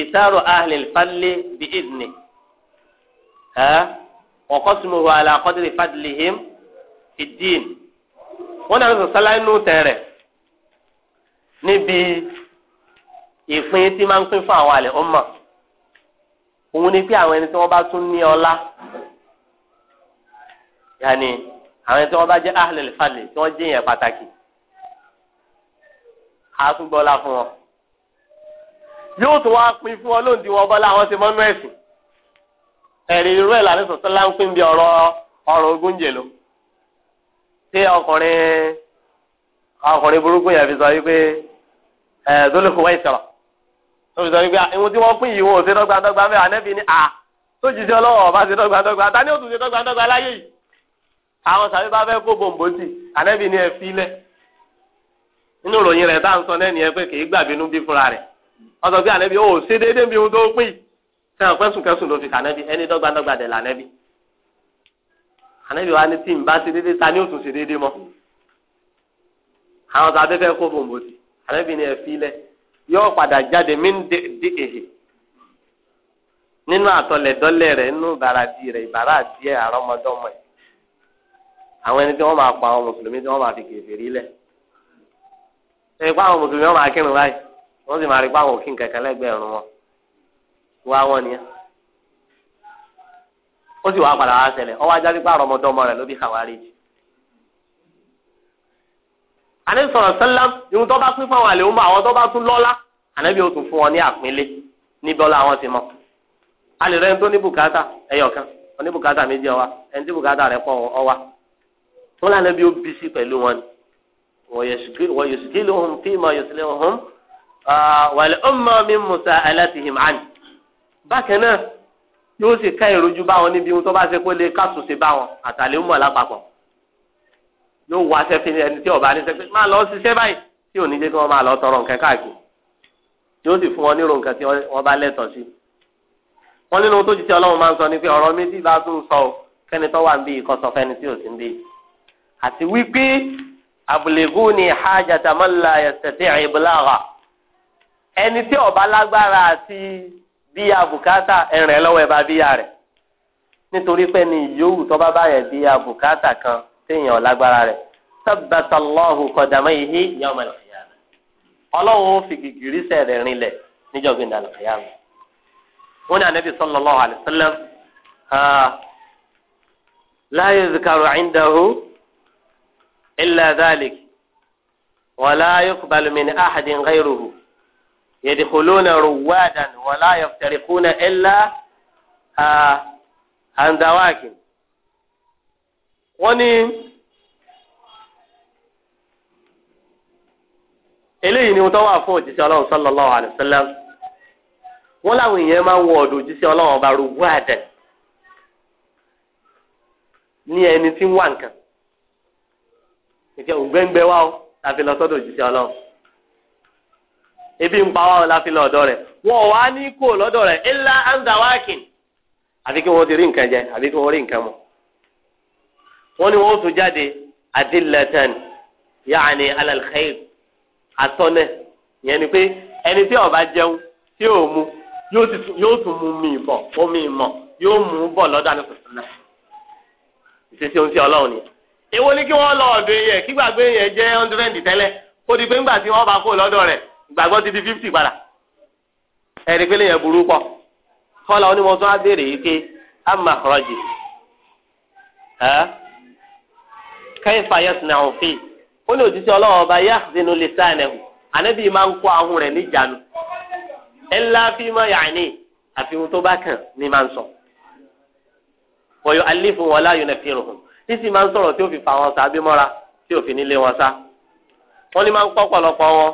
ìtàrò ahlil fadli bi idni ẹ̀ ọ̀kọ́sùmùhù àlàkọ́dìrì fadlihim fi dín wọn náà sọ sálá inú tẹ níbi ìpín tí máa ń pín fún àwọn àlè ọmọ òun ni pé àwọn ẹni tí wọn bá tún ní ọlá yàní àwọn ẹni tí wọn bá jẹ ahlẹlẹ falẹ tí wọn jẹ yẹn pàtàkì á tún fún wọn yóò tún wá pín fún wọn lóun tí wọn tí ọkùnrin ọkùnrin burúkú yẹn fi sọ wípé ẹ dólókù wáyé sọ̀rọ̀ tó fi sọ wípé ìwọ̀n ah, tí wọ́n pín yìí wọ́n ò ṣe dọ́gbadọ́gba mẹ́wàá nẹ́bí ni à ah, tó jíṣẹ́ ọlọ́wọ́ ọba ṣe dọ́gbadọ́gba ta ni ó tún ṣe dọ́gbadọ́gba láyé yìí àwọn sàbí bá fẹ́ kó bòǹbòtì ànẹ́bí ni ẹ fi lẹ̀ nínú ìròyìn rẹ̀ ànábì wa ni tí n bá ṣe déédéé ta ni ó tún ṣe déédéé mọ́ àwọn sábẹ́ fẹ́ kó sí ànábì ni ẹ fi lẹ̀ yóò padà jáde mí ń dé èhè nínú àtọlẹ̀dọ́lẹ̀ rẹ̀ nínú ìbáradì rẹ̀ ìbára àti àrọ́mọdọ́mọ ẹ̀ àwọn ẹni tí wọ́n máa pa àwọn mùsùlùmí tí wọ́n máa fi kèfèrí lẹ̀ ṣe ipá àwọn mùsùlùmí wọn máa kírun báyìí wọ́n sì máa rí ipá àwọn òkín rún ó sì wá padà wá ṣẹlẹ̀ ọwọ́ ajá pípa àrọ̀mọdọ́mọ rẹ̀ ló bí kàwárí jì. àní sọ̀rọ̀ sẹ́lá ihun tó bá pín fún àwọn àlèhùn mọ́ àwọn tó bá tún lọ́lá ànábì ó tún fún wọn ní àpínlé níbi ọlá àwọn ti mọ̀. a lè rẹ ẹni tó ní bùkátà ẹyọ kan oní bùkátà méjì ọwa ẹni tí bùkátà rẹ pọ̀ ọwa. wọn lànà bí ó bí sí pẹ̀lú wọn ni wọ́n yòsùkìlì ohun fíìmù yóò sì ká ìrojú bá wọn níbi ohun tó bá ṣe pé lè kásùn sí bá wọn àtàlẹ́ mọ̀ lápapọ̀ yóò wá sẹ́fìn ẹni tí ọba ní sẹ́fìn máa lọ ṣiṣẹ́ báyìí tí ò ní jẹ́ kí wọ́n máa lọ tọrọ nǹkan káàkiri yóò sì fún wọn nírò nǹkan tí wọ́n bá lẹ́tọ̀ọ́ sí. wọ́n nínú tó jíṣẹ́ ọlọ́run máa ń sọ ni pé ọ̀rọ̀ méjì bá tún sọ ọ́ kẹ́ni tó wà ń bí ikọ̀ sọ fẹ́ni tí ò sí ń àti wípé àbùlẹ̀gù ni hajjata bíyà bùkátà ẹ̀rẹ̀ lọ́wọ́ ẹ̀ bá bíyà rẹ̀ nítorí pé ní ìyówù tó bá báyẹn bíyà bùkátà kan téèyàn lágbára rẹ̀ sábàtà lọ́hùn kọjàmọ́ ìhí yọmọ ìyàmẹ́ ọlọ́run ó fi gìgìrísẹ̀ rẹ̀ rinlẹ̀ níjọ́gbìn ìdàlù ìyàmẹ́ wọn ní anabi sallallahu alayhi wa sallam láyé zikaru indahu illa dhalik wàlá yókùbalùmí ni ahadin ghayruhu yedikuluna ruwadan wala yaftarikuna illa andawakin wọ́n ní eléyìí ni wọ́n tọ́ wà fún òjíṣẹ́ ọlọ́run sallallahu alaihi wasallam wọ́n láwọn èèyàn máa ń wọ ọ̀dọ̀ òjíṣẹ́ ọlọ́run ọba ruwadan ní ẹni tí ń wà nǹkan ìfẹ́ ògbẹ́ngbẹ́ wa ó tàbí lọ sọ́dọ̀ òjíṣẹ́ ọlọ́run ebi ń pa wá la fi lọ ọ̀dọ̀ rẹ̀ wọn ò wá ní kó lọ́dọ̀ rẹ̀ ilá andawakin àfi kí wọ́n ti rí nǹkan jẹ àfi kí wọ́n rí nǹkan mu. wọ́n ní wọ́n tún jáde adilatan yaani alalxeyr atọ́nẹ̀ yẹn ni pé ẹni tí ó bá jẹun tí ò mu yóò tún mu mi bọ̀ omi mọ̀ yóò mú bọ̀ lọ́dọ̀ àná tuntun náà ìṣesí ohun tí ọlọ́run ni. èwo ni kí wọ́n lọ ọ̀dọ̀ yẹn kígbàgbé yẹn jẹ́ hundred tẹ́lẹ̀ ó di pé ńgbà tí wọ́n bá kó lọ́dọ̀ rẹ̀ gbàgbọ́ ti di fifty padà ẹ̀rí pé lèyẹn burú pọ̀ kọ́lá onímọ̀tò á béèrè yìí pé á máa kọ́rọ̀ jì ẹ́ kẹ́yìnfà yẹn sìn àwọn fèè ó ní òtítọ́ ọlọ́wọ́ ọba yá sínú lè sá ẹ̀nẹ̀hù ànábì máa ń kó ahun rẹ̀ níjànú ńlá fíìmọ̀ yàní àfihàn tó bá kàn ní máa ń sọ wọ́yọ̀ alífún wọn láàyò náà rùn títí máa ń sọ̀rọ̀ tí ó fi fa wọn sá bí tí ò fi nílé wọn sá wọ́n ní máa ń pọ́ pọ̀lọpọ̀ wọn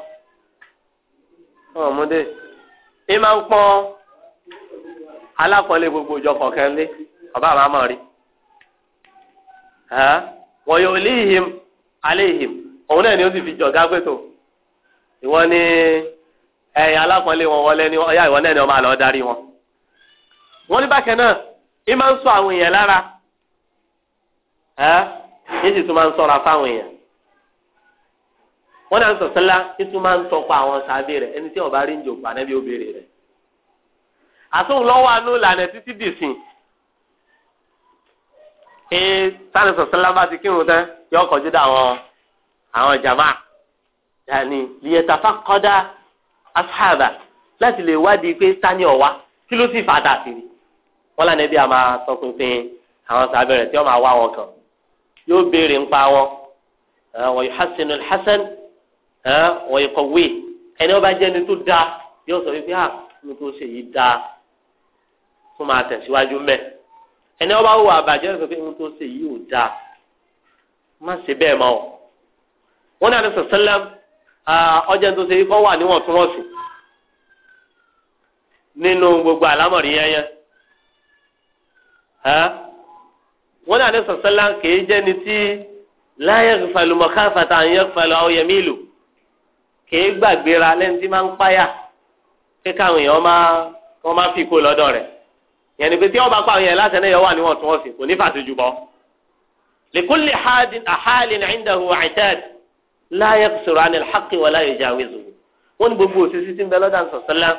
ọmọdé ẹ máa ń pọn alákọọlẹ gbogbo ìjọ kọ̀ọ̀kan lé ọba àwọn amọ rí wọn yóò léhìm aléhìm òun náà ni ó sì fi jọ pẹtọ ìwọ ni ẹ̀yìn alákọọlẹ wọn wọlé ní ọyá ìwọ náà ni wọn wọn. wọn ní náà ẹ máa ń sọ àwọn èèyàn lára ẹ ẹ sì tún máa ń wọn náà sọ sọlá títún máa ń tọpa àwọn sábẹ́ rẹ̀ ẹni tí ọba rí ń jò pa nẹbi obìnrin rẹ̀ àtúntò lọ́wọ́ àánú lànà títí dìsìn ee sani sọsọlá bá ti kírun tán yọ ọkọjú dá àwọn àwọn jama yanni liyetafa kọdá asahaba láti lè wádìí pé sani ọwa kí ló sì fàdà sí wọn lànà bí a máa àwọn sábẹ́ rẹ̀ tí wọn máa wá wọn kàn yóò béèrè ń wọn àwọn yóò hasan wọ́n yìí kọ̀wé ẹni wọ́n bá jẹ́ ẹni tó dáa yóò sọ wípé ah mo tó ṣe yìí dáa tó máa tẹ̀síwájú mẹ́ ẹni wọ́n bá wù àbàjẹ́ yóò sọ pé mo tó ṣe yìí ò dáa má ṣe bẹ́ẹ̀ mọ́ ọ. wọ́n ní àdéhùn sẹ́lẹ̀m ọjọ́ tó ṣe yìí kọ́ wà níwọ̀ntúnwọ̀nsì nínú gbogbo àlámọ̀rí yẹn yẹn wọ́n ní àdéhùn sẹ́lẹ̀m kì í jẹ́ ni tí láyé fàlùmọ̀ káfàtà ń kèé gbàgbéra lẹ́ni tí máa ń páyà kí káwọn èèyàn máa wọ́n máa fi kó lọ́dọ̀ rẹ̀ yẹn ni pé tí wọ́n bá pa àwọn yẹn láti ẹni yẹn wà níwọ̀n tí wọ́n fi kò ní fàtijù bọ́. lèkúlì àhálì nàìjíríà wà àìtẹ́ẹ̀d láyé sọ̀rọ̀ àni lḥàkì wà láyé ìjà wíìzù. wọ́n ní gbogbo òṣìṣẹ́ tí ń bẹ lọ́dà sọ̀sẹ́lá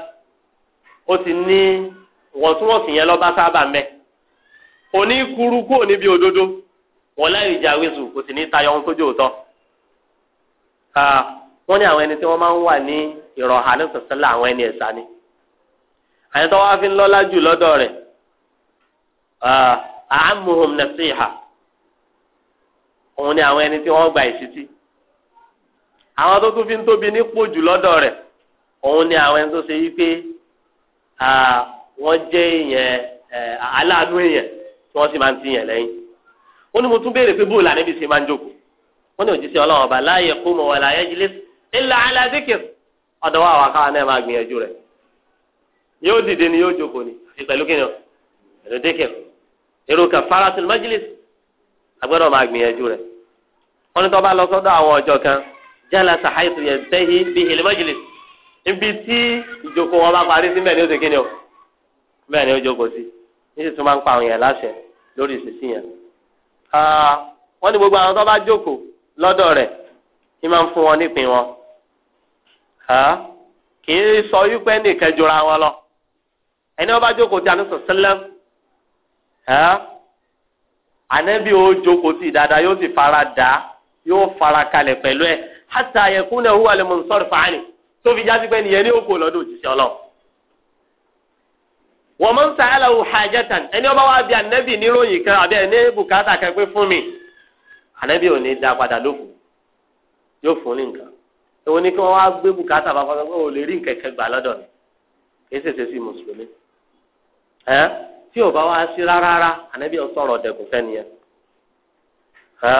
ó ti ní wọ̀ntúnwọ̀nsì wọ́n ní àwọn ẹni tí máa ń wà ní ìrọ̀hà ní sọ̀sẹ́lá àwọn ẹni ẹ̀sà ni àyẹ̀tọ́ wa fi ń lọ́lá jù lọ́dọ̀ rẹ̀ àámuhùn nàṣíhà òun ni àwọn ẹni tí gba ìṣítí àwọn tó tún fi ń tóbi nípò jù lọ́dọ̀ rẹ̀ òun ni àwọn ẹni tó ṣe yí pé jẹ́ aláàánú tí wọ́n sì máa ń ti lẹ́yìn ó ní mo tún béèrè pé bóòlù àníbi ṣe máa ilà aládìkìr ọ̀dọ̀ wa àwọn akáwọn náà máa gbìyànjú rẹ̀ yóò dìde ni yóò jókòó ni àti pẹ̀lú kíni o pẹ̀lú dìkìr èrò kan farasin májèlè agbẹ́dọ̀ máa gbìyànjú rẹ̀ wọ́n ní tó bá lọ sọ́dọ̀ àwọn ọjọ́ kan jẹ́la sàhàìtù yẹn tẹ́hí bí ilé májèlè ibi tí ìjókòó wọn bá parí sí bẹ́ẹ̀ ni ó ti kíni o ó jókòó sí ní sì máa ń pa àwọn yẹn láṣẹ lórí ìṣesí yẹn ah, wọ́n ní gbogbo àwọn tó bá jókòó lọ́dọ̀ rẹ̀ kí fún wọn nípìn wọn kì í sọ wípé nìkan jura wọn lọ ẹni wọn bá jókòó tí a ní sọ sẹlẹm ànábì jókòó tí dada yóò fara da yóò fara kalẹ̀ pẹ̀lú ẹ̀ hàtà àyẹ̀kú náà wúwà lè mọ̀ nsọ́rọ̀ fàánì fi pé nìyẹn ní òkú lọ́dún òjíṣẹ́ ọlọ́run wọ́n mọ̀ ń sa aláwo hajjatan ẹni ọba wa bí anabi níròyìn kan àbí ẹni bùkátà fún mi anabi ní dá padà yóò fún ní nǹkan èwo ni kí wọ́n wá gbé bùkátà bá fọ́nà pé o lè rí nkẹ̀kẹ́ gbà lọ́dọ̀ mi kì í ṣèṣe sí mùsùlùmí ẹ tí ò bá wá sí rárá rárá ànábì ọ̀sọ̀rọ̀ dẹ̀kun fẹ́ni yẹn ẹ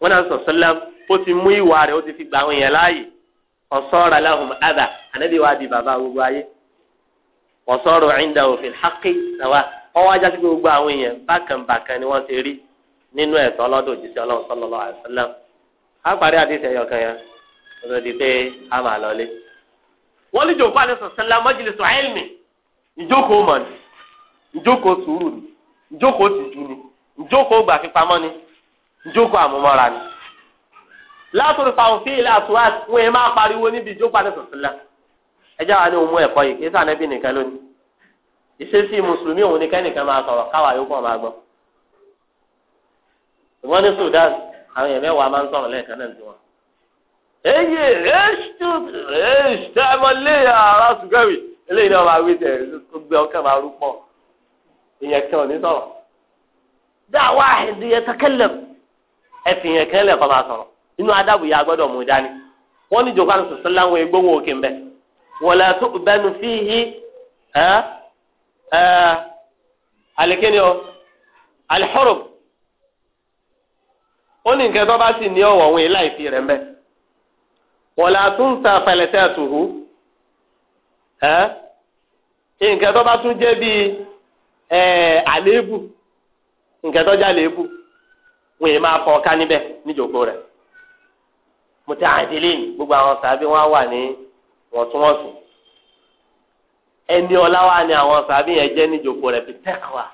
wọn náà sọ sọlá ó ti mú ìwà rẹ̀ ó ti fi gbà àwọn èèyàn láàyè ọ̀sọ̀rọ̀ aláhùn àdà ànábì wa di bàbá gbogbo ayé ọ̀sọ̀rọ̀ ìndà òfin hákì náà wọ́n wá jásí gbogbo àwọn èèyàn bákan bákan ni wọ́n ti rí nínú ẹ̀tọ́ lọ́dọ̀ òjíṣẹ́ ọlọ́run sọ́lọ́lọ́ àṣálàm á parí ọ̀sẹ̀ di pé a máa lọ lé. wọ́n ní jòkó àti sọ̀sẹ́lá mọ́jìlísọ̀ àìlmì ìjókòó mọ̀ ni ìjókòó sùúrù ni ìjókòó tìjú ni ìjókòó gbà fipamọ́ ni ìjókòó àmúmọ́ra ni. látòrí fàwọn fi ilé àtúwá wọn yẹn máa pariwo níbi ìjókòó àti sọ̀sẹ́lá ẹjẹ́ wa ni òun mú ẹ̀kọ́ yìí kí sànẹ́bí nìkan lónìí ìṣesí mùsùlùmí òun ni kẹ́nìkan máa sọ̀rọ̀ káwa yóò pọ̀ máa gbọ́ ṣùgbọ́n ní Sudan àwọn èèyàn mẹ́wàá máa ń sọ̀rọ̀ lẹ́ẹ̀kan náà tiwọn èyí èṣù èṣù tẹ ẹ lé ara sùgbẹ́rì eléyìí náà máa wí tẹ kó gbé máa rú pọ̀ ìyẹn kí wọn ní sọ̀rọ̀ dáwọ́ àìdíyẹ tẹ́kẹ́lẹ̀ yẹn kẹ́lẹ̀ kọ́ máa sọ̀rọ̀ inú adábòye agbọ́dọ̀ mú dání wọ́n ní jòkó àtúntò sọ́lá wọn egbó òkè o alihorob ó ní bá sì ní òun yìí láì fi wọ̀lá tún ta nketọ àtùhù nǹkan tó bá tún jẹ́ bíi àléébù nǹkan tó jẹ́ àléébù wọ́n yìí máa fọ níbẹ̀ níjòkó rẹ̀ gbogbo àwọn sàbí wọn wà ní wọ̀ntúnwọ̀nsùn ẹni ọlá wa ni àwọn sàbí yẹn jẹ́ níjòkó rẹ̀ fi tẹ́kọ̀ọ́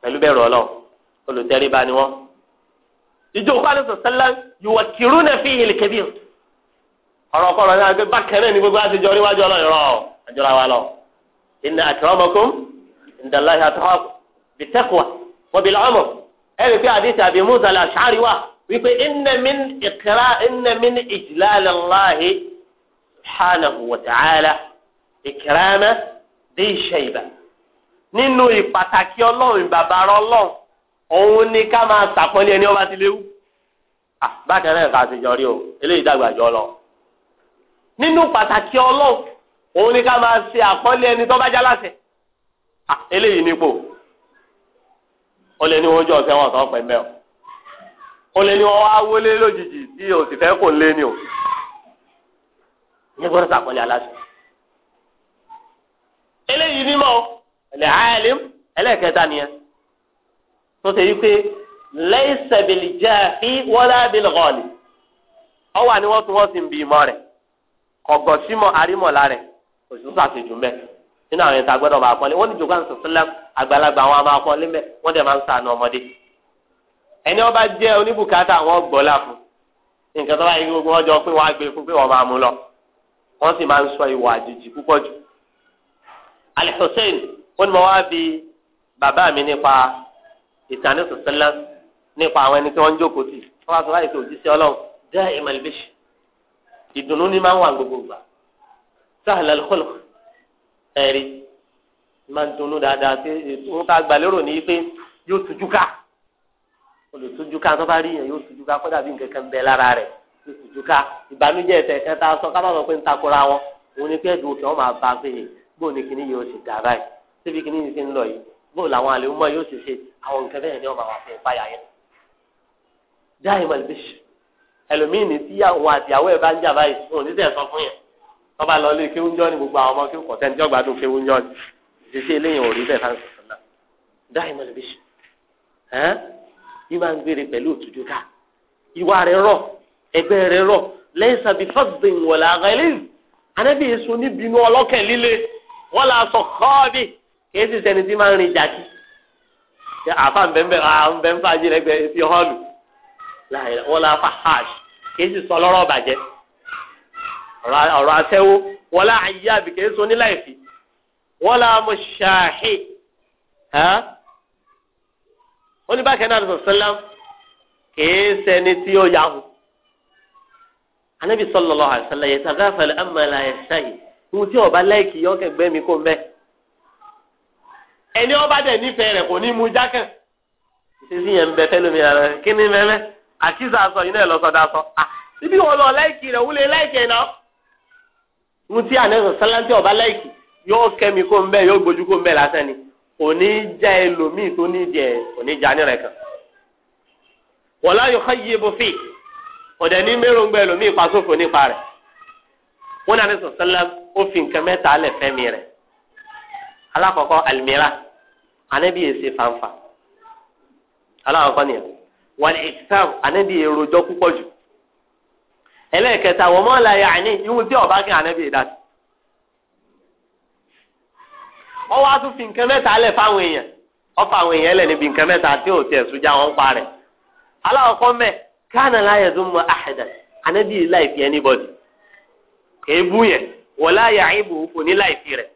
pẹ̀lú bẹ̀rù ọlọ́run olùtẹ́ríba ni wọ́n. ìjòkó ọ̀rọ̀ kọ̀rọ̀ náà pé bákẹ́rẹ́ ni gbogbo àti jọrí wájú ọlọ́run rọ àjọra wa lọ. inna akramakum indallahi atqakum bittaqwa wa bil umr ẹ rí pé àdìsí àbí musa la ṣáàrí wa wípé inna min ìkìlá inna min ijlalillahi subhanahu wa ta'ala ikrama dé shayba nínú ìpàtàkì ọlọ́run ìbàbàrọ̀ ọlọ́run òun ni ká máa sàpọ́nlé nínú pàtàkì ọlọ́run òun ni ká máa ṣe àpọ́nlé ẹni tó bá já láṣẹ. eléyìí nípò ó lè ní oúnjẹ ọ̀sẹ̀ wọn sàn pẹ̀ mẹ́ o ó lè ní wọn wá wọlé lójijì tí òsì fẹ́ kò lé ni o ní gbọ́dọ̀ sàpọ́nlé aláṣẹ. eléyìí nímọ̀ ẹ̀lẹ́ àyẹ̀lẹ́m ẹlẹ́ẹ̀kẹta nìyẹn tó ṣe yí pé lẹ́yìn sẹ̀bìlì jẹ́ fi wọ́lá bílgọ́ọ̀lì ọwọ́ àni wọ́n tún wọ́n sì ń bí ìmọ̀ rẹ̀ kọ̀gọ̀ símọ̀ arímọ̀lá rẹ̀ kò sí sàṣejù mbẹ́ nínú àwọn ìta gbọ́dọ̀ máa pọ́nlé wọ́n ní jòkó àǹsọ̀ sílẹ̀ àgbàlagbà àwọn máa pọ́nlé mbẹ́ wọ́n dẹ̀ máa ń sànù ọmọdé ẹni ọba jẹ́ oníbùkátà àwọn gbọ́lá fún nǹkan tó bá yẹ gbogbo wọn jọ pé wọ́n á gbé fún pé wọ́n máa mú lọ wọ́n sì máa ń sọ ìwà àjèjì púpọ̀ jù. Al-Hussein ó ní mo wá bi bàbá mi nípa ìtàn nípa àwọn ẹni tí wọ́n ń jókòó tì wọ́n ìdùnnú ni máa ń wà gbogbo gbà sáhàlà lọ́lọ́ ẹ̀rí máa ń dunnú dáadáa pé òun ká gbàlérò ní pé yóò tujú ká olùtújú ká tó bá rí yẹn yóò tujú ká kó dàbí nǹkan bẹ lára rẹ̀ yóò tujú ká ìbànújẹ́ ẹ̀sẹ̀ kan sọ ká sọ pé ń takora wọn òun ni pé ẹ̀dùn òkè wọn máa bá a pé bóun ni kìnìyí yóò ṣe dà báyìí síbi kìnìyí yìí ṣe ń lọ yìí bóun làwọn àlè ń yóò ṣe ṣe àwọn nǹkan bẹ́ẹ̀ ni ọba wa fẹ́ fáyà yẹn ẹlòmíì ní tí àwọn àtìyàwó ẹ̀ bá ń jà báyìí òun ní sẹ́ẹ̀ sọ fún yẹn wọ́n bá lọ lé kéwú ńjọ́ ni gbogbo àwọn ọmọ kéwú kọ̀ sẹ́ni tí wọ́n gbádùn kéwú ńjọ́ ni ṣíṣe eléyìí ò rí bẹ́ẹ̀ fáwọn sọ̀tún náà dáhìn mọ́lẹ̀ bí ṣe ẹ́ yín máa ń gbére pẹ̀lú òtújú ká ìwà rẹ̀ rọ̀ ẹgbẹ́ rẹ̀ rọ̀ lẹ́yìn sàbí fọ́ọ̀dì wọ̀lá àgẹ́lẹ́yìn anábì èso níbinú ọlọ́kẹ̀ líle wọ́n la sọ kọ́ọ̀bì kì í tí máa ń rin jàkí àfa ń bẹ́ẹ̀ ń bẹ́ẹ̀ ń fàájì rẹ̀ gbẹ ti họ́ọ̀lù láàyè wọlá fahash kìí sì sọ lọ́rọ̀ bàjẹ́ ọ̀rọ̀ àtẹ́wó wọlá àyàbì kìí sọ níláìfi wọlá mọṣáàhì ó ní bákẹ́ náà sọ̀sẹ́lá kìí sẹni tí ó yahoo anabi sallallahu alaihi wasallam yatagafal amma la yastahi ohun tí ọba láìkì yọ kẹgbẹ mi kò mẹ ẹni ọba dẹ nífẹ̀ẹ́ rẹ̀ kò ní mú jákàn ìṣesí yẹn ń bẹ fẹlẹ mi rárá kí ni mẹmẹ àkísà sọ iná ẹ̀ lọ́sọdá sọ ah, ibi wọn lọ láìkì rẹ̀ wúlé láìkì ẹ̀ náà mo ti ànẹ́sọ̀ sálántì ọ̀bá láìkì yóò kẹ́mi kó ń bẹ́ yóò gbójú kó ń bẹ́ lásán ni òní já ẹlòmíì tó ní ìdí ẹ̀ òní já ní rẹ̀ kan. wọ́lá yóò ká yí ebo fíì ọ̀dẹ̀ ní mẹ́rọ̀ngbẹ́ ẹlòmíì pasófò nípa rẹ̀ wọn náà ànẹ́sọ̀ sálám ó fi nǹkan mẹ́ta lẹ̀ fẹ́mi rẹ̀ alákọ̀ọ́kọ́ àlìmíràn ànẹ́bí fanfa alákọ̀ọ́kọ́ nìyẹn wọn ìtàn ànábì èròjọ púpọ̀ jù ẹlẹ́ẹ̀kẹta wọ́n mọ́ la yà ihun tí ọba kí anabi ìdá sí. wọ́n wá tún fi nǹkan mẹ́ta lẹ̀ fáwọn èèyàn wọ́n fa àwọn èèyàn lẹ̀ níbi nǹkan mẹ́ta tí ò tiẹ̀ sójà wọn pa rẹ̀. aláwọ̀kọ́ mẹ́ káànà láyẹ̀ tó mọ àhẹ̀dà ànábì láìfi anybody. èébú yẹn wọ́n láyà ìbò kò ní láìfi rẹ̀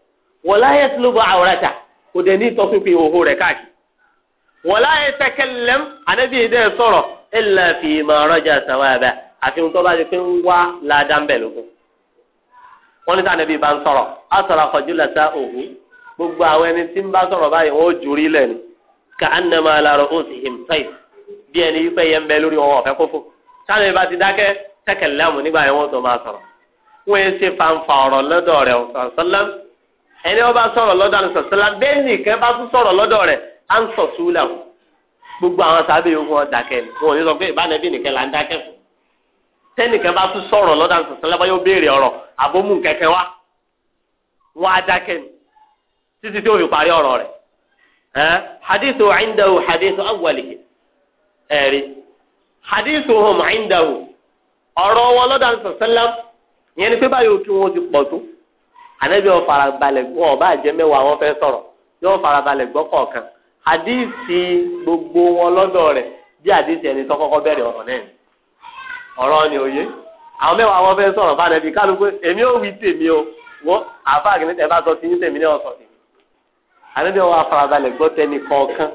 wọ́n láyẹ̀ tó ló àwòrán ta kò dẹ̀ ní ìtọ́sùn káàkiri. wọ́n láyé tẹ́kẹ́lẹ́m ànábì yìí dẹ́ sọ̀rọ̀ ẹ̀ là fi máa rọ́jà sàwọn ẹ̀bẹ̀ àfi ń tọ́ bá ti fi ń wá ládàmbẹ̀ lógún. wọ́n ní sànábì bá ń sọ̀rọ̀ á sọ̀rọ̀ àkọ́jú lẹ́sà òhu gbogbo àwọn ẹni tí ń bá sọ̀rọ̀ báyìí wọ́n ó jùrí lẹ̀ ká ànàmà alárò ó sì hìm sẹ́yìn bí ẹni wípé yẹn bẹ lórí wọn ọ̀fẹ́ kófò sànábì bá ti dákẹ́ tẹ́kẹ̀lẹ́mù nígbà yẹn wọ́n tó máa sọ̀rọ̀ wọ́n yẹn ṣe fanfa ọ̀rọ̀ lọ́dọ̀ rẹ̀ ọ̀sán sọ́lá ẹni wọ́n bá sọ̀rọ̀ lọ́dọ̀ àlùsọ̀ sọ́lá bẹ́ẹ̀ nìkan bá à ń gbogbo àwọn sábẹ́ yòókù wọn dákẹ́ wọn ò sọ pé ìbánẹ́bí nìkan là ń dákẹ́ fún tẹ́nìkan bá tún sọ̀rọ̀ lọ́dà yóò béèrè àbómú wa wọn á títí tí fi parí hadithu hadithu hadithu wọn yẹn ni pé ti pọ̀ tó àjẹmẹ́wàá wọn fẹ́ àdìsí gbogbo wọn lọ́dọ̀ rẹ̀ bí àdìsí ẹni tó kọ́kọ́ bẹ̀rẹ̀ ọ̀rọ̀ náà ọ̀rọ̀ ni òye àwọn mẹ́wàá wọn fẹ́ sọ̀rọ̀ fáwọn ẹbí kálukú èmi ò wí tèmi o wọ́n àfáà kìíní tẹ̀ bá sọ tiyín tèmi náà sọ tèmi àdìsí wọn afarabalẹ̀ gbọ́ tẹni kọ̀ọ̀kan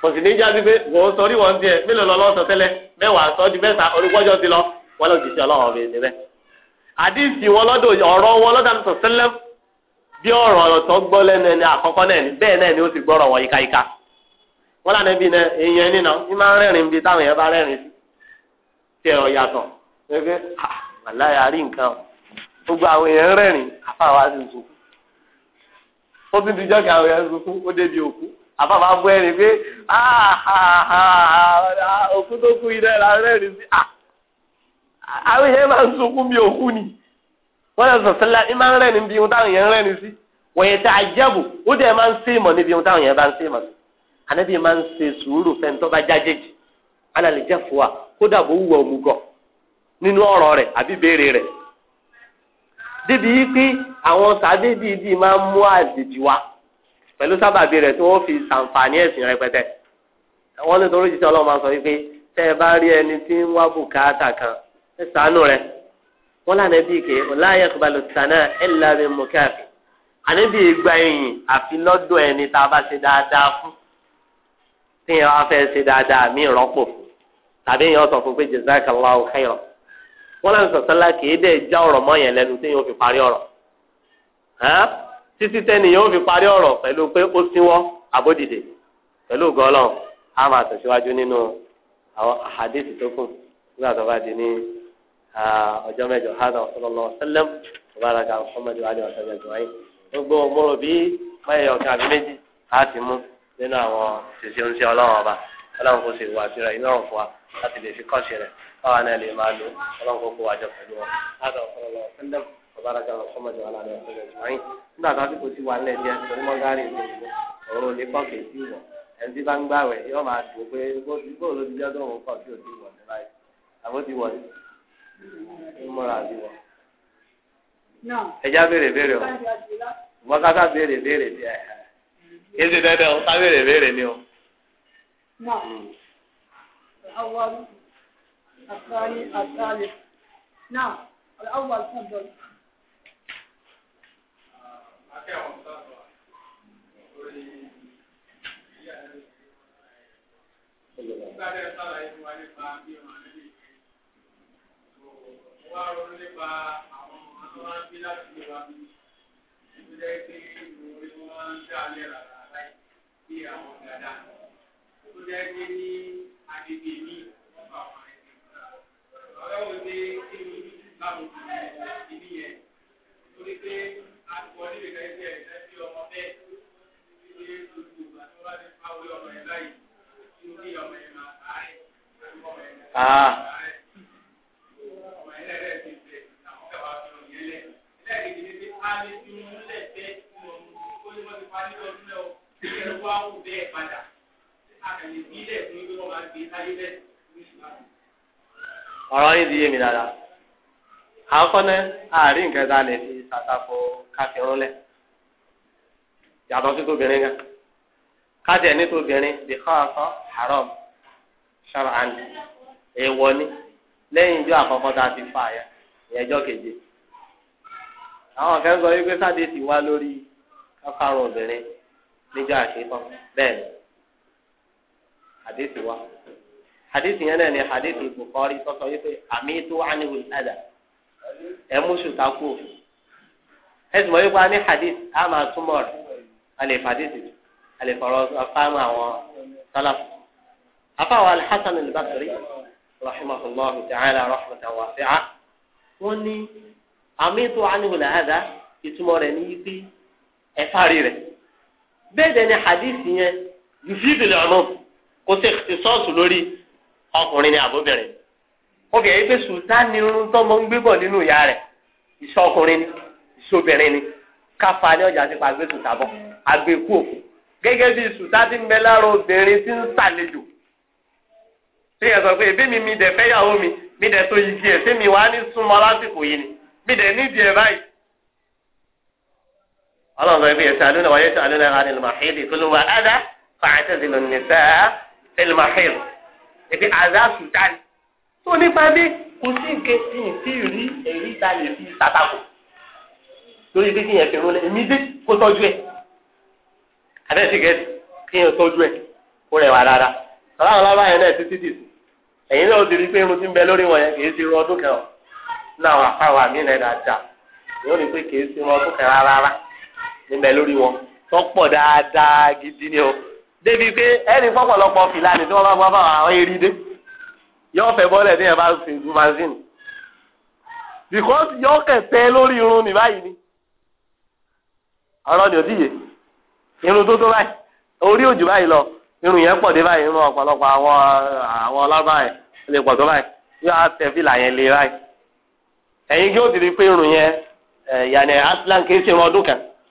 kò sì ní í jáde pé wọ́n sọrí wọn tiẹ̀ mélòó lọ lọ́sọ̀ tẹ́lẹ̀ mẹ́wàá sọ di mẹ́ta olùkọ́jọ́ ti lọ wọn lọ jìṣẹ́ ọlọ́run rẹ̀ níbẹ̀ àdìsí wọn lọ́dọ̀ ọ̀rọ̀ wọn lọ́dọ̀ bí ọ̀rọ̀ ọ̀rọ̀ tó gbọ́ lẹ́nu ẹni àkọ́kọ́ náà ni bẹ́ẹ̀ náà ni ó sì gbọ́rọ̀ wọn yíkáyíká wọn lànà bí náà èèyàn nínà ní máa rẹ́rìn bí táwọn èèyàn bá rẹ́rìn sí tí ẹ̀rọ yàtọ̀ gẹ́gẹ́ àláyà rí nǹkan gbogbo àwọn èèyàn rẹ́rìn àfàwà sì ń ó ti di jọ́kì àwọn èèyàn sunkún ó débi òkú àfàwà bú ẹ̀rìn pé òkú tó kú iná ẹ̀rọ rẹ́rìn sí àwọn èèyàn máa ń sunkún bí òkú ni wọ́n lọ sọ̀tún la ní máa rẹ́rìn bí ohun táwọn èèyàn rẹ́rìn sí wọ̀nyẹ̀tẹ̀ àjẹ́bù ó dẹ̀ máa ń sí níbi ohun táwọn èèyàn bá ń sí anabi máa ń ṣe sùúrù fẹ́ni tó bá jájèjì alàlẹ́ jẹ́ fún wa kódà bó wù ọ̀mùgọ̀ nínú ọ̀rọ̀ rẹ̀ àbí béèrè rẹ̀ débi yìí pé àwọn sàbẹ̀ dìídì máa ń mú àjèjì wa pẹ̀lú sábàbí rẹ̀ tí wọ́n fi ṣàǹfààní ẹ̀sìn rẹpẹtẹ wọ́n ní torí jíjẹ́ ọlọ́run máa sọ wípé tẹ́ ẹ bá rí ẹni tí ń wá bùkátà kan ẹ ṣàánú rẹ̀ wọ́n lànà bíi ké ọ̀làyẹ̀ kọbalù tànà ẹ̀ lábẹ́ mọ́kàfì àníbi ìgbà ẹ̀yìn àfi lọ́dọ̀ ẹni tá a bá ṣe dáadáa fún tíyẹn wá fẹ́ ṣe dáadáa mí rọ́pò tàbí yẹn sọ fún pé jazakallahu khairan wọn lẹ́nu sọ̀sọ́lá kìí dẹ̀ já ọ̀rọ̀ mọ́ yẹn lẹ́nu tí yóò fi parí ọ̀rọ̀ títí tẹ́ni yóò fi parí ọ̀rọ̀ pẹ̀lú pé ó síwọ́ àbódìdè pẹ̀lú gọ́ọ̀lọ́ a máa tẹ̀síwájú nínú àwọn àhàdíìsì tó kù nígbà tó bá di ní ọjọ́ mẹ́jọ hádà sallallahu sallam baraka Muhammad wa alihi wa sallam gbogbo mọ́rọ̀ bí báyọ̀ ọ̀kẹ́ nínú àwọn ṣèṣe oúnjẹ ọlọ́run ọba ọlọ́run kò sì wà síra iná ọ̀fọ́ láti lè fi kọ́ṣẹ́ rẹ̀ báwa náà lè máa lò ọlọ́run kò kó wájọ pẹ̀lú wọn. láti ọ̀sán lọ fúndẹ̀ ọ̀bárajà lọ sọ́mọ̀jọ aláàbẹ̀ ọ̀sán lọ jùmọ̀ yín nígbà tó àsìkò ti wà nílẹ̀ díẹ̀ torí mọ́gárì ìlú òru ní pọ́ọ̀kì sí ìwọ̀ ẹ̀ kìí ṣe dandan o sábẹ̀rẹ̀ béèrè ni o. الأول الثاني الثالث نعم الأول تفضل Thank you bí àwọn gàdá tó jẹ́ pé ní agbègbè mi wọ́n bá wọn rẹ̀ ọ̀rẹ́ wo ni kí ni báwo ni ìdí yẹn torí pé àtúwọ̀ níbi kan jẹ́ ẹ̀ṣẹ́ bí ọmọ bẹ́ẹ̀ ní gbogbo ìgbà tó bá ti fa orí ọmọ yẹn báyìí inú kí ọmọ yẹn máa sáré àti ọmọ yẹn máa sáré ah. ọmọ yẹn lẹ́rẹ̀ẹ́ ti ni lè fi wọn lẹ̀ bẹ́ẹ̀ fún ọmọ kó ní wọ́n ti parí ọdún náà. ṣé ọ̀rọ̀ yìí di àárín nǹkan tá a lè fi yàtọ̀ sí tóbìnrin ẹ̀ ní tóbìnrin bí haram èèwọ̀ ni lẹ́yìn ijó àkọ́kọ́ tá a ti fa keje àwọn kan sọ wípé sáde ti wá lórí obìnrin níjọ́ àṣetán bẹ́ẹ̀ ni hadithi wa hadithi yẹn náà ni hadithi bukori sọsọ yìí pé àmì tó àniwò ìlàdà ẹ mú ṣùtà kú ẹ mọ a ní hadith a máa túmọ̀ rẹ̀ a lè fàdísì a lè fọ̀rọ̀ fáwọn àwọn sálàfù afáwọn alḥasan al ta'ala bẹ́ẹ̀ dẹ̀ ni hadith yẹn yufidul umum kò sí ìsọ́ọ̀sù lórí ọkùnrin ni àbóbìnrin obìnrin yìí pé sultan ni irun tó mọ ń gbé bọ̀ nínú ìyá rẹ̀ ìṣọkùnrin ni ìṣobìnrin ni káfa ọjà ti pa gbé sultan bọ̀ àgbékú òkú gẹ́gẹ́ bí sultan ti ń bẹ lára obìnrin tí ń sàlejò tí sọ pé mi mi dẹ̀ fẹ́yàwó mi mi dẹ̀ yìí sí mi wàá ní súnmọ́ lásìkò yìí ni mi dẹ̀ nídìí ẹ̀ báyìí. ọlọ́run ibi ìsàlù náà wáyé sàlù náà àni ìlmàhìlì kúlù wà ádá fàtẹ́sì ló ní sá ìlmàhìlì ìfi àdá sùtá ni. tó nípa bí kò sí nǹkan tí n ti rí èyí ta lè fi sàtàkù lórí bí kíyàn fi rúnlẹ̀ èmi dé kó tọ́jú ẹ̀ àbẹ́sì gẹ̀ẹ́sì kíyàn tọ́jú ẹ̀ kó rẹwà rárá ọlọ́run lọ́ba yẹn náà títí dìtì ẹ̀yin náà ti rí pé irun ti ń bẹ lórí wọn yẹn kì níbẹ̀ lórí wọn tó pọ̀ dáadáa gidi ni o débi pé ẹni fọ́pọ̀lọpọ̀ fìlà ni tí wọ́n bá bá bá àwọn eré dé yọ fẹ́ bọ́lẹ̀ ní ẹ̀ bá fi ju magazine because yọ kẹ̀tẹ́ lórí irun ní báyìí ni ọ̀rọ̀ ni ò tíye irun tó tó báyìí orí òjò báyìí lọ irun yẹn pọ̀ dé báyìí irun ọ̀pọ̀lọpọ̀ àwọn àwọn ọlọ́ba yẹn lè pọ̀ tó báyìí yóò á tẹ fìlà yẹn lé báyìí ẹ̀yin kí ó ti di pé irun yẹn yàní asilan kì í ṣe irun ọdún kan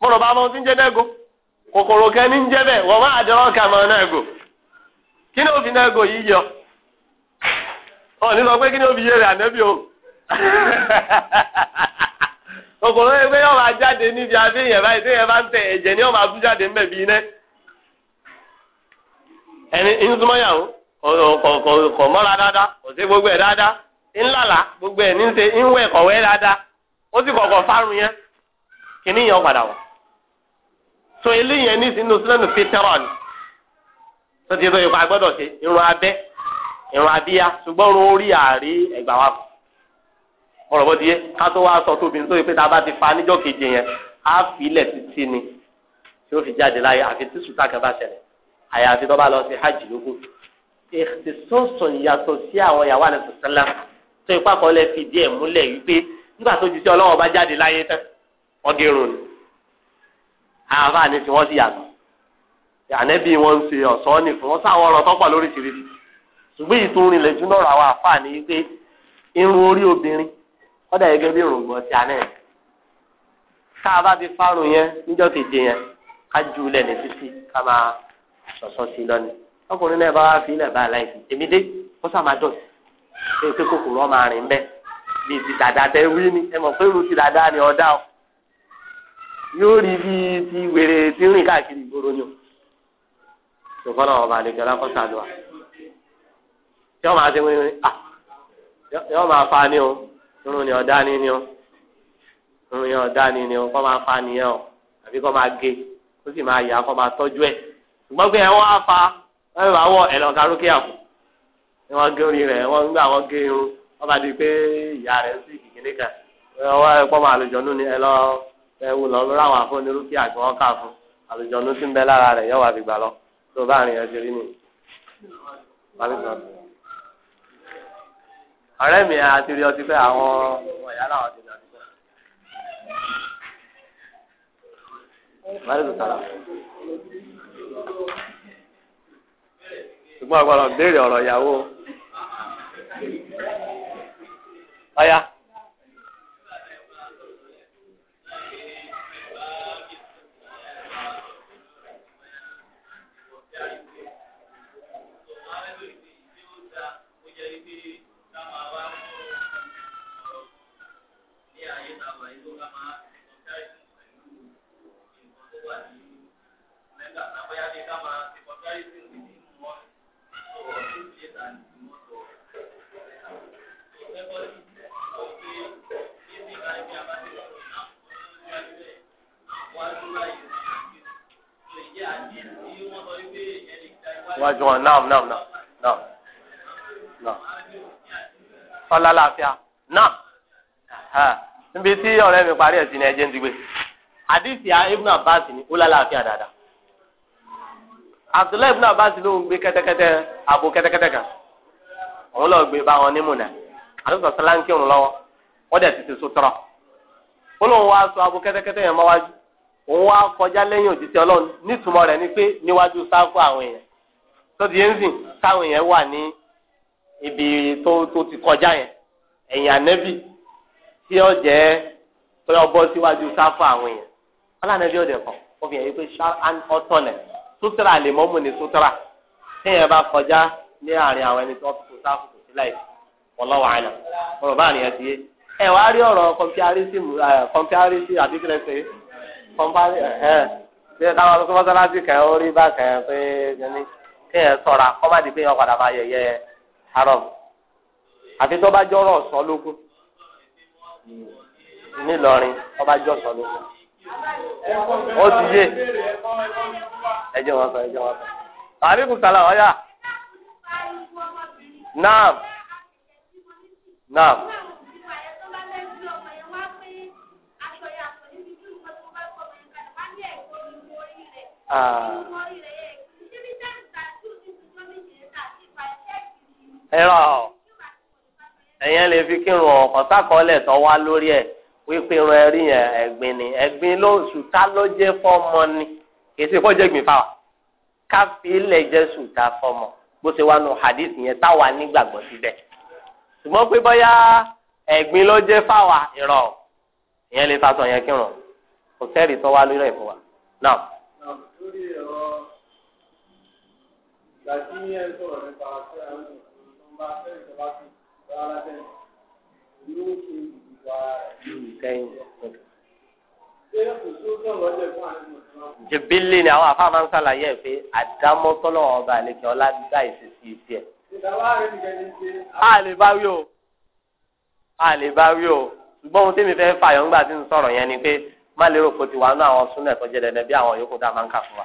mo rò bá ọmọ tí ń kòkòrò kan ní ń jẹ bẹ́ẹ̀ wọ́n máa dẹ́rọ́ ká kí ni òfin náà yìí yọ ọ ní pé kí ni òfin o kòkòrò yẹn pé yọ máa jáde níbi báyìí tí yẹn bá ń tẹ ẹ̀jẹ̀ ni yọ máa tún jáde ẹni mọ́ra gbogbo ẹ̀ dáadáa ńlàlà gbogbo ẹ̀ ní ń dáadáa ó sì kọ̀kọ̀ fárun yẹn so eléyìí ní sínú sinanu fitara ni sọtí tó yẹ kó agbọ́dọ̀ ṣe irun abẹ́ irun abíyá ṣùgbọ́n irun orí àárí ẹ̀gbà wa kù ọ̀rọ̀ bó ti yé ká tó wá sọ tóbi nítorí pé tá a bá ti fa níjọ́ keje yẹn á filẹ̀ títí ni tí ó fi jáde láyé àfi tí sùtà kan bá ṣẹlẹ̀ àyàfi tó bá lọ sí hajj lóko ìṣòsàn ìyàtọ̀ sí àwọn ìyàwó àlẹ́ sọ̀sẹ́lá tó ipá kan lè fi díẹ̀ múlẹ̀ wípé nígbà tó ju sí ọlọ́wọ́ bá jáde láyé tán ọdẹ irun àwọn bá ní tí wọ́n sì wọn ṣe ọ̀sọ́ ní fún wọn sáwọn ọ̀rọ̀ tọ́pọ̀ lóríṣiríṣi ṣùgbọ́n ìtúrin lè júná ọ̀rọ̀ àwọn àfáà ní pé irun orí obìnrin dà bí ti àná ẹ̀ tá a bá ti fárun yẹn keje yẹn ká ju ilẹ̀ ní títí ká máa ṣọ̀ṣọ́ sí i ọkùnrin náà bá wá fi ilẹ̀ bá a láìsí èmi dé ọmọ bẹ́ẹ̀ bíi ti dàda ni ẹ o yóò rí bí ti wèrè tí rìn káàkiri ìgboro ni o ṣùgbọ́n ọba àlejò alákọ̀ọ́sá lọ yọ máa ṣe wíwí à yọ máa fa ni o irun ni ni ni o irun ni ni o kọ máa fa nìyẹn o àbí kọ́ máa gé kó sì máa yà kọ́ máa tọ́jú ṣùgbọ́n pé ẹ á fa bá wọ àpò ẹ wọ́n gé orí rẹ̀ wọ́n gbà wọ́n gé irun wọ́n bá di pé ìyá rẹ̀ ẹwù lọ lọ ráwọn àti wọn kà fún àlùjọ ti ń bẹ lára rẹ yọ wà fi lọ tó bá rìn ẹsẹ rí ni. ọ̀rẹ́ mi àti rí ọtí pé àwọn ọmọ ìyá làwọn ti dàbí sọ. ṣùgbọ́n àgbàlọ̀ béèrè ọ̀rọ̀ ìyàwó. ọ̀ya. síwájú wọn náà náà náà náà náà ọlá láàfíà náà níbi tí ọ̀rẹ́ mi parí ẹ̀sìn e ni ẹ̀jẹ̀ ń digbe àdìsí ibùnà báàsì ni ó lálàáfíà dáadáa Abdullahi si báàsì ló ń gbé kẹ́tẹ́kẹ́tẹ́ abo kẹ́tẹ́kẹ́tẹ́ kan òun lọ gbé báwọn ní múnà àdúgbò sálánkì nke lọ́wọ́ wọ́n dẹ̀ ó lóun wá sọ kẹ́tẹ́kẹ́tẹ́ yẹn mọ́wájú òun wá kọjá lẹ́yìn Ọlọ́run nítumọ̀ rẹ̀ ni pé níwájú sáfù àwọn èèyàn tó ti yẹn ń sìn táwọn yẹn wà ní ibi tó tó ti kọjá yẹn ẹ̀yìn ànẹ́bì tí ó jẹ́ tó yọ bọ́ síwájú sáfà àwọn yẹn alánẹ́bí ọ̀dẹ̀ kan wọ́n fi hàn yín pé ṣáán ọ̀tọ̀ nẹ̀ sútúrà lè mọ́mù ní sútúrà téèyàn bá kọjá ní àárín àwọn ẹni tó kò sáfù kò sí láì wọlọ́wọ́ àìlà ọ̀rọ̀ bá àníyàn ti yé ẹ wá rí ọ̀rọ̀ kọ̀mpiárísì kọ̀mpiárísì àbíkẹ́lẹ́sẹ̀ kọ̀mpiárísì ẹ̀ẹ́ bí ẹ táwọn ọlọ́sọ mọ́sálásí kẹ́ orí bá kẹ́ pé jẹ́ni. kéèyàn sọra kọ́má di pé yẹn padà máa yẹyẹ haram àfi tó bá jọrọ sọ lókun nílọrin tó bá jọ sọ lókun ó ti yé ẹjẹ wọn sọ ẹjẹ wọn sọ àríkù sàlà ọyà naam naam. Ah. ẹ̀rọ ẹ̀yẹn lè fi kírun ọ̀kọ̀tà kọ́lẹ̀ tó wá lórí ẹ̀ wípé irun ẹ̀rí yẹn ẹ̀gbin ni ẹ̀gbin ló sùtá ló jẹ́ fọ́mọ ni kìí ṣe kọ́jọ́ ìgbìn fáwa káfí ilẹ̀ jẹ́ sùtá fọ́mọ bó ṣe wá nu hadith yẹn táwa nígbàgbọ́ síbẹ̀ ṣùgbọ́n pé bọ́yá ẹ̀gbin ló jẹ́ fáwa ìrọ̀ ìyẹn lè fa sọ kírun kò sẹ́rì tó wá lórí ẹ̀ fún wa náà. lórí ẹ̀rọ ìgbà tí sọ̀rọ̀ nípa bá fẹ́ ni àwọn afáàmà ń sàlàyé pé àdámọ́ tọ́lọ́wọ́n ọba àlejò ọlá dá ìṣesí ibi ẹ̀. ìdáwọ́ o a o ṣùgbọ́n ohun tí mi fẹ́ fààyàn ńgbà tí ń sọ̀rọ̀ yẹn ni pé má lérò pé ti wà ní àwọn súnà tó jẹ́ bí àwọn yòókù tá máa ń kà fún wa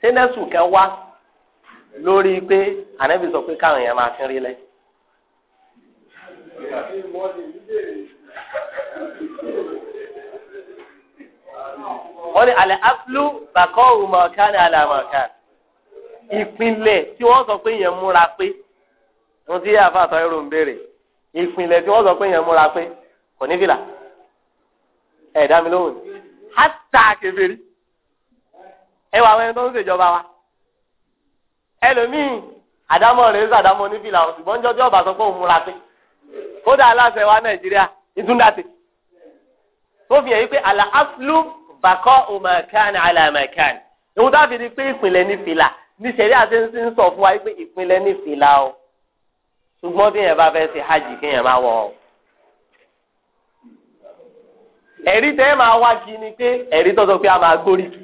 sẹ́nẹ́sù eh? kan wá lórí pé ànábì sọ pé káwọn èèyàn máa fi rí lẹ. wọ́n ní alẹ́ aflu bàkọ́ òmùọ̀ká ní alẹ́ àmọ̀ká ìpínlẹ̀ tí wọ́n sọ pé èèyàn múra pé wọ́n ti yá àfa àtọ́ ẹ̀rọ ń béèrè ìpìlẹ̀ tí wọ́n sọ pé yẹn múra pé kò ní fìlà ẹ̀dá mi lóhùn hátà kẹfẹ́rí ẹ wà wẹ́n tó ń ṣèjọba wa ẹlòmíì àdámọ̀ rẹ̀ ń sàdámọ̀ ní fìlà ṣùgbọ́n jọjọ́ ọba sọ pé òun múra pé kódà aláṣẹ wa nàìjíríà ìtúndàtì tó fi hàn yí pé àlà áflú bàkọ́ òmàkánì àlàmàkánì ìhun tábìlì pé ìpìlẹ̀ ní fìlà níṣẹ́rí àti ń sọ fún wa pé ìpínlẹ̀ ní fìlà o ṣùgbọ́n bí yẹn bá fẹ́ ṣe hajj kí yẹn máa wọ̀ ọ́. ẹ̀rí tẹ́ máa wá kí ni pé ẹ̀rí tọ́sọ pé a máa gbórí kì.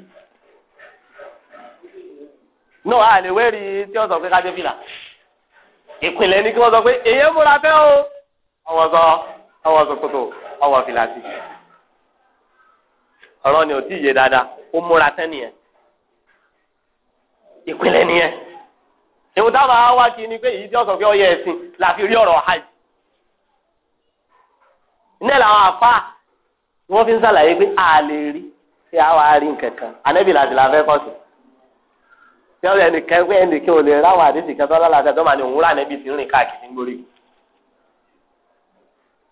náà a lè wẹ́rí tí wọ́n sọ pé kájọ́ fìlà. ìpìlẹ̀ ni kí wọ́n sọ pé èyí múra fẹ́ o. ọwọ́ sọ ọwọ́ ṣòkòtò ọwọ́ fìlà sí. ọ̀rọ̀ ni ò tí ì yé dáadáa ó múra tẹ́ nìyẹn. ìpìlẹ̀ nìyẹn ìwọ dábàá wá kí ni pé èyí tí ọ̀sán fi ọyẹ ẹ̀sìn làfi rí ọ̀rọ̀ hajj nílẹ̀ làwọn àfa wọ́n fi ń sàlàyé pé a lè rí tí a wàá rí nǹkan kan ànábì làdì la fẹ́ kọ́sì tí ọ̀rọ̀ ẹnìkan pé ẹnìkan ò lè ráwọ̀ àdéhùn kan tó lọ́la tó máa ní òun rà nẹ́bí ti rìn káàkiri gbórí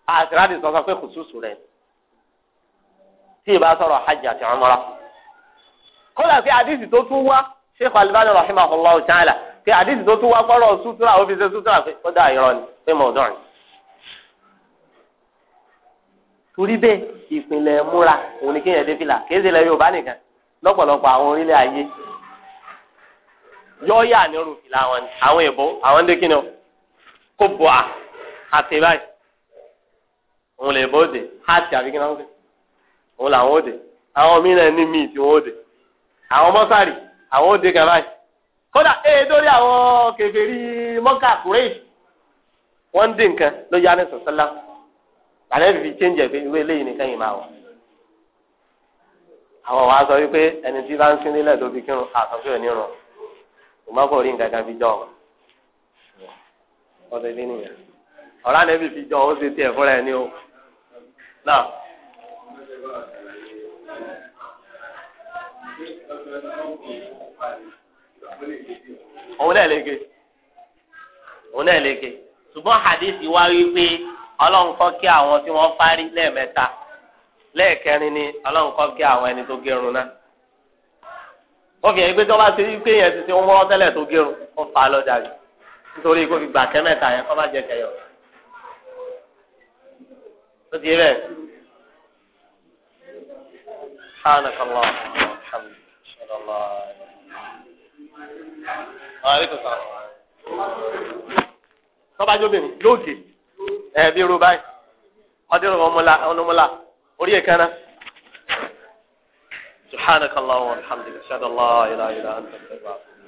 àtìrádì sọ sọ pé kò sùsù rẹ̀ tí ì bá sọ̀rọ̀ hajj àti umrah kódà sí àdéhùn tó tún wá Sheikh Al-Albani rahimahullah pé àdìsí tó tún wá kọ́rọ̀ sútúrà ó fi ṣe sútúrà pé ó dà irọ́ ni pé mo dọ̀ ni. torí bẹ́ẹ̀ ìpìlẹ̀ múra òun ni kéèyàn dé fìlà kéèzè lẹ Yorùbá nìkan lọ́pọ̀lọpọ̀ àwọn orílẹ̀ ayé yọ́ọ́yà ní fìlà àwọn àwọn èèbó àwọn ń dé kí ni o kó bọ̀ à àti báyìí òun lè bó de àti àbí kí ni wọ́n ń pè òun làwọn ó àwọn mí náà ní míì tí wọ́n ó àwọn mọ́sárì àwọn ó de kàbáyìí kódà ee eh, dórí àwọn kèfèrí mọ́kà kúrẹ́ẹ̀sì wọ́n dín nǹkan ló yá ní sọ̀sọ́lá àlẹ́ fi change ẹ̀ pé ìwé eléyìí nìkan yìí máa wọ̀ àwọn wa sọ wípé ẹni tí bá ń sin nílẹ̀ tó fi kírun àtọ́jú ẹ̀ nírun ìmọ̀kò rí nǹkan kan fi jọ ọ̀sẹ̀ ilé nìyẹn ọ̀rá nẹ́bí fi jọ ó ṣe tiẹ̀ fúnra ẹ̀ ní o náà. Thank you òun náà léke òun náà léke ṣùgbọ́n hadithi wá wípé ọlọ́run kọ́ kí àwọn tí wọ́n parí lẹ́ẹ̀mẹ́ta lẹ́ẹ̀kẹrin ni ọlọ́run kọ́ kí àwọn ẹni tó gẹrun náà wọ́n fi hàn pé tó bá ti rí pé yẹn ti ti ń wọ́n tẹ́lẹ̀ tó gẹrun ó fà á lọ́jà jù nítorí kó fi gbà kẹ́mẹ́ta yẹn kọ́ bá jẹ kẹyọ. ó ti rẹ̀ sànà kan alhamdulilayi tọ́bajọ́ bẹ̀rẹ̀ lóògè ẹ̀ẹ́dì rúbá yìí ọdún ọmọlá orí ẹ̀kánná. سبحانك اللهم وبحمدك اشهد ان لا اله الا انت استغفرك